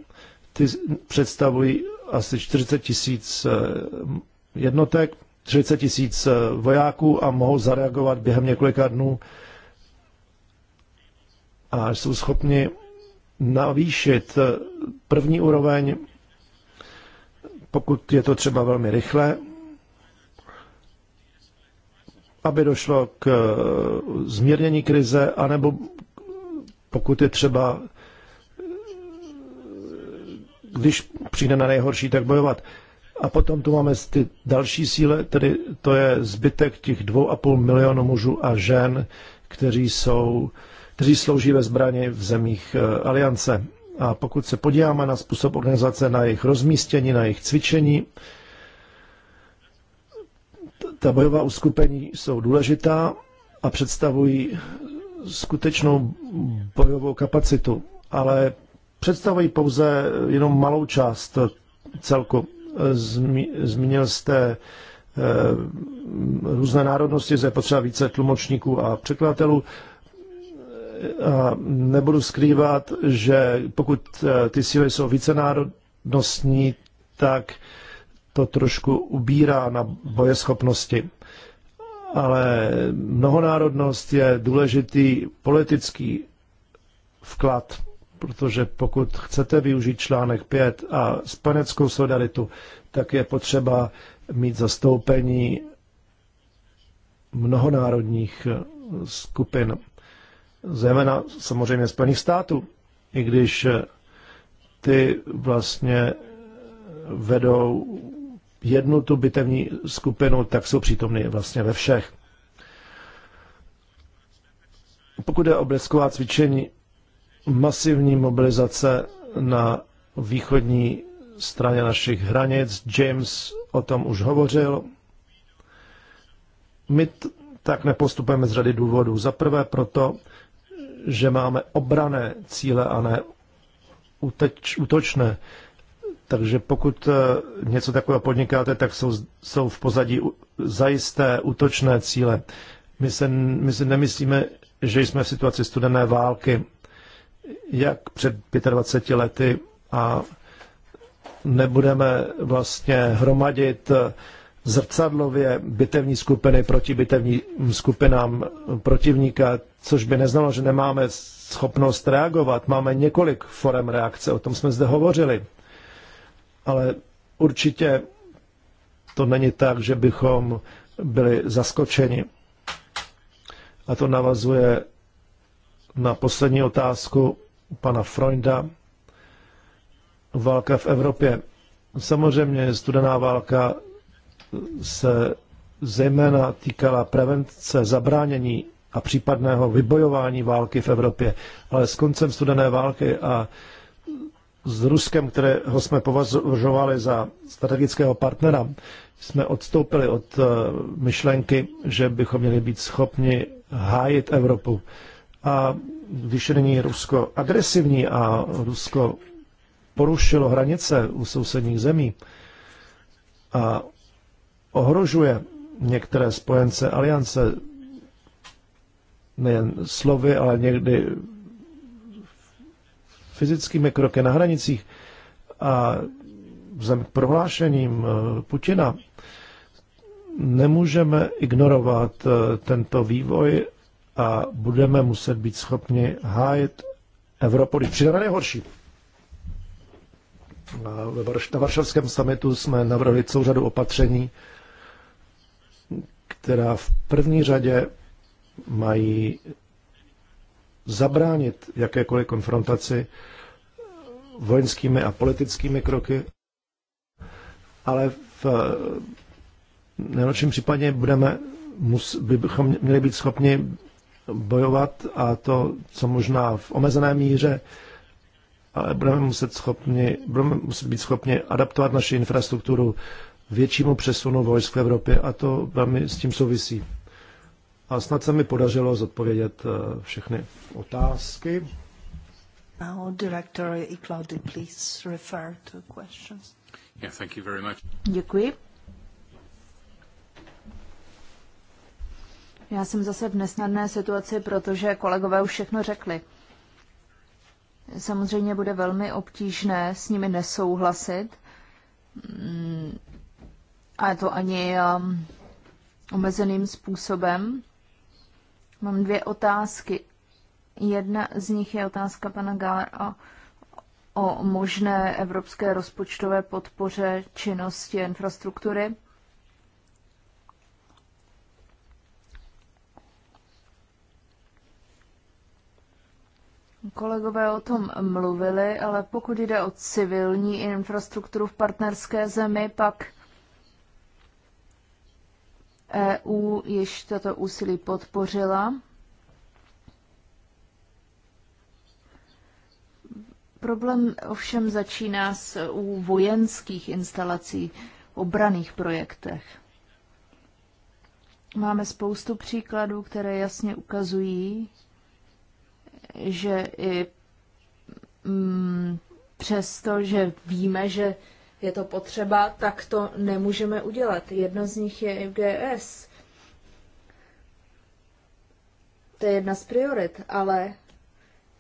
ty představují asi 40 tisíc eh, jednotek, 30 tisíc eh, vojáků a mohou zareagovat během několika dnů a jsou schopni navýšit eh, první úroveň, pokud je to třeba velmi rychle, aby došlo k zmírnění krize, anebo pokud je třeba když přijde na nejhorší, tak bojovat. A potom tu máme ty další síle, tedy to je zbytek těch dvou a půl milionu mužů a žen, kteří, jsou, kteří slouží ve zbraně v zemích eh, aliance. A pokud se podíváme na způsob organizace, na jejich rozmístění, na jejich cvičení, ta bojová uskupení jsou důležitá a představují skutečnou bojovou kapacitu, ale představují pouze jenom malou část celku. Zmí, zmínil jste eh, různé národnosti, že je potřeba více tlumočníků a překladatelů. Eh, a nebudu skrývat, že pokud eh, ty síly jsou více národnostní, tak to trošku ubírá na bojeschopnosti. Ale mnohonárodnost je důležitý politický vklad protože pokud chcete využít článek 5 a spaneckou solidaritu, tak je potřeba mít zastoupení mnohonárodních eh, skupin, zejména samozřejmě Spojených států, i když eh, ty vlastně eh, vedou jednu tu bitevní skupinu, tak jsou přítomny vlastně ve všech. Pokud je o blesková cvičení, masivní mobilizace na východní straně našich hranic. James o tom už hovořil. My tak nepostupujeme z řady důvodů. Za prvé proto, že máme obrané cíle a ne uteč, útočné. Takže pokud eh, něco takového podnikáte, tak jsou, jsou v pozadí zajisté útočné cíle. My, se, my si nemyslíme, že jsme v situaci studené války jak před 25 lety a nebudeme vlastně hromadit zrcadlově bitevní skupiny proti bitevním skupinám protivníka, což by neznalo, že nemáme schopnost reagovat. Máme několik forem reakce, o tom jsme zde hovořili. Ale určitě to není tak, že bychom byli zaskočeni. A to navazuje na poslední otázku pana Freunda. Válka v Evropě. Samozřejmě studená válka se zejména týkala prevence, zabránění a případného vybojování války v Evropě. Ale s koncem studené války a s Ruskem, kterého jsme považovali za strategického partnera, jsme odstoupili od eh, myšlenky, že bychom měli být schopni hájit Evropu. A když není Rusko agresivní a Rusko porušilo hranice u sousedních zemí a ohrožuje některé spojence aliance nejen slovy, ale někdy fyzickými kroky na hranicích a zem k prohlášením eh, Putina nemůžeme ignorovat eh, tento vývoj a budeme muset být schopni hájit Evropu, když přijde na nejhorší. Na Varšavském samitu jsme navrhli celou řadu opatření, která v první řadě mají zabránit jakékoliv konfrontaci vojenskými a politickými kroky, ale v nejlepším případě budeme, mus, bychom měli být schopni bojovat a to, co možná v omezené míře, ale budeme muset, schopni, budeme muset být schopni adaptovat naši infrastrukturu většímu přesunu vojsk v Evropě a to velmi s tím souvisí. A snad se mi podařilo zodpovědět eh, všechny otázky. Děkuji. Já jsem zase v nesnadné situaci, protože kolegové už všechno řekli. Samozřejmě bude velmi obtížné s nimi nesouhlasit. Mm, a je to ani um, omezeným způsobem. Mám dvě otázky. Jedna z nich je otázka pana Gára o možné evropské rozpočtové podpoře činnosti infrastruktury. Kolegové o tom mluvili, ale pokud jde o civilní infrastrukturu v partnerské zemi, pak EU již toto úsilí podpořila. Problém ovšem začíná s, u vojenských instalací v obraných projektech. Máme spoustu příkladů, které jasně ukazují, že i mm, přesto, že víme, že je to potřeba, tak to nemůžeme udělat. Jedno z nich je FGS. To je jedna z priorit, ale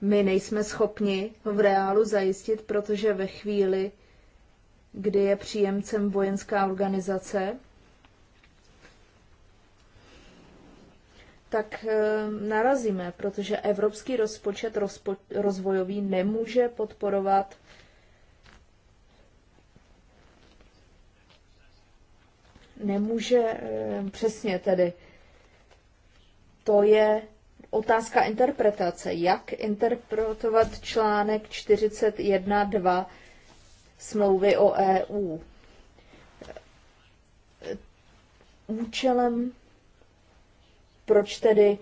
my nejsme schopni v reálu zajistit, protože ve chvíli, kdy je příjemcem vojenská organizace, tak eh, narazíme, protože evropský rozpočet rozpo, rozvojový nemůže podporovat nemůže eh, přesně tedy. To je otázka interpretace. Jak interpretovat článek 41.2 smlouvy o EU? Účelem proč tedy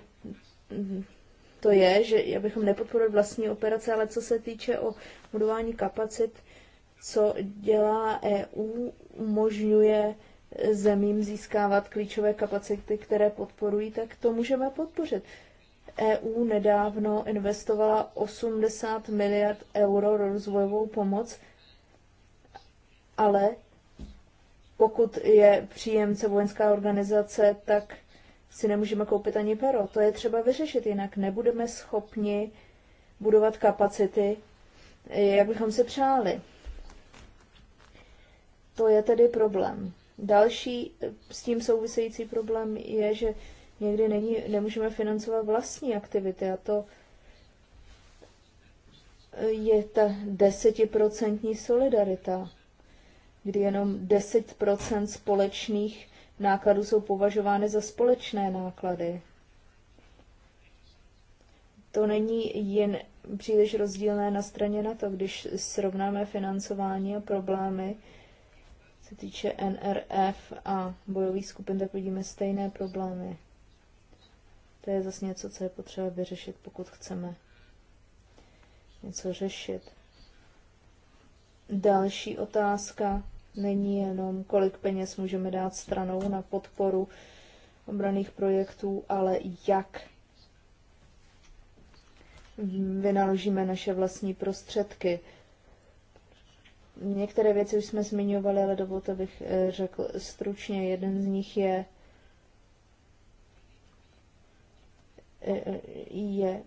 to je, že abychom nepodporovali vlastní operace, ale co se týče o budování kapacit, co dělá EU, umožňuje zemím získávat klíčové kapacity, které podporují, tak to můžeme podpořit. EU nedávno investovala 80 miliard euro rozvojovou pomoc, ale pokud je příjemce vojenská organizace, tak si nemůžeme koupit ani pero. To je třeba vyřešit, jinak nebudeme schopni budovat kapacity, jak bychom si přáli. To je tedy problém. Další eh, s tím související problém je, že někdy není, nemůžeme financovat vlastní aktivity a to eh, je ta desetiprocentní solidarita, kdy jenom 10% společných nákladů jsou považovány za společné náklady. To není jen příliš rozdílné na straně na to, když srovnáme financování a problémy, se týče NRF a bojových skupin, tak vidíme stejné problémy. To je zase něco, co je potřeba vyřešit, pokud chceme něco řešit. Další otázka není jenom, kolik peněz můžeme dát stranou na podporu obraných projektů, ale jak vynaložíme naše vlastní prostředky. Některé věci už jsme zmiňovali, ale dovolte bych eh, řekl stručně. Jeden z nich je, eh, eh, je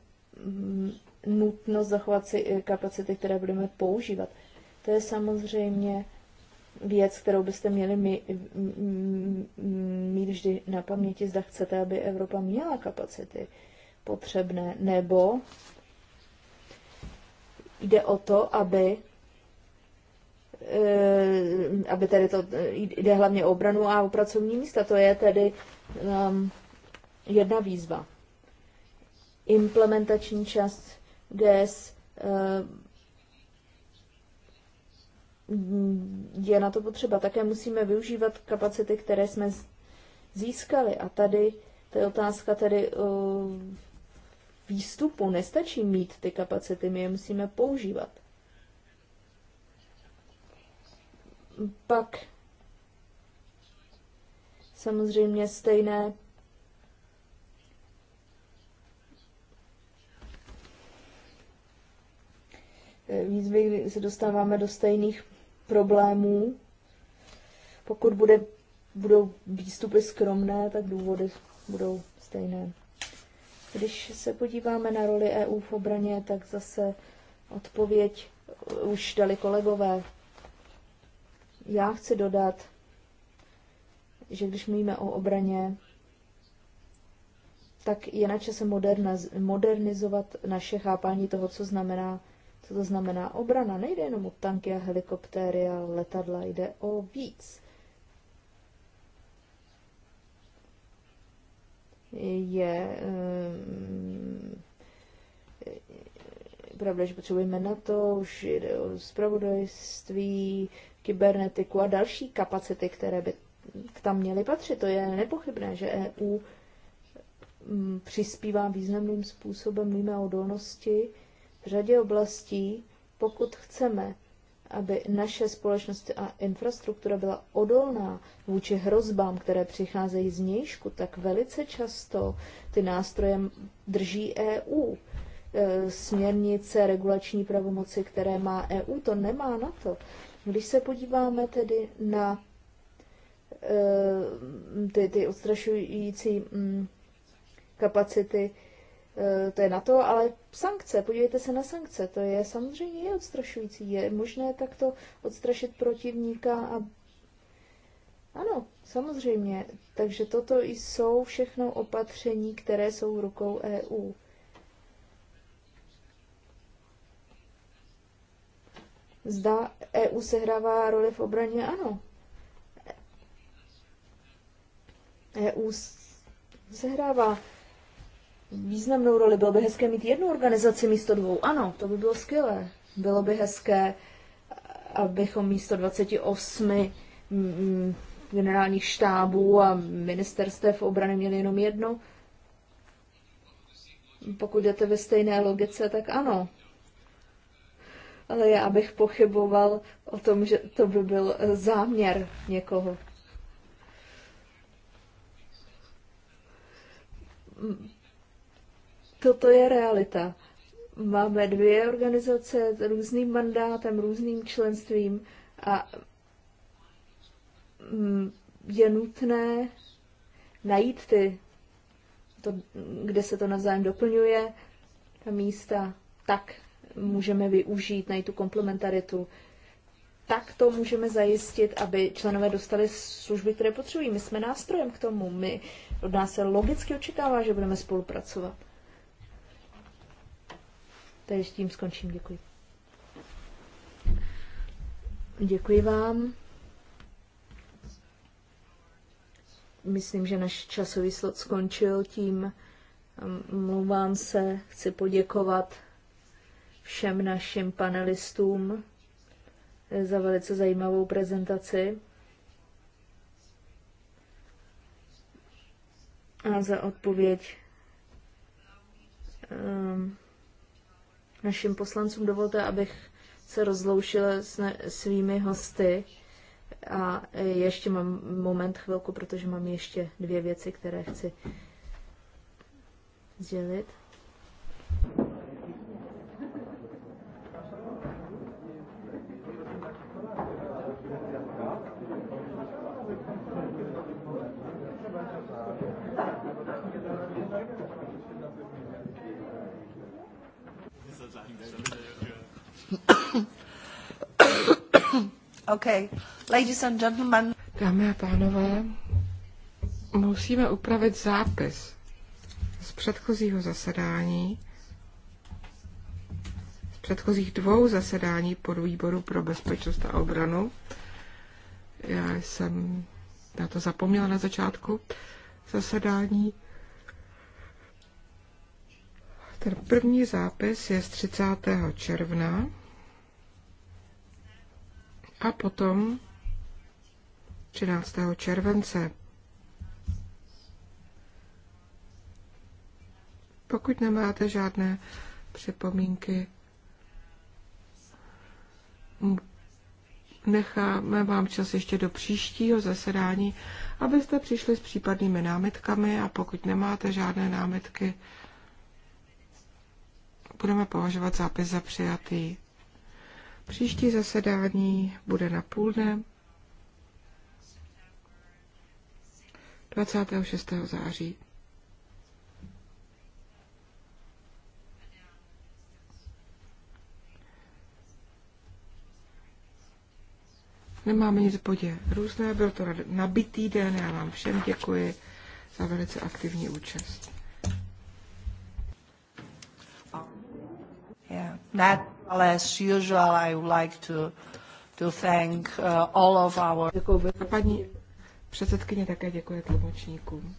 mm, nutnost zachovat si kapacity, které budeme používat. To je samozřejmě věc, kterou byste měli mít vždy na paměti, zda chcete, aby Evropa měla kapacity potřebné, nebo jde o to, aby eh, aby tedy to eh, jde hlavně o obranu a o pracovní místa. To je tedy um, jedna výzva. Implementační část GS eh, je na to potřeba. Také musíme využívat kapacity, které jsme získali. A tady to je otázka tedy eh, výstupu. Nestačí mít ty kapacity, my je musíme používat. Pak samozřejmě stejné výzvy, kdy se dostáváme do stejných problémů. Pokud bude, budou výstupy skromné, tak důvody budou stejné. Když se podíváme na roli EU v obraně, tak zase odpověď už dali kolegové. Já chci dodat, že když mluvíme o obraně, tak je na čase modernizovat naše chápání toho, co znamená co to znamená obrana? Nejde jenom o tanky a helikoptéry a letadla, jde o víc. Je um, pravda, že potřebujeme na to, už jde o zpravodajství, kybernetiku a další kapacity, které by k tam měly patřit. To je nepochybné, že EU mm, přispívá významným způsobem mimo odolnosti v řadě oblastí, pokud chceme, aby naše společnost a infrastruktura byla odolná vůči hrozbám, které přicházejí z nějšku, tak velice často ty nástroje drží EU. E, směrnice, regulační pravomoci, které má EU, to nemá na to. Když se podíváme tedy na e, ty, ty odstrašující mm, kapacity Eh, to je na to, ale sankce, podívejte se na sankce, to je samozřejmě je odstrašující, je možné takto odstrašit protivníka a ano, samozřejmě, takže toto jsou všechno opatření, které jsou rukou EU. Zda EU sehrává roli v obraně? Ano. EU sehrává významnou roli. Bylo by hezké mít jednu organizaci místo dvou. Ano, to by bylo skvělé. Bylo by hezké, abychom místo 28 mm, generálních štábů a ministerstev obrany měli jenom jedno. Pokud jdete ve stejné logice, tak ano. Ale já bych pochyboval o tom, že to by byl záměr někoho toto je realita. Máme dvě organizace s různým mandátem, různým členstvím a mm, je nutné najít ty, to, kde se to navzájem doplňuje, ta místa, tak můžeme využít, najít tu komplementaritu. Tak to můžeme zajistit, aby členové dostali služby, které potřebují. My jsme nástrojem k tomu. My, od nás se logicky očekává, že budeme spolupracovat. Takže s tím skončím. Děkuji. Děkuji vám. Myslím, že náš časový slot skončil tím. Um, mluvám se, chci poděkovat všem našim panelistům za velice zajímavou prezentaci a za odpověď um, našim poslancům. Dovolte, abych se rozloušila s svými hosty. A ještě mám moment chvilku, protože mám ještě dvě věci, které chci sdělit. okay. Ladies and gentlemen. Dámy a pánové, musíme upravit zápis z předchozího zasedání, z předchozích dvou zasedání pod výboru pro bezpečnost a obranu. Já jsem na to zapomněla na začátku zasedání. Ten první zápis je z 30. června a potom 13. července. Pokud nemáte žádné připomínky, necháme vám čas ještě do příštího zasedání, abyste přišli s případnými námitkami a pokud nemáte žádné námitky, budeme považovat zápis za přijatý. Příští zasedání bude na půl dne 26. září. Nemáme nic v bodě různé, byl to nabitý den, já vám všem děkuji za velice aktivní účast. Yeah, that As usual, I would like to, to thank uh, all of our... Děkuji. Paní předsedkyně také děkuje tlumočníkům.